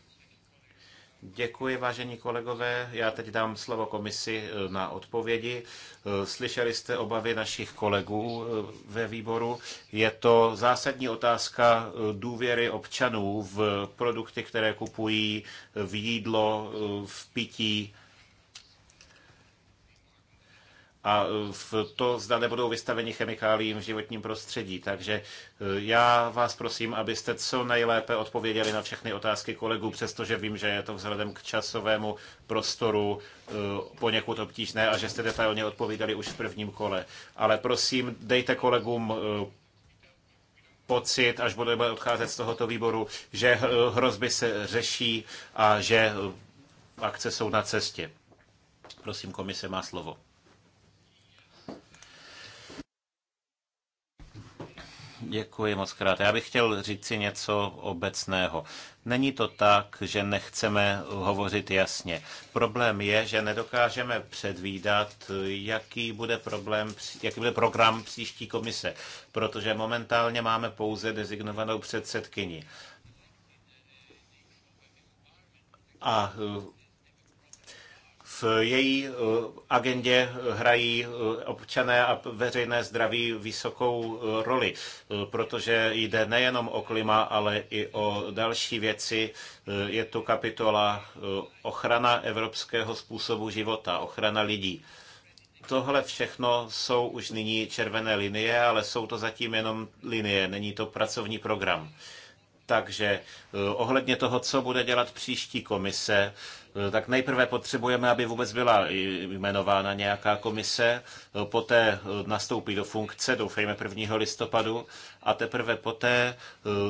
Děkuji, vážení kolegové. Já teď dám slovo komisi eh, na odpovědi. Eh, slyšeli jste obavy našich kolegů eh, ve výboru. Je to zásadní otázka důvěry občanů v produkty, které kupují, v jídlo, v pití a e, v to zda nebudou vystaveni chemikáliím v životním prostředí. Takže e, já vás prosím, abyste co nejlépe odpověděli na všechny otázky kolegů, přestože vím, že je to vzhledem k časovému prostoru e, poněkud obtížné a že jste detailně odpovídali už v prvním kole. Ale prosím, dejte kolegům pocit, až budeme odcházet z tohoto výboru, že hrozby se řeší a že akce jsou na cestě. Prosím, komise má slovo. Děkuji moc krát. Já bych chtěl říct si něco obecného. Není to tak, že nechceme hovořit jasně. Problém je, že nedokážeme předvídat, jaký bude, problém, jaký bude program příští komise, protože momentálně máme pouze dezignovanou předsedkyni. A v její eh, agendě hrají eh, občané a veřejné zdraví vysokou eh, roli, protože jde nejenom o klima, ale i o další věci. Je tu kapitola ochrana evropského způsobu života, ochrana lidí tohle všechno jsou už nyní červené linie, ale jsou to zatím jenom linie, není to pracovní program. Takže ohledně toho, co bude dělat příští komise, Eh, tak nejprve potřebujeme, aby vůbec byla jmenována nějaká komise, eh, poté eh, nastoupí do funkce, doufejme 1. listopadu, a teprve poté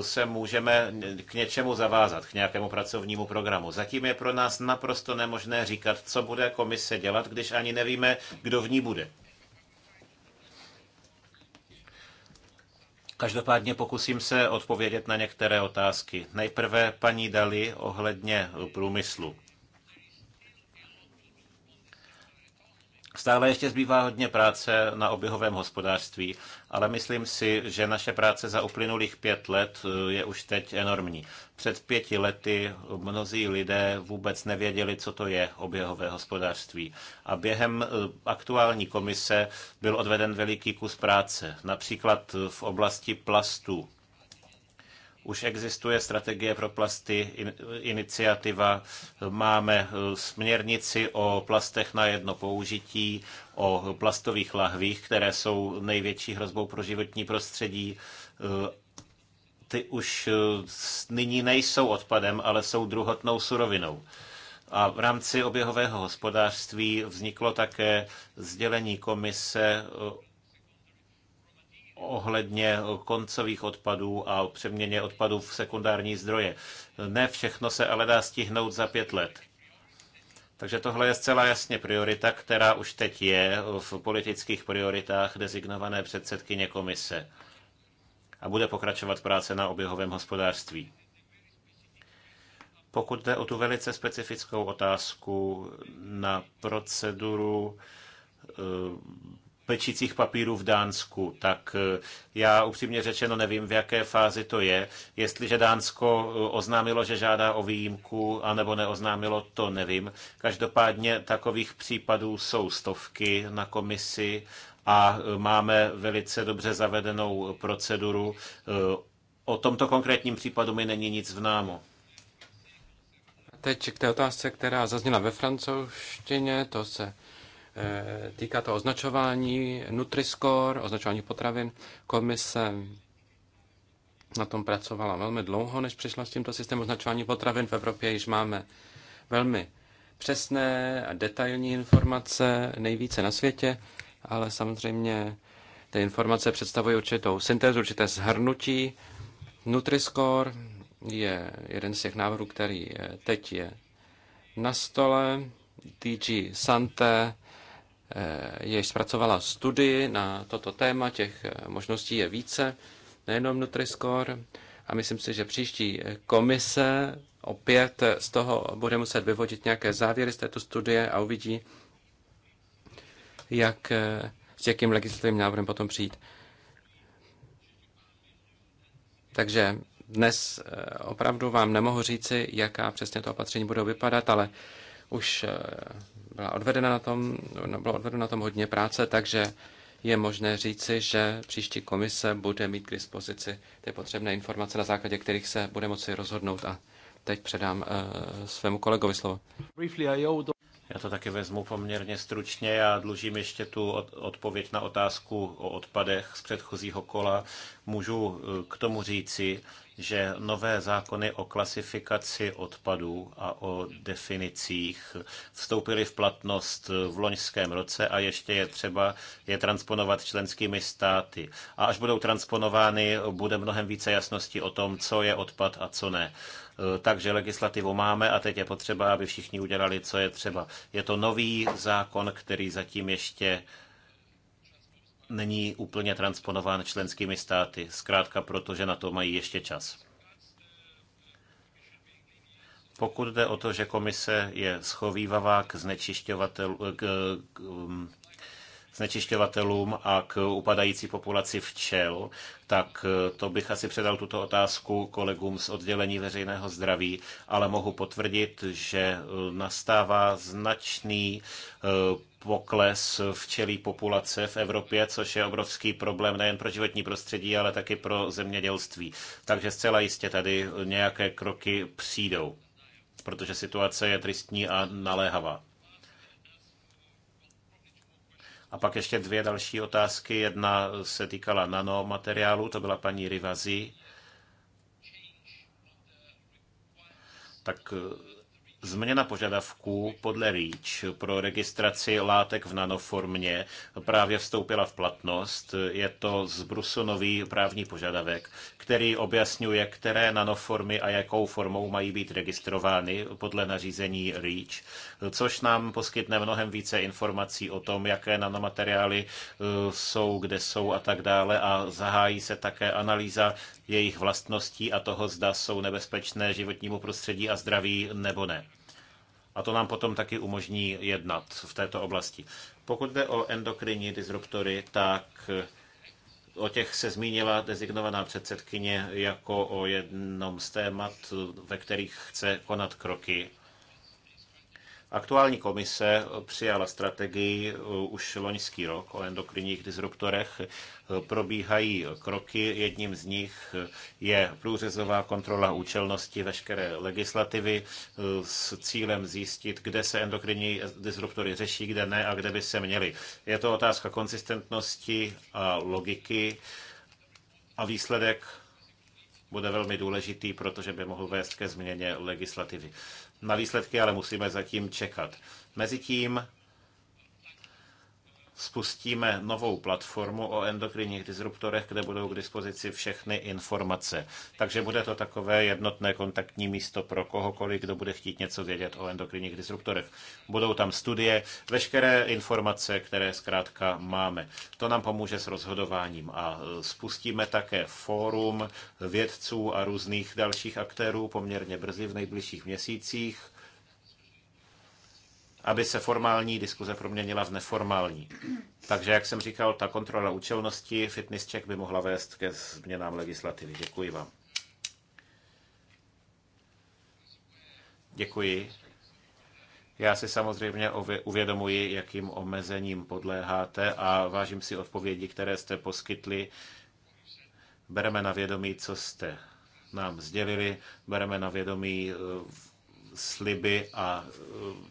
se můžeme k něčemu zavázat, k nějakému pracovnímu programu. Zatím je pro nás naprosto nemožné říkat, co bude komise dělat, když ani nevíme, kdo v ní bude. Každopádně pokusím se odpovědět na některé otázky. Nejprve paní Dali ohledně průmyslu. Stále ještě zbývá hodně práce na oběhovém hospodářství, ale myslím si, že naše práce za uplynulých pět let eh, je už teď enormní. Před pěti lety mnozí lidé vůbec nevěděli, co to je oběhové hospodářství. A během eh, aktuální komise byl odveden veliký kus práce, například v oblasti plastů už existuje strategie pro plasty, iniciativa, máme eh, směrnici o plastech na jedno použití, o plastových lahvích, které jsou největší hrozbou pro životní prostředí eh, ty už eh, nyní nejsou odpadem, ale jsou druhotnou surovinou. A v rámci oběhového hospodářství vzniklo také sdělení komise ohledně koncových odpadů a přeměně odpadů v sekundární zdroje. Ne všechno se ale dá stihnout za pět let. Takže tohle je zcela jasně priorita, která už teď je v politických prioritách designované předsedkyně komise. A bude pokračovat práce na oběhovém hospodářství. Pokud jde o tu velice specifickou otázku na proceduru eh, pečících papírů v Dánsku, tak eh, já upřímně řečeno nevím, v jaké fázi to je. Jestliže Dánsko eh, oznámilo, že žádá o výjimku, anebo neoznámilo, to nevím. Každopádně takových případů jsou stovky na komisi a eh, máme velice dobře zavedenou proceduru. O tomto konkrétním případu mi není nic známo. Teď k té otázce, která zazněla ve francouzštině, to se Eh, týká to označování Nutriscore, označování potravin. Komise na tom pracovala velmi dlouho, než přišla s tímto systémem označování potravin. V Evropě již máme velmi přesné a detailní informace, nejvíce na světě, ale samozřejmě ty informace představují určitou syntézu, určité zhrnutí. Nutriscore je jeden z těch návrhů, který eh, teď je na stole. DG SanTe Eh, jež zpracovala studii na toto téma, těch eh, možností je více, nejenom Nutriscore. A myslím si, že příští eh, komise opět z toho bude muset vyvodit nějaké závěry z této studie a uvidí, jak, s jakým legislativním návrhem potom přijít. Takže dnes opravdu vám nemohu říci, jaká přesně to opatření budou vypadat, ale už byla odvedena na tom, no, bylo odvedeno na tom hodně práce, takže je možné říci, že příští komise bude mít k dispozici ty potřebné informace, na základě kterých se bude moci rozhodnout. A teď předám uh, svému kolegovi slovo. Já to taky vezmu poměrně stručně. Já dlužím ještě tu odpověď na otázku o odpadech z předchozího kola. Můžu eh, k tomu říci, že nové zákony o klasifikaci odpadů a o definicích vstoupily v platnost v loňském roce a ještě je třeba je transponovat členskými státy. A až budou transponovány, bude mnohem více jasnosti o tom, co je odpad a co ne. Takže legislativu máme a teď je potřeba, aby všichni udělali, co je třeba. Je to nový zákon, který zatím ještě není úplně transponován členskými státy, zkrátka proto, že na to mají ještě čas. Pokud jde o to, že komise je schovývavá k k, k, k, znečišťovatelům a k upadající populaci včel, tak eh, to bych asi předal tuto otázku kolegům z oddělení veřejného zdraví, ale mohu potvrdit, že eh, nastává značný eh, pokles včelí populace v Evropě, což je obrovský problém nejen pro životní prostředí, ale taky pro zemědělství. Takže zcela jistě tady nějaké kroky přijdou, protože situace je tristní a naléhavá. A pak ještě dvě další otázky. Jedna se týkala nanomateriálu, to byla paní Rivazi. Tak eh, změna požadavků podle REACH pro registraci látek v nanoformě právě vstoupila v platnost. Je to z právní požadavek, který objasňuje, které nanoformy a jakou formou mají být registrovány podle nařízení REACH což nám poskytne mnohem více informací o tom, jaké nanomateriály e, jsou, kde jsou a tak dále a zahájí se také analýza jejich vlastností a toho, zda jsou nebezpečné životnímu prostředí a zdraví nebo ne. A to nám potom taky umožní jednat v této oblasti. Pokud jde o endokrinní disruptory, tak e, o těch se zmínila dezignovaná předsedkyně jako o jednom z témat, e, ve kterých chce konat kroky. Aktuální komise přijala strategii uh, už loňský rok o endokrinních disruptorech. Uh, probíhají kroky, jedním z nich uh, je průřezová kontrola účelnosti veškeré legislativy s cílem zjistit, kde se endokrinní disruptory řeší, kde ne a kde by se měly. Je to otázka konsistentnosti a logiky a výsledek bude velmi důležitý, protože by mohl vést ke změně legislativy. Na výsledky ale musíme zatím čekat. Mezitím spustíme novou platformu o endokrinních disruptorech, kde budou k dispozici všechny informace. Takže bude to takové jednotné kontaktní místo pro kohokoliv, kdo bude chtít něco vědět o endokrinních disruptorech. Budou tam studie, veškeré informace, které zkrátka máme. To nám pomůže s rozhodováním a e, spustíme také fórum vědců a různých dalších aktérů poměrně brzy v nejbližších měsících aby se formální diskuze proměnila v neformální. Takže, jak jsem říkal, ta kontrola účelnosti fitness check by mohla vést ke změnám legislativy. Děkuji vám. Děkuji. Já si samozřejmě uvědomuji, jakým omezením podléháte a vážím si odpovědi, které jste poskytli. Bereme na vědomí, co jste nám sdělili, bereme na vědomí eh, sliby a eh,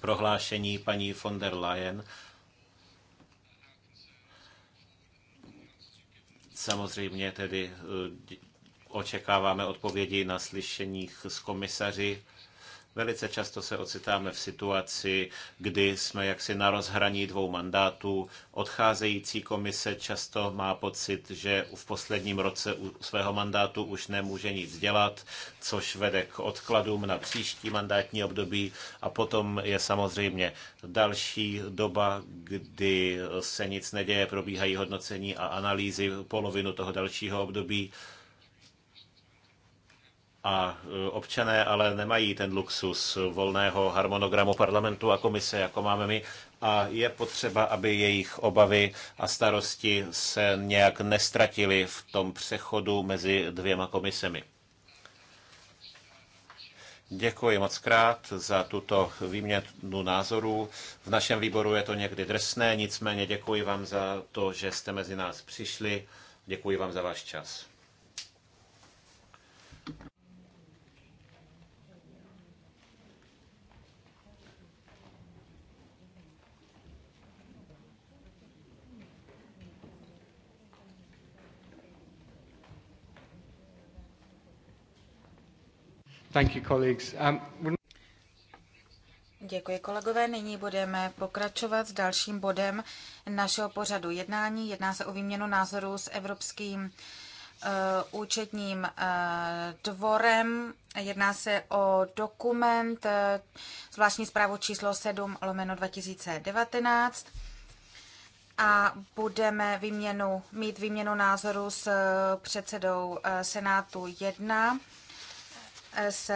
prohlášení paní von der Leyen. Samozřejmě tedy eh, očekáváme odpovědi na slyšeních s komisaři Velice často se ocitáme v situaci, kdy jsme jaksi na rozhraní dvou mandátů. Odcházející komise často má pocit, že v posledním roce svého mandátu už nemůže nic dělat, což vede k odkladům na příští mandátní období a potom je samozřejmě další doba, kdy se nic neděje, probíhají hodnocení a analýzy polovinu toho dalšího období. A e, občané ale nemají ten luxus volného harmonogramu parlamentu a komise, jako máme my, a je potřeba, aby jejich obavy a starosti se nějak nestratily v tom přechodu mezi dvěma komisemi. Děkuji moc krát za tuto výměnu názorů. V našem výboru je to někdy drsné, nicméně děkuji vám za to, že jste mezi nás přišli. Děkuji vám za váš čas. Um, Děkuji kolegové, nyní budeme pokračovat s dalším bodem našeho pořadu jednání. Jedná se o výměnu názorů s Evropským uh, účetním uh, dvorem. Jedná se o dokument, uh, zvláštní zprávu číslo 7 lomeno 2019 a budeme výměnu, mít výměnu názoru s předsedou Senátu 1 s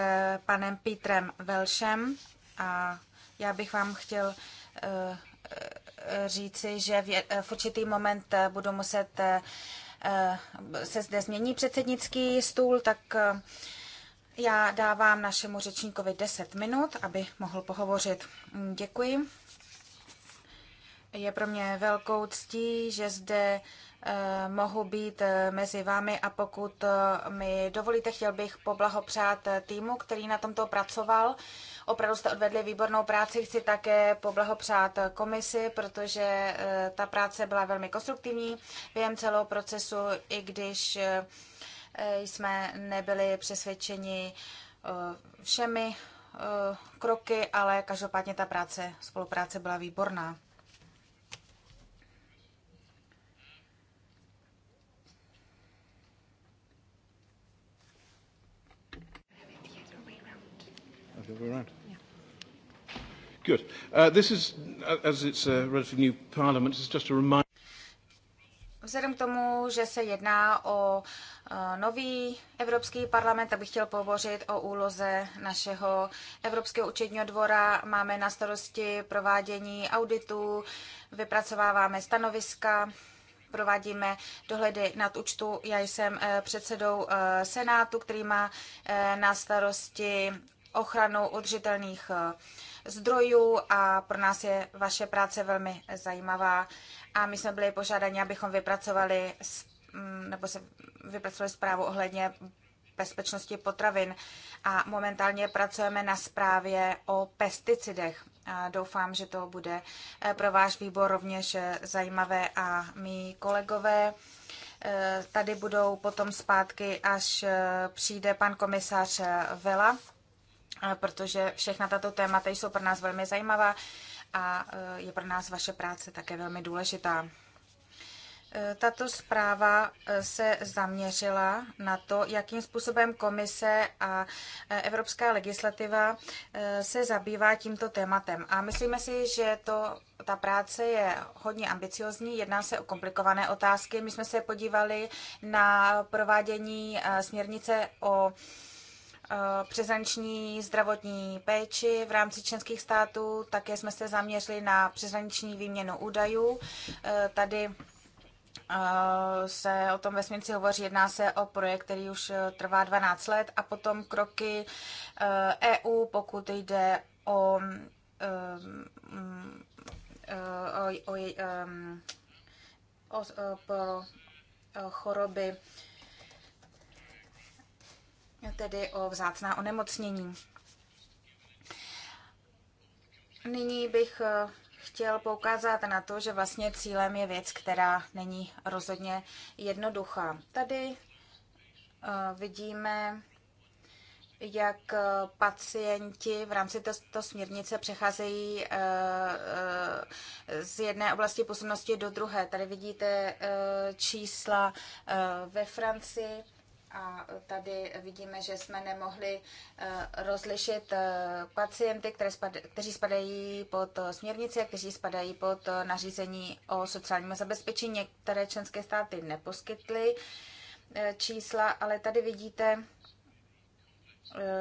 panem Petrem Velšem a já bych vám chtěl eh, eh, říci, že v eh, určitý moment budu muset se zde změní předsednický stůl, tak já dávám našemu řečníkovi 10 minut, aby mohl pohovořit. Děkuji. Je pro mě velkou ctí, že zde Eh, mohu být eh, mezi vámi a pokud eh, mi dovolíte, chtěl bych poblahopřát týmu, který na tomto pracoval. Opravdu jste odvedli výbornou práci, chci také poblahopřát komisi, protože ta práce byla velmi konstruktivní během celého procesu, i když jsme nebyli přesvědčeni všemi kroky, ale každopádně ta práce, spolupráce byla výborná. other way Yeah. Good. Uh, this is, uh, as it's a relatively new parliament, it's just a reminder. Vzhledem k tomu, že se jedná o uh, nový Evropský parlament, tak bych chtěl pohovořit o úloze našeho Evropského účetního dvora. Máme na starosti provádění auditu, vypracováváme stanoviska, provádíme dohledy nad účtu. Já jsem eh, předsedou eh, Senátu, který má eh, na starosti ochranou udržitelných eh, zdrojů a pro nás je vaše práce velmi zajímavá a my jsme byli požádáni, abychom vypracovali mm, nebo se vypracovali zprávu ohledně bezpečnosti potravin a momentálně pracujeme na zprávě o pesticidech. A doufám, že to bude eh, pro váš výbor rovněž eh, zajímavé a mý kolegové tady budou potom zpátky, až přijde pan komisař Vela protože všechna tato témata jsou pro nás velmi zajímavá a e, je pro nás vaše práce také velmi důležitá. E, tato zpráva e, se zaměřila na to, jakým způsobem komise a evropská legislativa se zabývá tímto tématem. A myslíme si, že to, ta práce je hodně ambiciozní, jedná se o komplikované otázky. My jsme se podívali na provádění směrnice o Eh, přeshraniční zdravotní péči v rámci členských států. Také jsme se zaměřili na přeshraniční výměnu údajů. Eh, tady eh, se o tom ve směnci hovoří. Jedná se o projekt, který už trvá 12 let a potom kroky EU, e pokud jde o, mm, o, o, o, mm, o, o, o choroby tedy o vzácná onemocnění. Nyní bych eh, chtěl poukázat na to, že vlastně cílem je věc, která není rozhodně jednoduchá. Tady eh, vidíme, jak eh, pacienti v rámci této směrnice přecházejí z jedné oblasti působnosti do druhé. Tady vidíte čísla ve Francii a tady vidíme, že jsme nemohli eh, rozlišit eh, pacienty, které kteří spadají pod eh, směrnici a kteří spadají pod nařízení o sociálním zabezpečení. Některé členské státy neposkytly čísla, ale tady vidíte,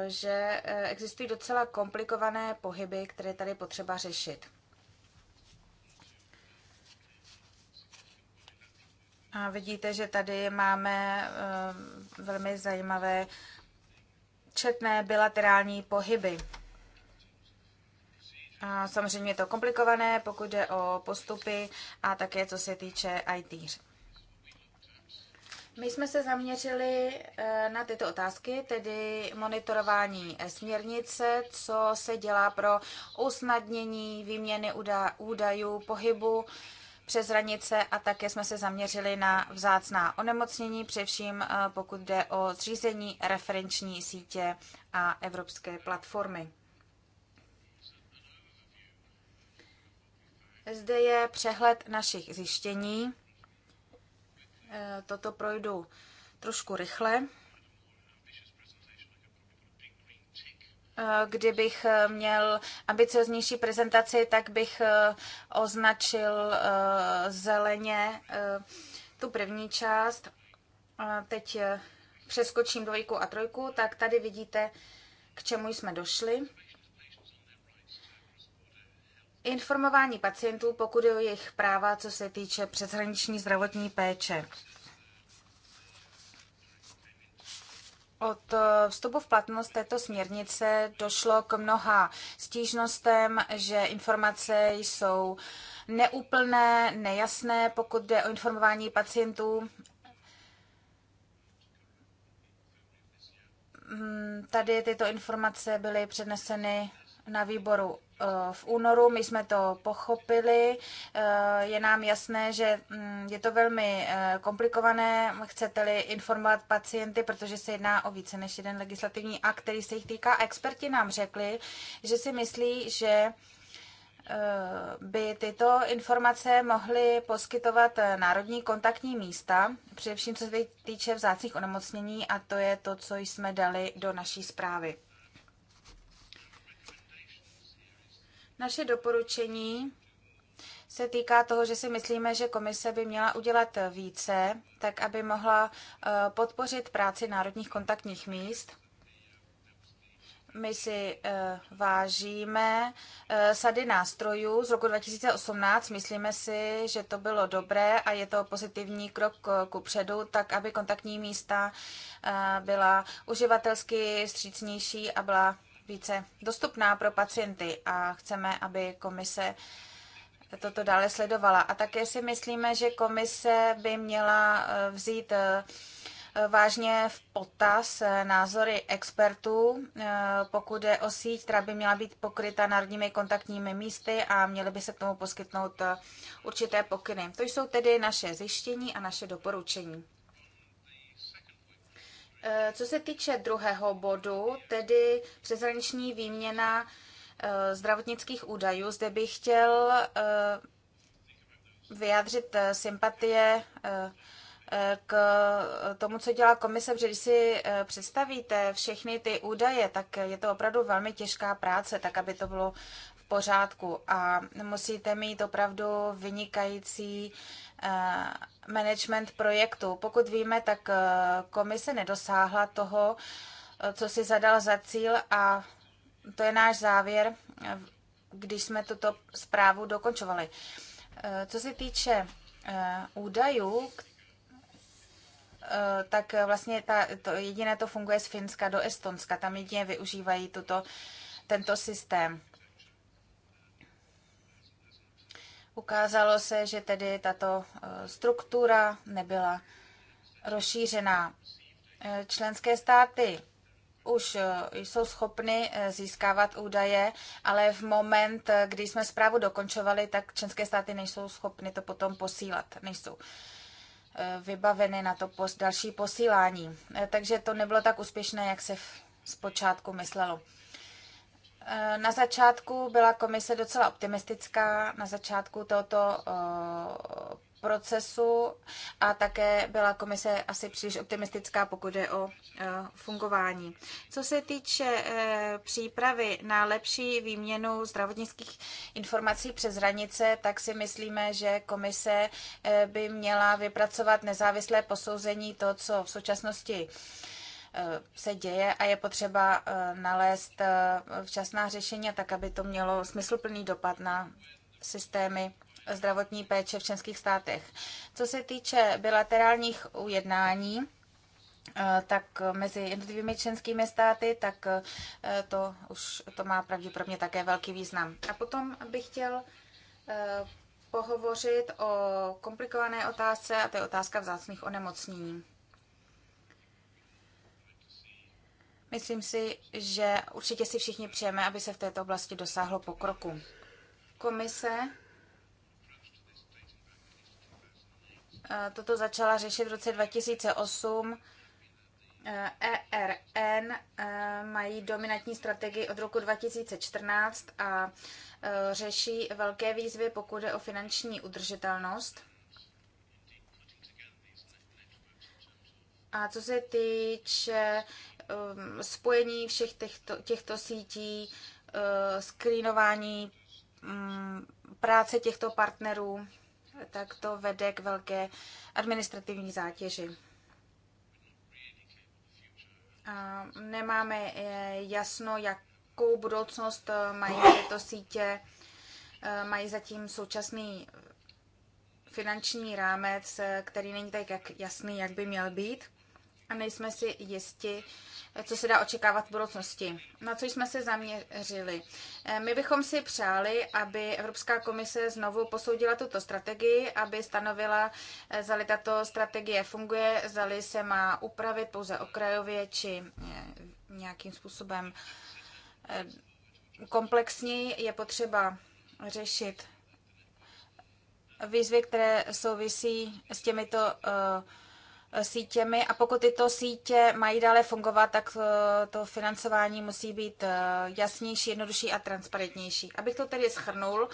že existují docela komplikované pohyby, které tady potřeba řešit. A vidíte, že tady máme eh, velmi zajímavé četné bilaterální pohyby. A samozřejmě je to komplikované, pokud jde o postupy a také co se týče IT. My jsme se zaměřili eh, na tyto otázky, tedy monitorování směrnice, co se dělá pro usnadnění výměny údajů, pohybu přes hranice a také jsme se zaměřili na vzácná onemocnění, především eh, pokud jde o zřízení referenční sítě a evropské platformy. Zde je přehled našich zjištění. Eh, toto projdu trošku rychle. kdybych eh, měl ambicioznější prezentaci, tak bych eh, označil eh, zeleně tu první část. Teď přeskočím dvojku a trojku, tak tady vidíte, k čemu jsme došli. Informování pacientů, pokud je o jejich práva, co se týče přeshraniční zdravotní péče. Od eh, vstupu v platnost této směrnice došlo k mnoha stížnostem, že informace jsou neúplné, nejasné, pokud jde o informování pacientů. Hmm, tady tyto informace byly předneseny na výboru Eh, v únoru, my jsme to pochopili, eh, je nám jasné, že mm, je to velmi eh, komplikované, chcete-li informovat pacienty, protože se jedná o více než jeden legislativní akt, který se jich týká. Experti nám řekli, že si myslí, že by tyto informace mohly poskytovat národní kontaktní místa, především co se týče vzácných onemocnění a to je to, co jsme dali do naší zprávy. Naše doporučení se týká toho, že si myslíme, že komise by měla udělat více, tak aby mohla eh, podpořit práci národních kontaktních míst. My si eh, vážíme eh, sady nástrojů z roku 2018. Myslíme si, že to bylo dobré a je to pozitivní krok ku předu, tak aby kontaktní místa byla uživatelsky střícnější a byla více dostupná pro pacienty a chceme, aby komise toto dále sledovala. A také si myslíme, že komise by měla eh, vzít eh, vážně v potaz eh, názory expertů, pokud je o síť, která by měla být pokryta národními kontaktními místy a měly by se k tomu poskytnout určité pokyny. To jsou tedy naše zjištění a naše doporučení. Eh, co se týče druhého bodu, tedy přeshraniční výměna eh, zdravotnických údajů, zde bych chtěl eh, vyjádřit sympatie k tomu, co dělá komise, protože když si představíte všechny ty údaje, tak je to opravdu velmi těžká práce, tak aby to bylo v pořádku. A musíte mít opravdu vynikající Eh, management projektu. Pokud víme, tak eh, komise nedosáhla toho, eh, co si zadala za cíl a to je náš závěr, když jsme tuto zprávu dokončovali. Co se týče údajů, tak vlastně ta, to jediné to funguje z Finska do Estonska. Tam jedině využívají tuto, tento systém. Ukázalo se, že tedy tato eh, struktura nebyla rozšířená. Eh, členské státy už eh, jsou schopny získávat údaje, ale v moment, kdy jsme zprávu dokončovali, tak členské státy nejsou schopny to potom posílat. Nejsou vybaveny na to další posílání. Takže to nebylo tak úspěšné, jak se zpočátku myslelo. Eh, na začátku byla komise docela optimistická, na začátku tohoto eh, procesu a také byla komise asi příliš optimistická, pokud je o eh, fungování. Co se týče přípravy na lepší výměnu zdravotnických informací přes hranice, tak si myslíme, že komise by měla vypracovat nezávislé posouzení to, co v současnosti Eh, se děje a je potřeba eh, nalézt eh, včasná řešení, tak aby to mělo smysluplný dopad na systémy zdravotní péče v českých státech. Co se týče bilaterálních ujednání, tak mezi jednotlivými členskými státy, tak to už to má pravděpodobně také velký význam. A potom bych chtěl pohovořit o komplikované otázce, a to je otázka vzácných onemocnění. Myslím si, že určitě si všichni přejeme, aby se v této oblasti dosáhlo pokroku. Komise eh, toto začala řešit v roce 2008. ERN eh, e eh, mají dominantní strategii od roku 2014 a řeší velké výzvy, pokud je o finanční udržitelnost. A co se týče Um, spojení všech těchto, těchto sítí, uh, skrýnování um, práce těchto partnerů, tak to vede k velké administrativní zátěži. A nemáme eh, jasno, jakou budoucnost eh, mají tyto sítě. Eh, mají zatím současný finanční rámec, který není tak jak jasný, jak by měl být a nejsme si jisti, co se dá očekávat v budoucnosti. Na co jsme se zaměřili? Eh, my bychom si přáli, aby Evropská komise znovu posoudila tuto strategii, aby stanovila, eh, zali tato strategie funguje, zali se má upravit pouze okrajově či eh, nějakým způsobem komplexněji. Je potřeba řešit výzvy, které souvisí s těmito uh, Eh, sítěmi a pokud tyto sítě mají dále fungovat, tak eh, to financování musí být eh, jasnější, jednodušší a transparentnější. Abych to tedy schrnul,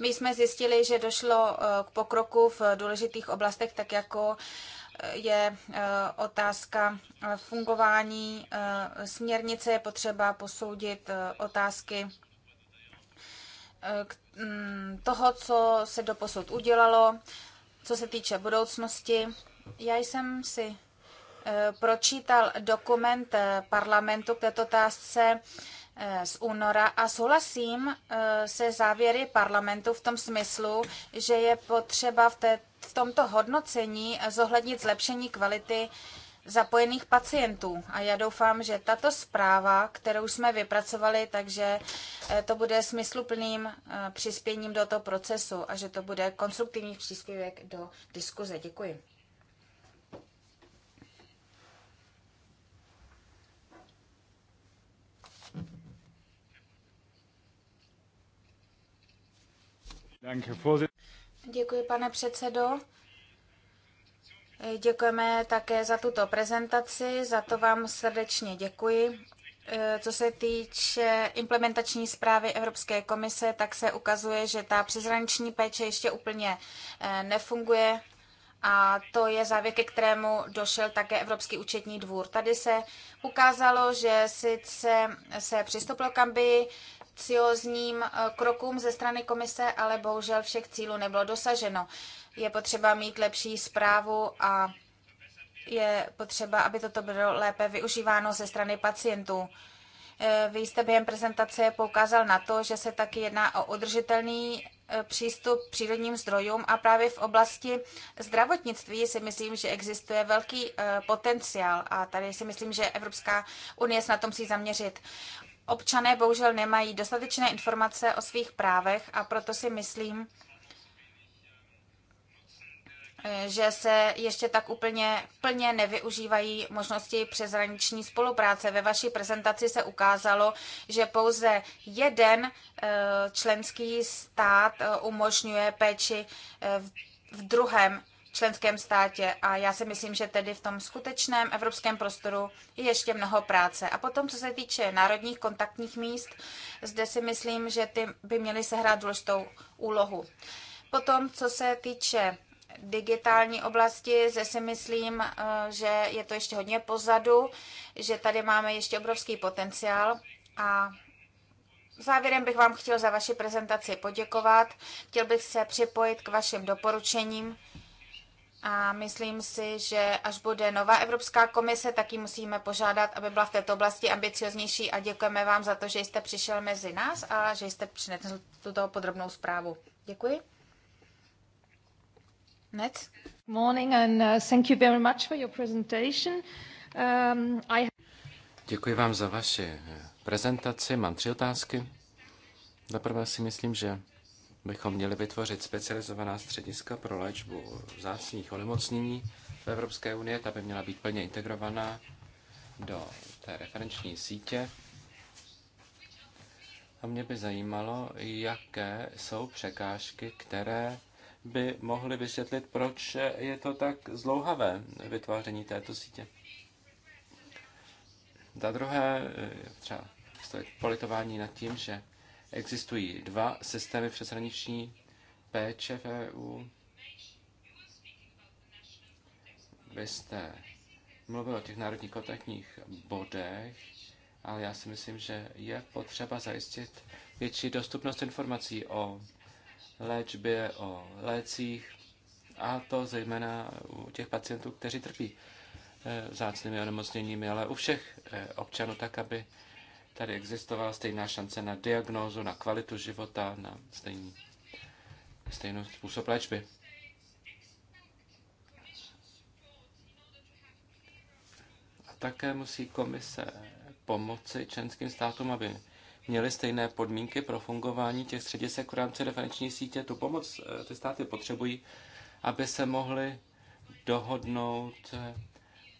my jsme zjistili, že došlo k pokroku v důležitých oblastech, tak jako je otázka fungování směrnice, je potřeba posoudit otázky mm, toho, co se doposud udělalo, co se týče budoucnosti já jsem si eh, pročítal dokument eh, parlamentu k této otázce eh, z února a souhlasím se závěry parlamentu v tom smyslu, že je potřeba v, té, v tomto hodnocení zohlednit zlepšení kvality zapojených pacientů. A já doufám, že tato zpráva, kterou jsme vypracovali, takže to bude smysluplným přispěním do toho procesu a že to bude konstruktivní příspěvek do diskuze. Děkuji. Děkuji, pane předsedo. Děkujeme také za tuto prezentaci, za to vám srdečně děkuji. E, co se týče implementační zprávy Evropské komise, tak se ukazuje, že ta přeshraniční péče ještě úplně e, nefunguje a to je závěr, ke kterému došel také Evropský účetní dvůr. Tady se ukázalo, že sice se přistoupilo k Ambii, ambiciozním eh, krokům ze strany komise, ale bohužel všech cílů nebylo dosaženo. Je potřeba mít lepší zprávu a je potřeba, aby toto bylo lépe využíváno ze strany pacientů. Eh, Vy jste během prezentace poukázal na to, že se taky jedná o udržitelný eh, přístup k přírodním zdrojům a právě v oblasti zdravotnictví si myslím, že existuje velký potenciál a tady si myslím, že Evropská unie se na tom musí zaměřit občané bohužel nemají dostatečné informace o svých právech a proto si myslím, že se ještě tak úplně plně nevyužívají možnosti přeshraniční spolupráce. Ve vaší prezentaci se ukázalo, že pouze jeden eh, členský stát eh, umožňuje péči eh, v druhém členském státě. A já si myslím, že tedy v tom skutečném evropském prostoru je ještě mnoho práce. A potom, co se týče národních kontaktních míst, zde si myslím, že ty by měly sehrát důležitou úlohu. Potom, co se týče digitální oblasti, zde si myslím, eh, že je to ještě hodně pozadu, že tady máme ještě obrovský potenciál a Závěrem bych vám chtěl za vaši prezentaci poděkovat. Chtěl bych se připojit k vašim doporučením a myslím si, že až bude nová Evropská komise, tak ji musíme požádat, aby byla v této oblasti ambicioznější a děkujeme vám za to, že jste přišel mezi nás a že jste přinesl tuto podrobnou zprávu. Děkuji. Net. Morning and uh, thank you very much for your presentation. Um, I... Děkuji vám za vaši eh, prezentaci. Mám tři otázky. Za prvé si myslím, že bychom měli vytvořit specializovaná střediska pro léčbu vzácných onemocnění v Evropské unii. Ta by měla být plně integrovaná do té referenční sítě. A mě by zajímalo, jaké jsou překážky, které by mohly vysvětlit, proč je to tak zlouhavé vytváření této sítě. Za druhé, třeba stojí politování nad tím, že Existují dva systémy přeshraniční péče v EU. Vy jste mluvil o těch národních kontaktních bodech, ale já si myslím, že je potřeba zajistit větší dostupnost informací o léčbě, o lécích, a to zejména u těch pacientů, kteří trpí eh, zácnými onemocněními, ale u všech eh, občanů tak, aby tady existovala stejná šance na diagnózu, na kvalitu života, na stejný, stejný způsob léčby. A také musí komise pomoci členským státům, aby měli stejné podmínky pro fungování těch středisek v rámci referenční sítě. Tu pomoc eh, ty státy potřebují, aby se mohly dohodnout eh,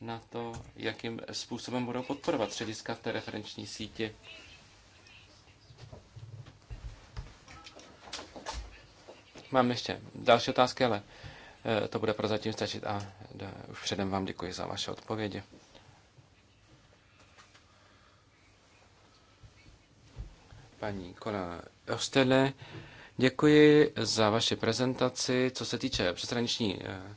na to, jakým způsobem budou podporovat střediska v té referenční síti. Mám ještě další otázky, ale eh, to bude prozatím stačit a už předem vám děkuji za vaše odpovědi. Paní Kona Ostele, děkuji za vaši prezentaci. Co se týče přeshraniční eh,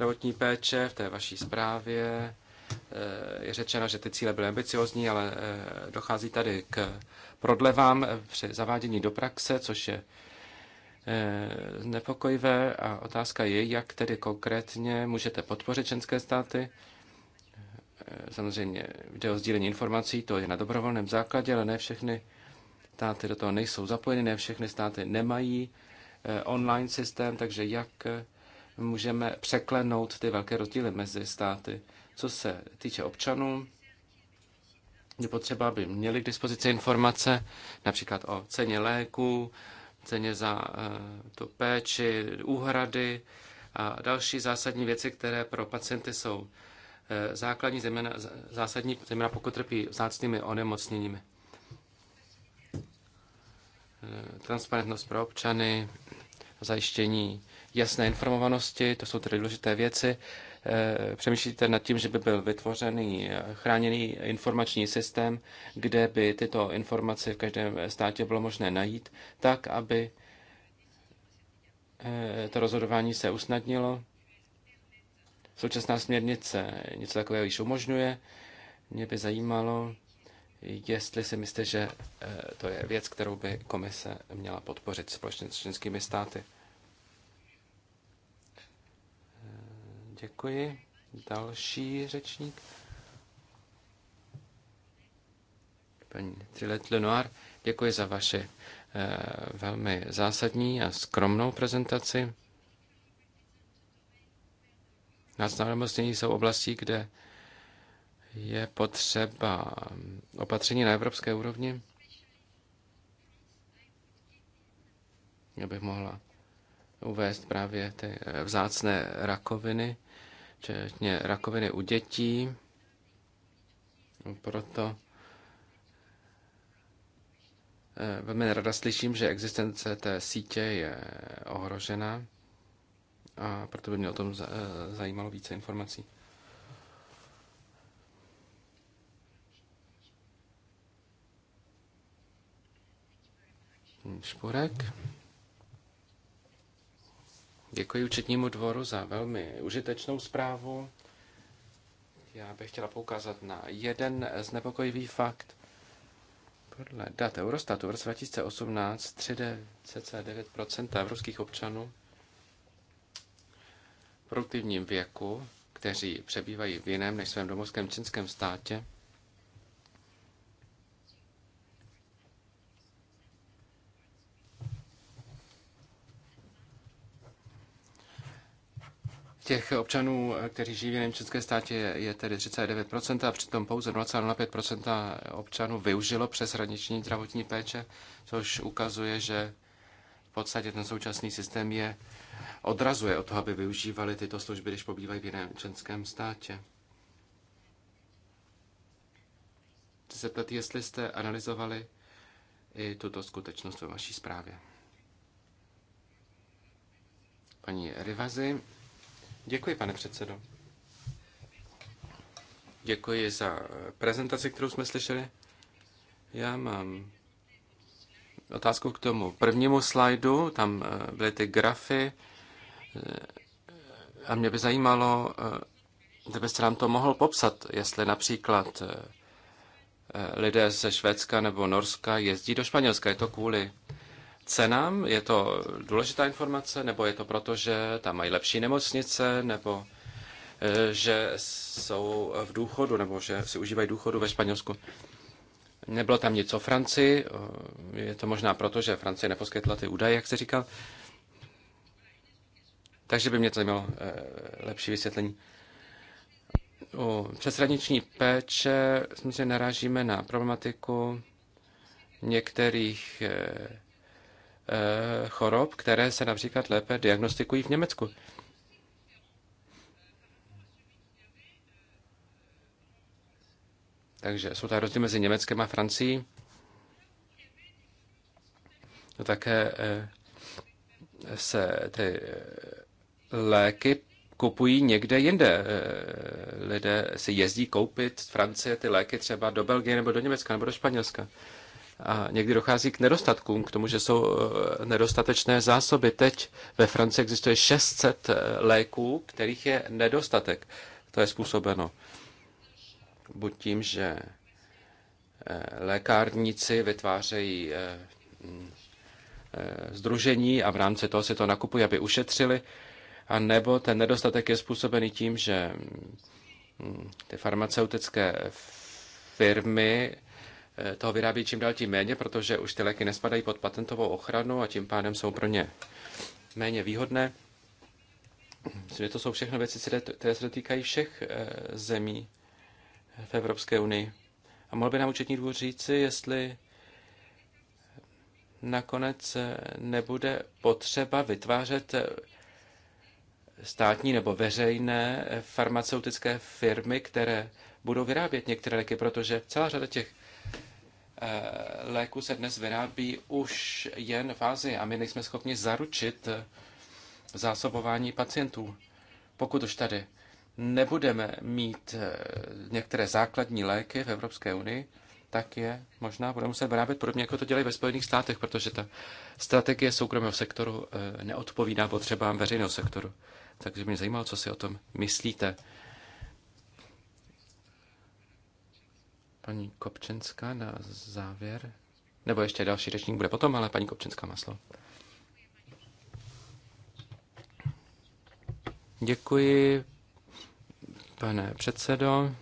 zdravotní péče, v té vaší zprávě eh, je řečeno, že ty cíle byly ambiciozní, ale eh, dochází tady k prodlevám při zavádění do praxe, což je eh, nepokojivé a otázka je, jak tedy konkrétně můžete podpořit členské státy. Samozřejmě jde o sdílení informací, to je na dobrovolném základě, ale ne všechny státy do toho nejsou zapojeny, ne všechny státy nemají online systém, takže jak můžeme překlenout ty velké rozdíly mezi státy. Co se týče občanů, je potřeba, aby měli k dispozici informace například o ceně léků, ceně za eh, tu péči, úhrady a další zásadní věci, které pro pacienty jsou eh, základní, zejména, zásadní, zejména pokud trpí vzácnými onemocněními. Eh, transparentnost pro občany, zajištění jasné informovanosti, to jsou tedy důležité věci. Eh, přemýšlíte nad tím, že by byl vytvořený eh, chráněný informační systém, kde by tyto informace v každém státě bylo možné najít, tak, aby eh, to rozhodování se usnadnilo. Současná směrnice něco takového již umožňuje. Mě by zajímalo, jestli si myslíte, že to je věc, kterou by komise měla podpořit společně s členskými státy. Děkuji. Další řečník. Paní Trilet Lenoir, děkuji za vaše eh, velmi zásadní a skromnou prezentaci. Náznamostnění jsou oblasti, kde je potřeba mm, opatření na evropské úrovni. Já bych mohla uvést právě ty eh, vzácné rakoviny, včetně rakoviny u dětí. Proto eh, velmi nerada slyším, že existence té sítě je ohrožena a proto by mě o tom eh, zajímalo více informací. Šporek. Děkuji Učetnímu dvoru za velmi užitečnou zprávu. Já bych chtěla poukázat na jeden znepokojivý fakt. Podle dat Eurostatu v roce 2018 39% evropských občanů v produktivním věku, kteří přebývají v jiném než svém domovském čínském státě, Těch občanů, kteří žijí v jiném české státě, je tedy 39% a přitom pouze 0,5 občanů využilo hraniční zdravotní péče, což ukazuje, že v podstatě ten současný systém je odrazuje od toho, aby využívali tyto služby, když pobývají v jiném členském státě. Chci se ptat, jestli jste analyzovali i tuto skutečnost ve vaší zprávě. Paní Rivazi, Děkuji, pane předsedo. Děkuji za eh, prezentaci, kterou jsme slyšeli. Já mám otázku k tomu prvnímu slajdu. Tam eh, byly ty grafy. Eh, a mě by zajímalo, kdybyste nám to mohl popsat, jestli například lidé ze Švédska nebo Norska jezdí do Španělska. Je to kvůli cenám? Je to důležitá informace, nebo je to proto, že tam mají lepší nemocnice, nebo eh, že jsou v důchodu, nebo že si užívají důchodu ve Španělsku? Nebylo tam nic o Francii, eh, je to možná proto, že Francie neposkytla ty údaje, jak jste říkal. Takže by mě to zajímalo eh, lepší vysvětlení. U přeshraniční péče se narážíme na problematiku některých Eh, chorob, které se například lépe diagnostikují v Německu. Takže jsou tady rozdíly mezi Německem a Francií. No také eh, se ty eh, léky kupují někde jinde. Lidé si jezdí koupit z Francie ty léky třeba do Belgie nebo do Německa nebo do Španělska a někdy dochází k nedostatkům, k tomu, že jsou eh, nedostatečné zásoby. Teď ve Francii existuje 600 eh, léků, kterých je nedostatek. To je způsobeno buď tím, že eh, lékárníci vytvářejí združení mm, a v rámci toho si to nakupují, aby ušetřili, a nebo ten nedostatek je způsobený tím, že mm, ty farmaceutické firmy toho vyrábí čím dál tím méně, protože už ty léky nespadají pod patentovou ochranu a tím pádem jsou pro ně méně výhodné. Myslím, že to jsou všechno věci, které se dotýkají všech eh, zemí v Evropské unii. A mohl by nám účetní dvůr říci, jestli nakonec eh, nebude potřeba vytvářet eh, státní nebo veřejné farmaceutické firmy, které budou vyrábět některé léky, protože celá řada těch Eh, léku se dnes vyrábí už jen v Ázii a my nejsme schopni zaručit eh, zásobování pacientů. Pokud už tady nebudeme mít eh, některé základní léky v Evropské unii, tak je možná budeme muset vyrábět podobně, jako to dělají ve Spojených státech, protože ta strategie soukromého sektoru neodpovídá potřebám veřejného sektoru. Takže mě zajímalo, co si o tom myslíte. paní Kopčenská na závěr. Nebo ještě další řečník bude potom, ale paní Kopčenská má slovo. Děkuji, pane předsedo.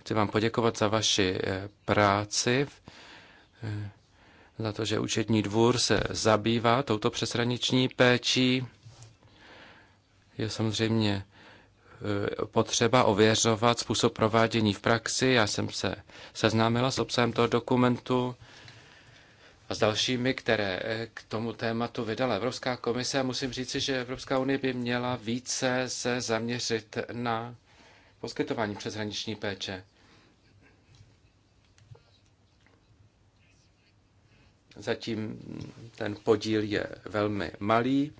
Chci vám poděkovat za vaši eh, práci, eh, za to, že účetní dvůr se zabývá touto přeshraniční péčí. Je samozřejmě Eh, potřeba ověřovat způsob provádění v praxi. Já jsem se seznámila s obsahem toho dokumentu a s dalšími, které eh, k tomu tématu vydala Evropská komise. A musím říci, že Evropská unie by měla více se zaměřit na poskytování přeshraniční péče. Zatím ten podíl je velmi malý.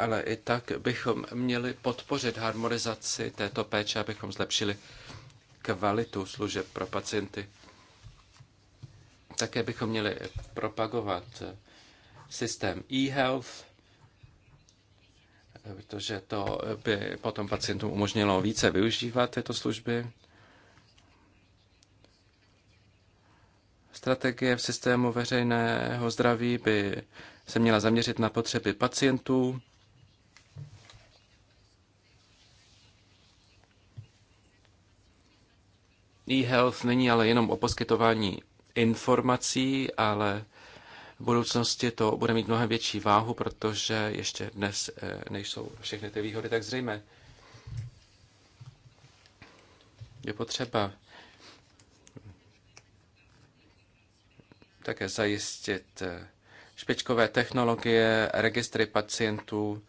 ale i tak bychom měli podpořit harmonizaci této péče, abychom zlepšili kvalitu služeb pro pacienty. Také bychom měli propagovat systém e-health, protože to by potom pacientům umožnilo více využívat tyto služby. Strategie v systému veřejného zdraví by se měla zaměřit na potřeby pacientů E-health není ale jenom o poskytování informací, ale v budoucnosti to bude mít mnohem větší váhu, protože ještě dnes eh, nejsou všechny ty výhody tak zřejmé. Je potřeba také zajistit eh, špičkové technologie, registry pacientů,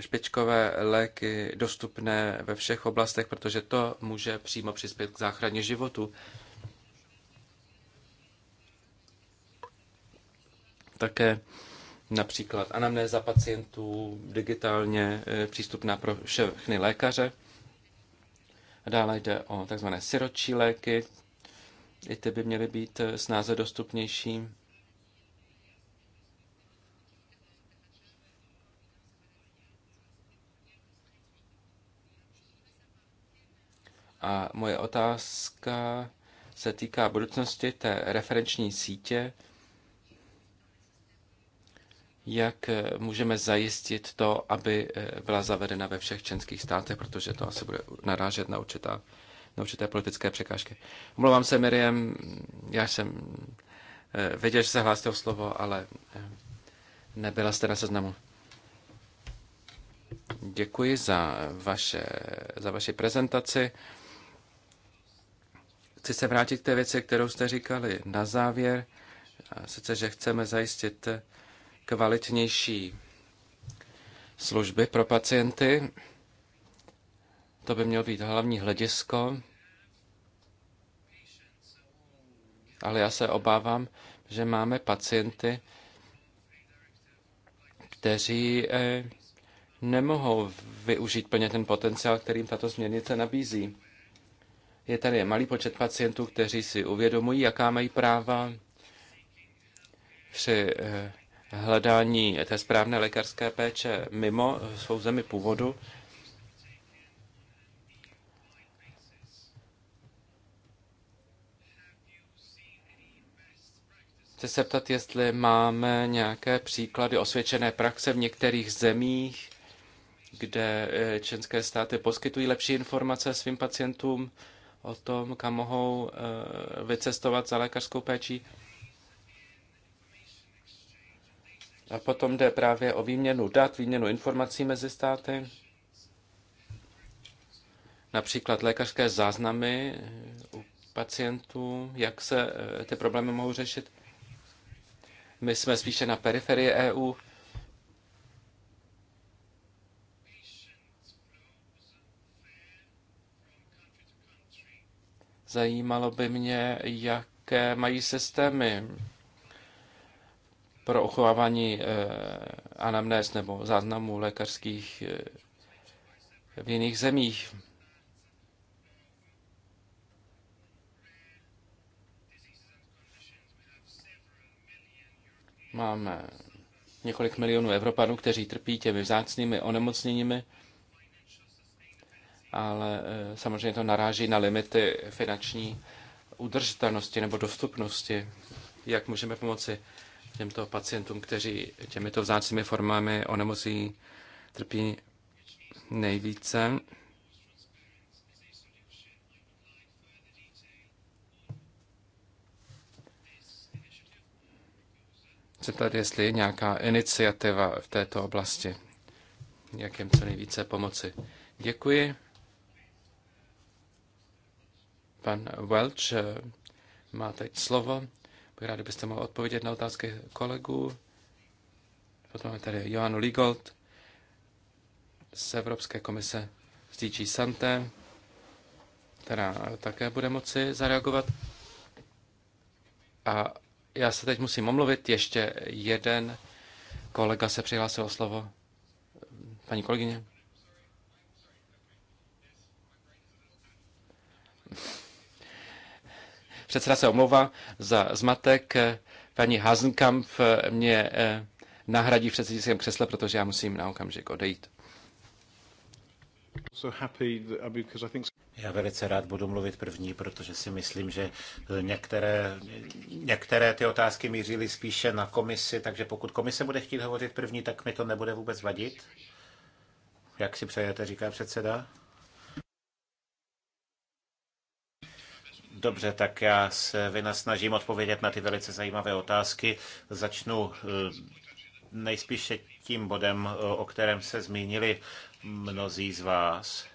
špičkové léky dostupné ve všech oblastech, protože to může přímo přispět k záchraně životu. Také například anamnéza pacientů digitálně eh, přístupná pro všechny lékaře. Dále jde o tzv. siročí léky. I ty by měly být eh, snáze dostupnější. A moje otázka se týká budoucnosti té referenční sítě. Jak můžeme zajistit to, aby eh, byla zavedena ve všech členských státech, protože to asi bude narážet na, určitá, na určité politické překážky. Omlouvám se, Miriam, já jsem eh, věděl, že se hlásíte o slovo, ale eh, nebyla jste na seznamu. Děkuji za, vaše, za vaši prezentaci. Chci se vrátit k té věci, kterou jste říkali na závěr, sice, že chceme zajistit kvalitnější služby pro pacienty. To by mělo být hlavní hledisko. Ale já se obávám, že máme pacienty, kteří eh, nemohou využít plně ten potenciál, kterým tato směrnice nabízí je tady malý počet pacientů, kteří si uvědomují, jaká mají práva při eh, hledání té správné lékařské péče mimo svou zemi původu. Chci se ptat, jestli máme nějaké příklady osvědčené praxe v některých zemích, kde eh, členské státy poskytují lepší informace svým pacientům o tom, kam mohou eh, vycestovat za lékařskou péčí. A potom jde právě o výměnu dat, výměnu informací mezi státy. Například lékařské záznamy eh, u pacientů, jak se eh, ty problémy mohou řešit. My jsme spíše na periferii EU, Zajímalo by mě, jaké mají systémy pro uchovávání eh, anamnéz nebo záznamů lékařských eh, v jiných zemích. Máme několik milionů Evropanů, kteří trpí těmi vzácnými onemocněními ale eh, samozřejmě to naráží na limity finanční udržitelnosti nebo dostupnosti. Jak můžeme pomoci těmto pacientům, kteří těmito vzácnými formami onemocnění trpí nejvíce? se tady, jestli je nějaká iniciativa v této oblasti, jak jim co nejvíce pomoci. Děkuji. Pan Welch eh, má teď slovo. Bych rád, kdybyste mohl odpovědět na otázky kolegů. Potom máme tady Johanu Ligold z Evropské komise z DG Santé, která také bude moci zareagovat. A já se teď musím omluvit, ještě jeden kolega se přihlásil o slovo. Paní kolegyně. Předseda se omlouvá za zmatek. Paní Hasenkamp mě eh, nahradí v předsednickém křesle, protože já musím na okamžik odejít. Uh, já velice rád budu mluvit první, protože si myslím, že eh, některé, některé ty otázky mířily spíše na komisi, takže pokud komise bude chtít hovořit první, tak mi to nebude vůbec vadit. Jak si přejete, říká předseda. Dobře, tak já se vynasnažím odpovědět na ty velice zajímavé otázky. Začnu eh, nejspíše tím bodem, eh, o kterém se zmínili mnozí z vás.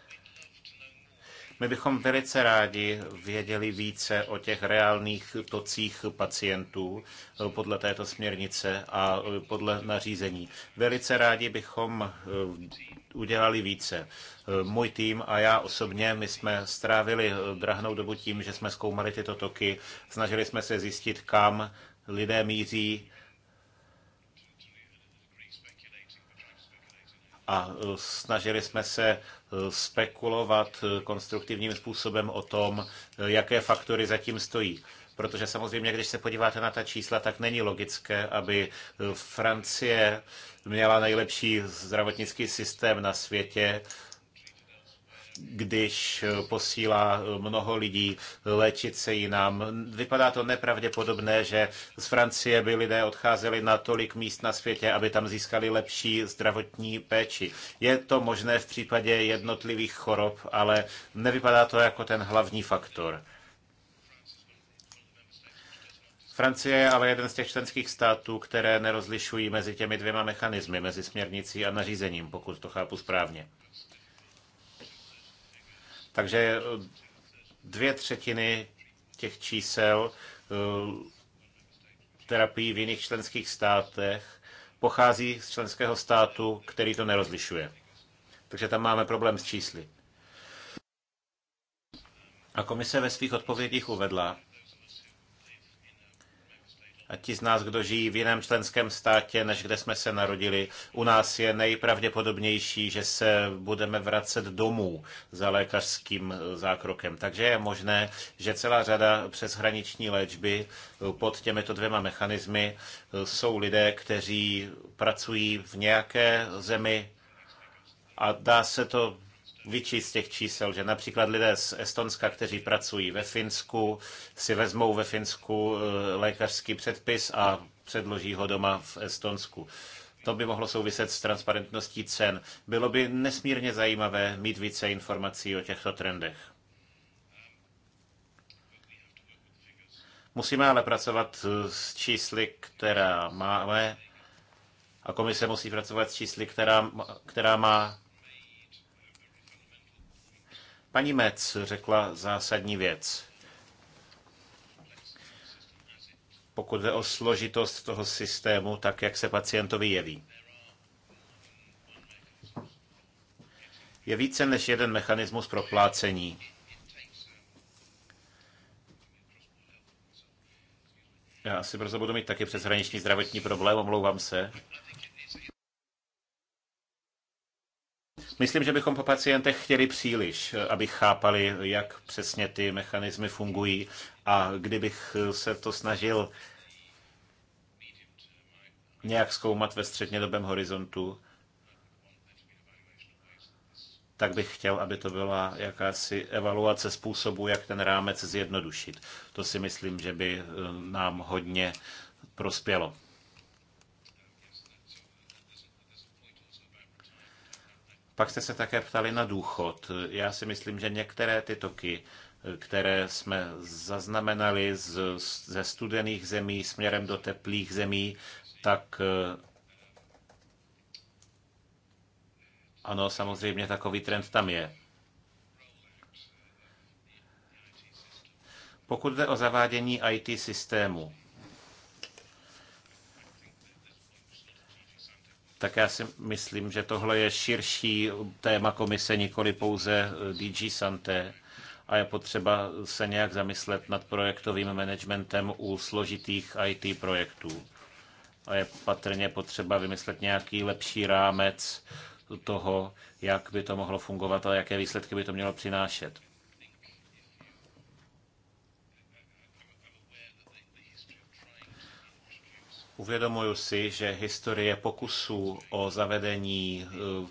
My bychom velice rádi věděli více o těch reálných tocích pacientů eh, podle této směrnice a eh, podle nařízení. Velice rádi bychom eh, udělali více. Můj tým a já osobně, my jsme strávili drahnou dobu tím, že jsme zkoumali tyto toky, snažili jsme se zjistit, kam lidé míří, a e, snažili jsme se e, spekulovat e, konstruktivním způsobem o tom, jaké faktory zatím stojí. Protože samozřejmě, když se podíváte na ta čísla, tak není logické, aby Francie měla nejlepší zdravotnický systém na světě, když eh, posílá eh, mnoho lidí léčit se jinam. Vypadá to nepravděpodobné, že z Francie by lidé odcházeli na tolik míst na světě, aby tam získali lepší zdravotní péči. Je to možné v případě jednotlivých chorob, ale nevypadá to jako ten hlavní faktor. Francie je ale jeden z těch členských států, které nerozlišují mezi těmi dvěma mechanismy, mezi směrnicí a nařízením, pokud to chápu správně. Takže eh, dvě třetiny těch čísel eh, terapii v jiných členských státech pochází z členského státu, který to nerozlišuje. Takže tam máme problém s čísly. A komise ve svých odpovědích uvedla, a ti z nás, kdo žijí v jiném členském státě, než kde jsme se narodili, u nás je nejpravděpodobnější, že se budeme vracet domů za lékařským eh, zákrokem. Takže je možné, že celá řada přeshraniční léčby eh, pod těmito dvěma mechanismy eh, jsou lidé, kteří pracují v nějaké zemi a dá se to vyčíst z těch čísel, že například lidé z Estonska, kteří pracují ve Finsku, si vezmou ve Finsku eh, lékařský předpis a předloží ho doma v Estonsku. To by mohlo souviset s transparentností cen. Bylo by nesmírně zajímavé mít více informací o těchto trendech. Musíme ale pracovat eh, s čísly, která máme, a komise musí pracovat s čísly, která, která má. Paní Mec řekla zásadní věc. Pokud jde o složitost toho systému, tak jak se pacientovi jeví. Je více než jeden mechanismus pro plácení. Já asi brzo budu mít taky přeshraniční zdravotní problém, omlouvám se. Myslím, že bychom po pacientech chtěli příliš, aby chápali, jak přesně ty mechanismy fungují. A kdybych se to snažil nějak zkoumat ve střednědobém horizontu, tak bych chtěl, aby to byla jakási evaluace způsobu, jak ten rámec zjednodušit. To si myslím, že by eh, nám hodně prospělo. Pak jste se také ptali na důchod. Já si myslím, že některé ty toky, které jsme zaznamenali z, ze studených zemí směrem do teplých zemí, tak eh, ano, samozřejmě takový trend tam je. Pokud jde o zavádění IT systému, tak já si myslím, že tohle je širší téma komise, nikoli pouze eh, DG Santé a je potřeba se nějak zamyslet nad projektovým managementem u složitých IT projektů. A je patrně potřeba vymyslet nějaký lepší rámec toho, jak by to mohlo fungovat a jaké výsledky by to mělo přinášet. Uvědomuju si, že historie pokusů o zavedení eh,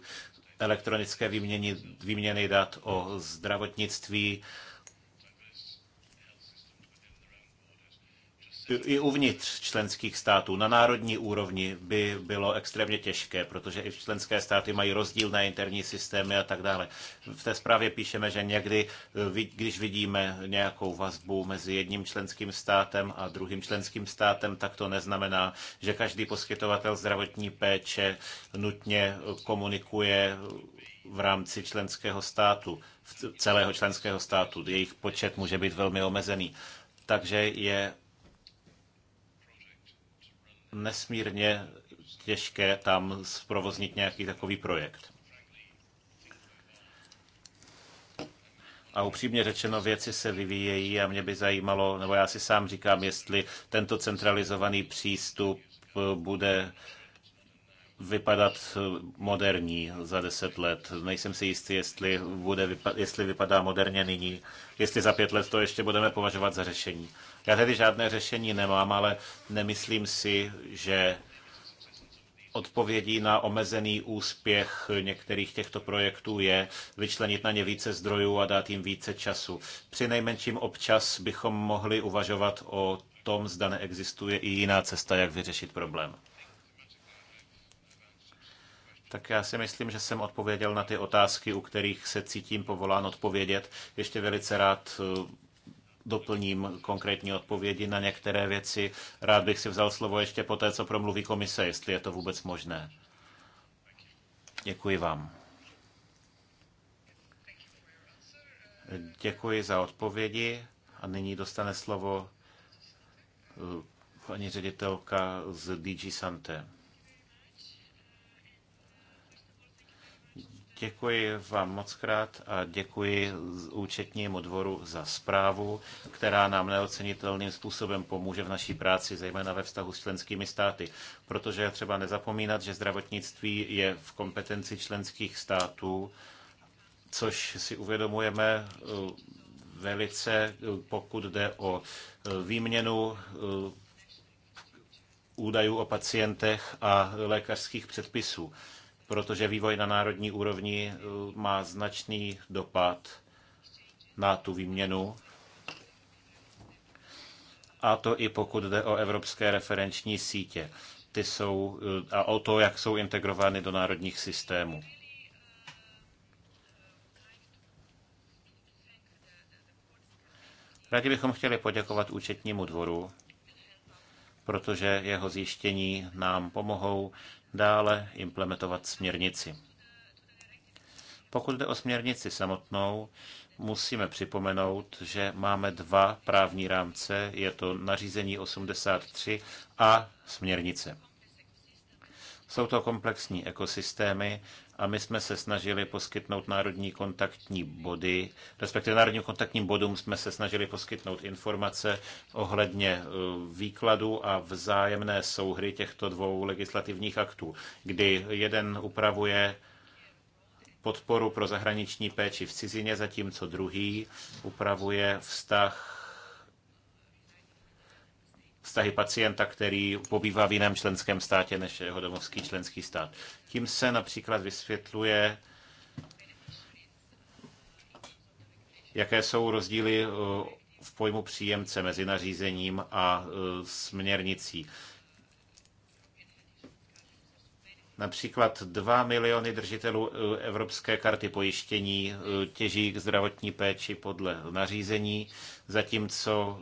elektronické výměny, výměny dat o zdravotnictví i uvnitř členských států na národní úrovni by bylo extrémně těžké, protože i členské státy mají rozdílné interní systémy a tak dále. V té zprávě píšeme, že někdy, eh, když vidíme nějakou vazbu mezi jedním členským státem a druhým členským státem, tak to neznamená, že každý poskytovatel zdravotní péče nutně eh, komunikuje eh, v rámci členského státu, celého členského státu. Jejich počet může být velmi omezený. Takže je nesmírně těžké tam zprovoznit nějaký takový projekt. A upřímně řečeno, věci se vyvíjejí a mě by zajímalo, nebo já si sám říkám, jestli tento centralizovaný přístup bude vypadat eh, moderní za deset let. Nejsem si jistý, jestli, bude vypa- jestli vypadá moderně nyní, jestli za pět let to ještě budeme považovat za řešení. Já tedy žádné řešení nemám, ale nemyslím si, že odpovědí na omezený úspěch některých těchto projektů je vyčlenit na ně více zdrojů a dát jim více času. Při nejmenším občas bychom mohli uvažovat o tom, zda neexistuje i jiná cesta, jak vyřešit problém. Tak já si myslím, že jsem odpověděl na ty otázky, u kterých se cítím povolán odpovědět. Ještě velice rád eh, doplním konkrétní odpovědi na některé věci. Rád bych si vzal slovo ještě po té, co promluví komise, jestli je to vůbec možné. Děkuji vám. Děkuji za odpovědi a nyní dostane slovo eh, paní ředitelka z DG Santé. Děkuji vám moc krát a děkuji účetnímu dvoru za zprávu, která nám neocenitelným způsobem pomůže v naší práci, zejména ve vztahu s členskými státy. Protože je třeba nezapomínat, že zdravotnictví je v kompetenci členských států, což si uvědomujeme eh, velice, eh, pokud jde o eh, výměnu údajů o pacientech a lékařských předpisů protože vývoj na národní úrovni eh, má značný dopad na tu výměnu. A to i pokud jde o evropské referenční sítě. Ty jsou, eh, a o to, jak jsou integrovány do národních systémů. Rádi bychom chtěli poděkovat účetnímu dvoru, protože jeho zjištění nám pomohou dále implementovat směrnici. Pokud jde o směrnici samotnou, musíme připomenout, že máme dva právní rámce, je to nařízení 83 a směrnice. Jsou to komplexní ekosystémy, a my jsme se snažili poskytnout národní kontaktní body, respektive národním kontaktním bodům jsme se snažili poskytnout informace ohledně e, výkladu a vzájemné souhry těchto dvou legislativních aktů, kdy jeden upravuje podporu pro zahraniční péči v cizině, zatímco druhý upravuje vztah vztahy pacienta, který pobývá v jiném členském státě než jeho domovský členský stát. Tím se například vysvětluje, jaké jsou rozdíly eh, v pojmu příjemce mezi nařízením a eh, směrnicí. Například 2 miliony držitelů eh, evropské karty pojištění těží k zdravotní péči podle nařízení, zatímco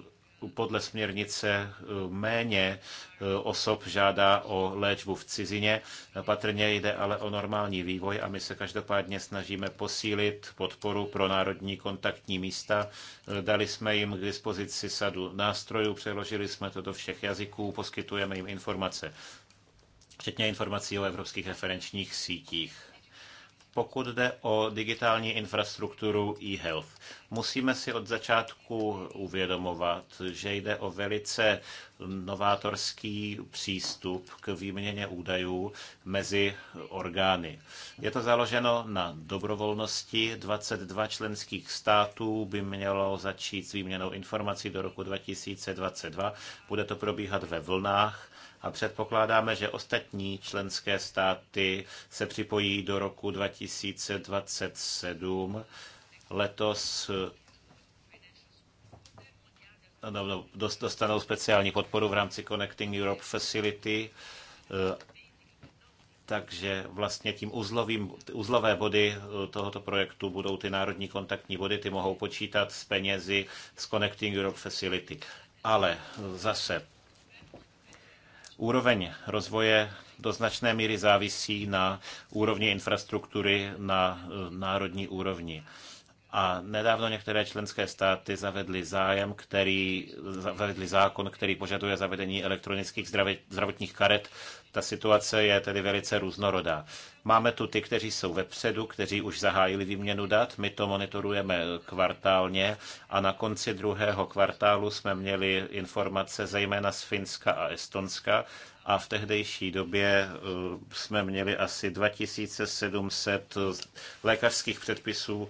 podle směrnice eh, méně eh, osob žádá o léčbu v cizině. Patrně jde ale o normální vývoj a my se každopádně snažíme posílit podporu pro národní kontaktní místa. Eh, dali jsme jim k dispozici sadu nástrojů, přeložili jsme to do všech jazyků, poskytujeme jim informace, včetně informací o evropských referenčních sítích pokud jde o digitální infrastrukturu e-health. Musíme si od začátku uvědomovat, že jde o velice novátorský přístup k výměně údajů mezi orgány. Je to založeno na dobrovolnosti. 22 členských států by mělo začít s výměnou informací do roku 2022. Bude to probíhat ve vlnách a předpokládáme, že ostatní členské státy se připojí do roku 2027. Letos no, no, dostanou speciální podporu v rámci Connecting Europe Facility, eh, takže vlastně tím uzlovým, uzlové body eh, tohoto projektu budou ty národní kontaktní body, ty mohou počítat s penězi z Connecting Europe Facility. Ale eh, zase Úroveň rozvoje do značné míry závisí na úrovni infrastruktury na eh, národní úrovni. A nedávno některé členské státy zavedly zájem, který, zavedly zákon, který požaduje zavedení elektronických zdravotních karet. Ta situace je tedy velice různorodá. Máme tu ty, kteří jsou vepředu, kteří už zahájili výměnu dat. My to monitorujeme kvartálně a na konci druhého kvartálu jsme měli informace zejména z Finska a Estonska, a v tehdejší době eh, jsme měli asi 2700 eh, lékařských předpisů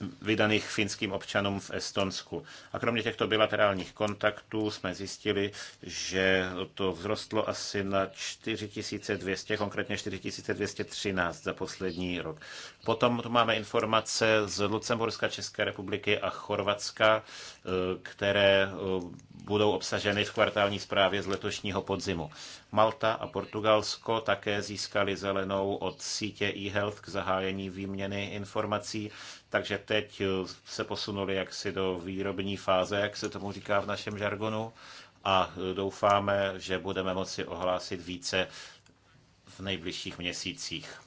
vydaných finským občanům v Estonsku. A kromě těchto bilaterálních kontaktů jsme zjistili, že to vzrostlo asi na 4200, konkrétně 4213 za poslední rok. Potom tu máme informace z Lucemburska, České republiky a Chorvatska, eh, které eh, budou obsaženy v kvartální zprávě z letošního podzimu. Malta a Portugalsko také získali zelenou od sítě e-health k zahájení výměny informací takže teď eh, se posunuli jaksi do výrobní fáze, jak se tomu říká v našem žargonu, a eh, doufáme, že budeme moci ohlásit více v nejbližších měsících.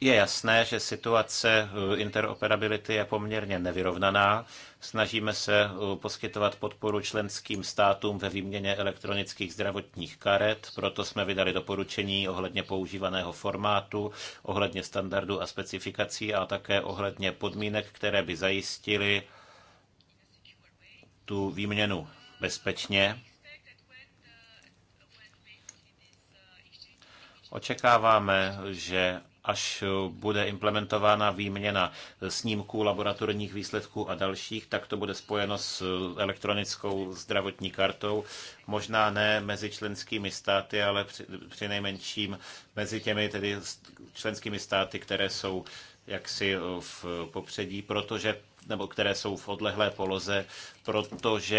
Je jasné, že situace eh, interoperability je poměrně nevyrovnaná Snažíme se uh, poskytovat podporu členským státům ve výměně elektronických zdravotních karet, proto jsme vydali doporučení ohledně používaného formátu, ohledně standardu a specifikací a také ohledně podmínek, které by zajistily tu výměnu bezpečně. Očekáváme, že až eh, bude implementována výměna snímků, laboratorních výsledků a dalších, tak to bude spojeno s eh, elektronickou zdravotní kartou. Možná ne mezi členskými státy, ale při, při nejmenším mezi těmi tedy členskými státy, které jsou jaksi eh, v popředí, protože nebo které jsou v odlehlé poloze, protože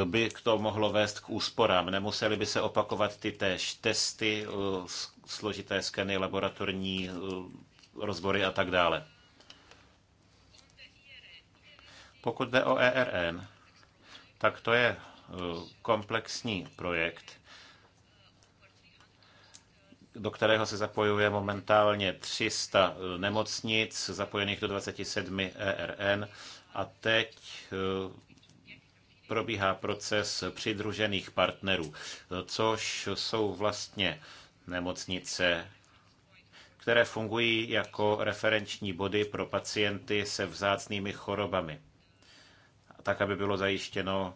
eh, by to mohlo vést k úsporám. Nemuseli by se opakovat ty též testy, eh, složité skeny, laboratorní eh, rozbory a tak dále. Pokud jde o ERN, tak to je komplexní projekt, do kterého se zapojuje momentálně 300 eh, nemocnic zapojených do 27 ERN a teď eh, probíhá proces přidružených partnerů, což jsou vlastně nemocnice, které fungují jako referenční body pro pacienty se vzácnými chorobami, tak aby bylo zajištěno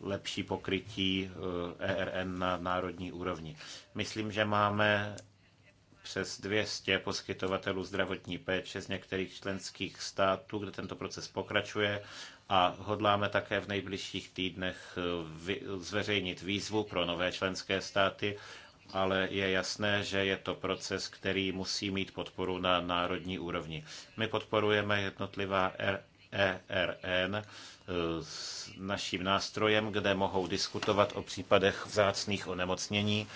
lepší pokrytí ERN eh, e na národní úrovni. Myslím, že máme přes 200 poskytovatelů zdravotní péče z některých členských států, kde tento proces pokračuje a hodláme také v nejbližších týdnech eh, zveřejnit výzvu pro nové členské státy, ale je jasné, že je to proces, který musí mít podporu na národní úrovni. My podporujeme jednotlivá ERN s naším nástrojem, kde mohou diskutovat o případech vzácných onemocnění.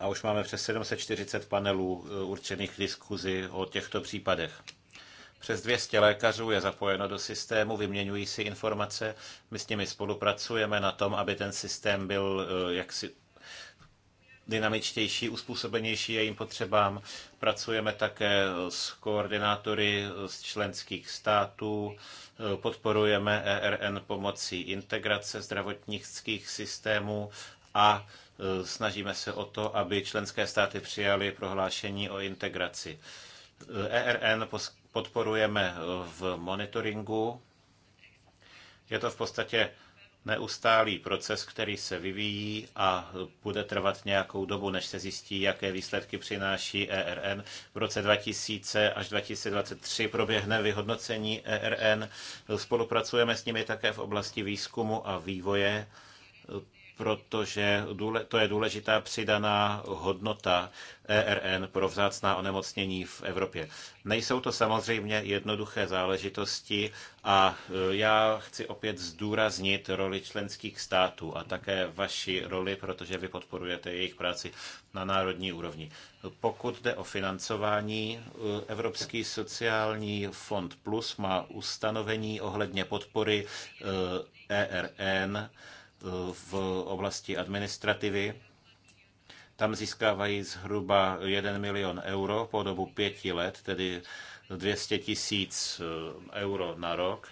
A už máme přes 740 panelů e, určených k diskuzi o těchto případech. Přes 200 lékařů je zapojeno do systému, vyměňují si informace, my s nimi spolupracujeme na tom, aby ten systém byl e, jaksi dynamičtější, uspůsobenější jejím potřebám. Pracujeme také s koordinátory z členských států, podporujeme ERN pomocí integrace zdravotnických systémů a e, snažíme se o to, aby členské státy přijaly prohlášení o integraci. ERN podporujeme v monitoringu. Je to v podstatě neustálý proces, který se vyvíjí a bude trvat nějakou dobu, než se zjistí, jaké výsledky přináší ERN. V roce 2000 až 2023 proběhne vyhodnocení ERN. Spolupracujeme s nimi také v oblasti výzkumu a vývoje protože to je důležitá přidaná hodnota ERN pro vzácná onemocnění v Evropě. Nejsou to samozřejmě jednoduché záležitosti a e, já chci opět zdůraznit roli členských států a také vaši roli, protože vy podporujete jejich práci na národní úrovni. Pokud jde o financování, e, Evropský sociální fond Plus má ustanovení ohledně podpory ERN, e v oblasti administrativy. Tam získávají zhruba 1 milion euro po dobu pěti let, tedy 200 tisíc eh, euro na rok.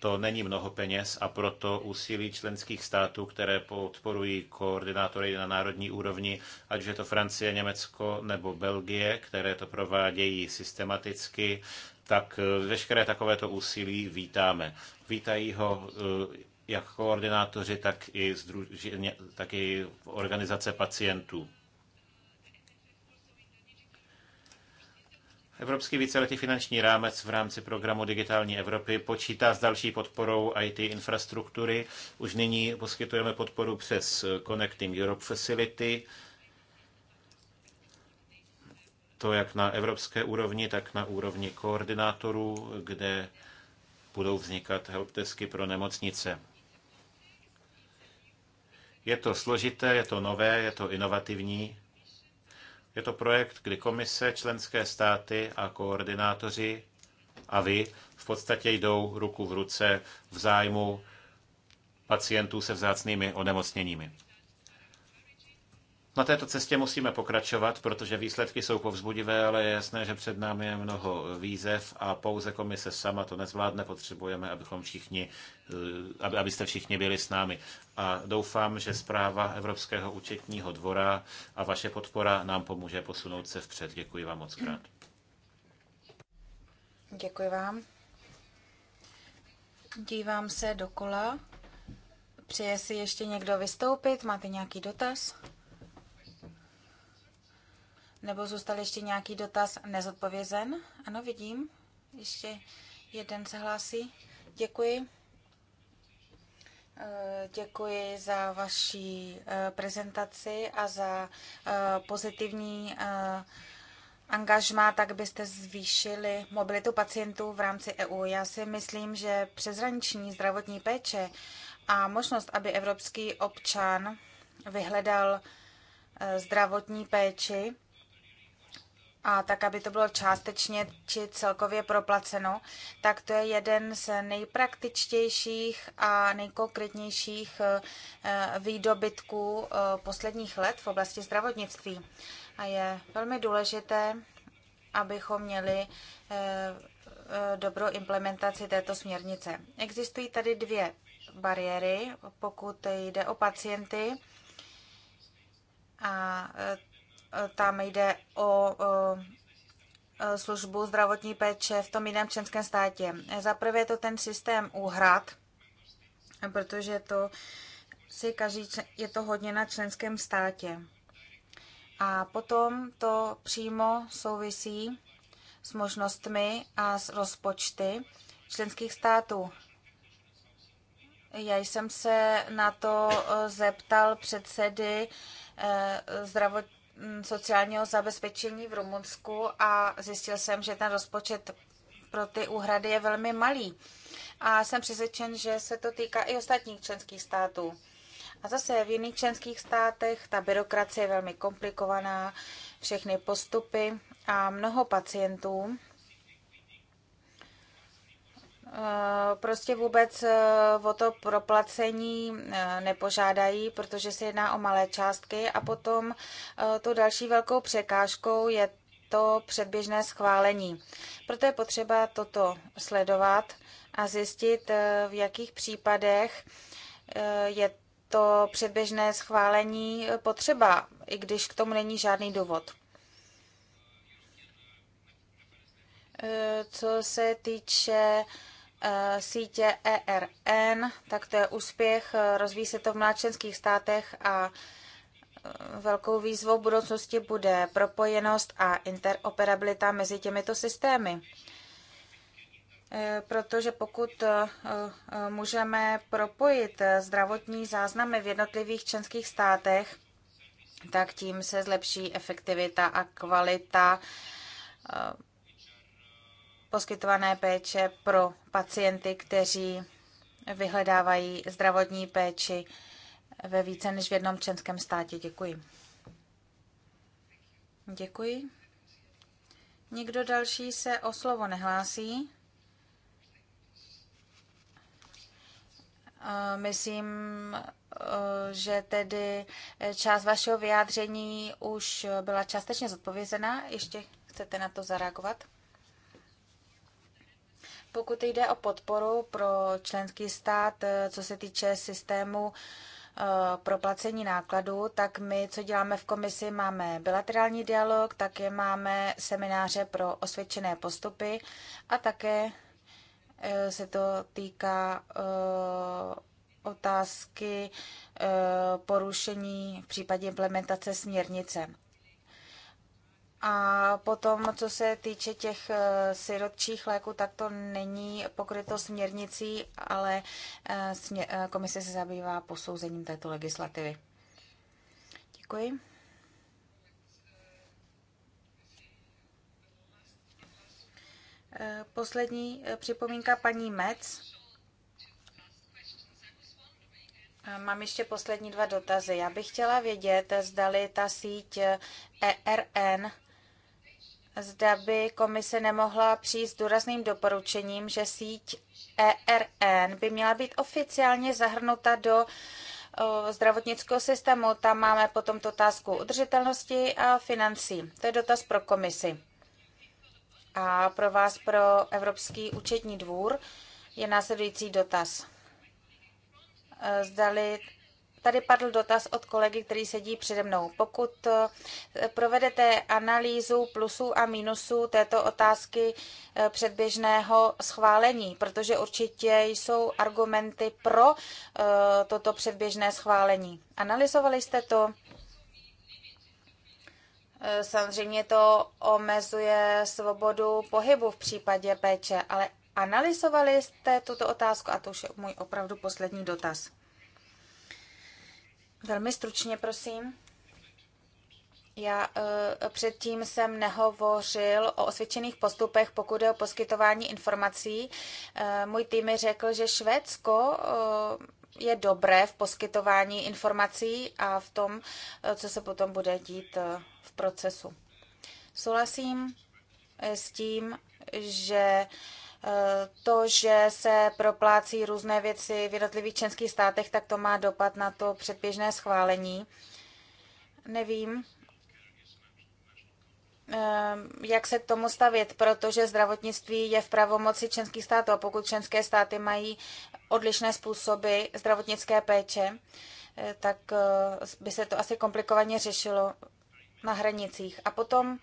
To není mnoho peněz a proto úsilí členských států, které podporují koordinátory na národní úrovni, ať je to Francie, Německo nebo Belgie, které to provádějí systematicky, tak eh, veškeré takovéto úsilí vítáme. Vítají ho eh, jak koordinátoři, tak i, združi, tak i organizace pacientů. Evropský víceletý finanční rámec v rámci programu Digitální Evropy počítá s další podporou IT infrastruktury. Už nyní poskytujeme podporu přes Connecting Europe Facility, to jak na evropské úrovni, tak na úrovni koordinátorů, kde budou vznikat helpdesky pro nemocnice. Je to složité, je to nové, je to inovativní. Je to projekt, kdy komise, členské státy a koordinátoři a vy v podstatě jdou ruku v ruce v zájmu pacientů se vzácnými onemocněními. Na této cestě musíme pokračovat, protože výsledky jsou povzbudivé, ale je jasné, že před námi je mnoho výzev a pouze komise sama to nezvládne. Potřebujeme, abychom všichni, eh, aby, abyste všichni byli s námi. A doufám, že zpráva Evropského účetního dvora a vaše podpora nám pomůže posunout se vpřed. Děkuji vám moc krát. Děkuji vám. Dívám se dokola. Přeje si ještě někdo vystoupit? Máte nějaký dotaz? Nebo zůstal ještě nějaký dotaz nezodpovězen? Ano, vidím. Ještě jeden se hlásí. Děkuji. Eh, děkuji za vaši eh, prezentaci a za eh, pozitivní angažmá, tak byste zvýšili mobilitu pacientů v rámci EU. Já si myslím, že přezraniční zdravotní péče a možnost, aby evropský občan vyhledal zdravotní péči, a tak, aby to bylo částečně či celkově proplaceno, tak to je jeden z nejpraktičtějších a nejkonkrétnějších eh, eh, výdobytků eh, posledních let v oblasti zdravotnictví. A je velmi důležité, abychom měli dobrou implementaci této směrnice. Existují tady dvě bariéry, pokud jde o pacienty. A Eh, tam jde o eh, eh, službu zdravotní péče v tom jiném členském státě. Za prvé je to ten systém úhrad, protože to si každý, je to hodně na členském státě. A potom to přímo souvisí s možnostmi a s rozpočty členských států. Já jsem se na to zeptal předsedy zdravotní Mm, sociálního zabezpečení v Rumunsku a zjistil jsem, že ten rozpočet pro ty úhrady je velmi malý. A jsem přesvědčen, že se to týká i ostatních členských států. A zase v jiných členských státech ta byrokracie je velmi komplikovaná, všechny postupy a mnoho pacientů Eh, prostě vůbec eh, o to proplacení eh, nepožádají, protože se jedná o malé částky a potom tu další velkou překážkou je to předběžné schválení. Proto je potřeba toto sledovat a zjistit, v jakých případech je to předběžné schválení potřeba, i když k tomu není žádný důvod. Co se týče Eh, sítě ERN, tak to je úspěch, rozvíjí se to v mláčenských státech a eh, velkou výzvou budoucnosti bude propojenost a interoperabilita mezi těmito systémy. Eh, protože pokud můžeme propojit zdravotní záznamy v jednotlivých členských státech, tak tím se zlepší efektivita a kvalita poskytované péče pro pacienty, kteří vyhledávají zdravotní péči ve více než v jednom členském státě. Děkuji. Děkuji. Nikdo další se o slovo nehlásí. Eh, myslím, eh, že tedy eh, část vašeho vyjádření už byla částečně zodpovězena. Ještě chcete na to zareagovat? Pokud jde o podporu pro členský stát, eh, co se týče systému eh, pro placení nákladů, tak my, co děláme v komisi, máme bilaterální dialog, také máme semináře pro osvědčené postupy a také eh, se to týká otázky porušení v případě implementace směrnice. A potom, co se týče těch eh, syrotčích léků, tak to není pokryto směrnicí, ale eh, eh, komise se zabývá posouzením této legislativy. Děkuji. Poslední připomínka paní Mec. Mám ještě poslední dva dotazy. Já bych chtěla vědět, zdali ta síť ERN e zda by komise nemohla přijít s důrazným doporučením, že síť ERN by měla být oficiálně zahrnuta do zdravotnického systému. Tam máme potom tu otázku udržitelnosti a financí. To je dotaz pro komisi. A pro vás, pro Evropský účetní dvůr, je následující dotaz. E, zdali Tady padl dotaz od kolegy, který sedí přede mnou. Pokud eh, provedete analýzu plusů a minusů této otázky eh, předběžného schválení, protože určitě jsou argumenty pro eh, toto předběžné schválení. Analyzovali jste to? Samozřejmě to omezuje svobodu pohybu v případě péče, ale analyzovali jste tuto otázku a to už je můj opravdu poslední dotaz. Velmi stručně, prosím. Já eh, předtím jsem nehovořil o osvědčených postupech, pokud je o poskytování informací. Eh, můj tým mi řekl, že Švédsko eh, je dobré v poskytování informací a v tom, co se potom bude dít v procesu. Souhlasím s tím, že Eh, to, že se proplácí různé věci v jednotlivých členských státech, tak to má dopad na to předběžné schválení. Nevím, eh, jak se k tomu stavit, protože zdravotnictví je v pravomoci členských států a pokud členské státy mají odlišné způsoby zdravotnické péče, eh, tak by se to asi komplikovaně řešilo na hranicích. A potom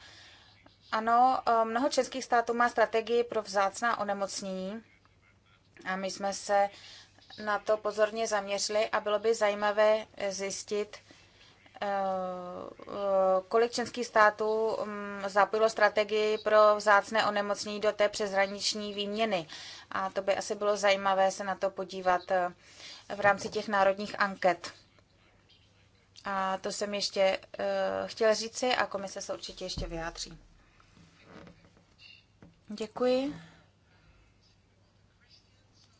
ano, eh, mnoho českých států má strategii pro vzácná onemocnění a my jsme se na to pozorně zaměřili a bylo by zajímavé zjistit, eh, eh, kolik českých států mm, zapojilo strategii pro vzácné onemocnění do té přeshraniční výměny. A to by asi bylo zajímavé se na to podívat v rámci těch národních anket. A to jsem ještě chtěl říci a komise se určitě ještě vyjádří. Děkuji.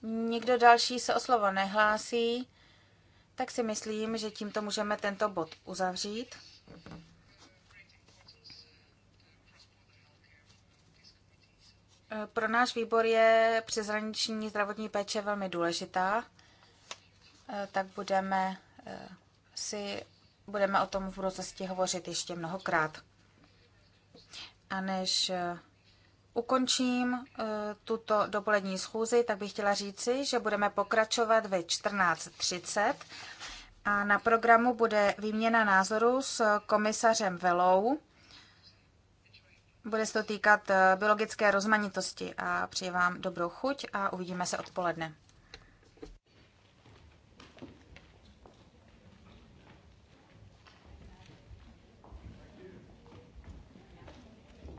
Nikdo další se o slovo nehlásí, tak si myslím, že tímto můžeme tento bod uzavřít. Pro náš výbor je přezraniční zdravotní péče velmi důležitá, tak budeme eh, si budeme o tom v budoucnosti hovořit ještě mnohokrát. A než eh, ukončím eh, tuto dopolední schůzi, tak bych chtěla říci, že budeme pokračovat ve 14.30 a na programu bude výměna názoru s komisařem Velou. Bude se to týkat eh, biologické rozmanitosti a přeji vám dobrou chuť a uvidíme se odpoledne.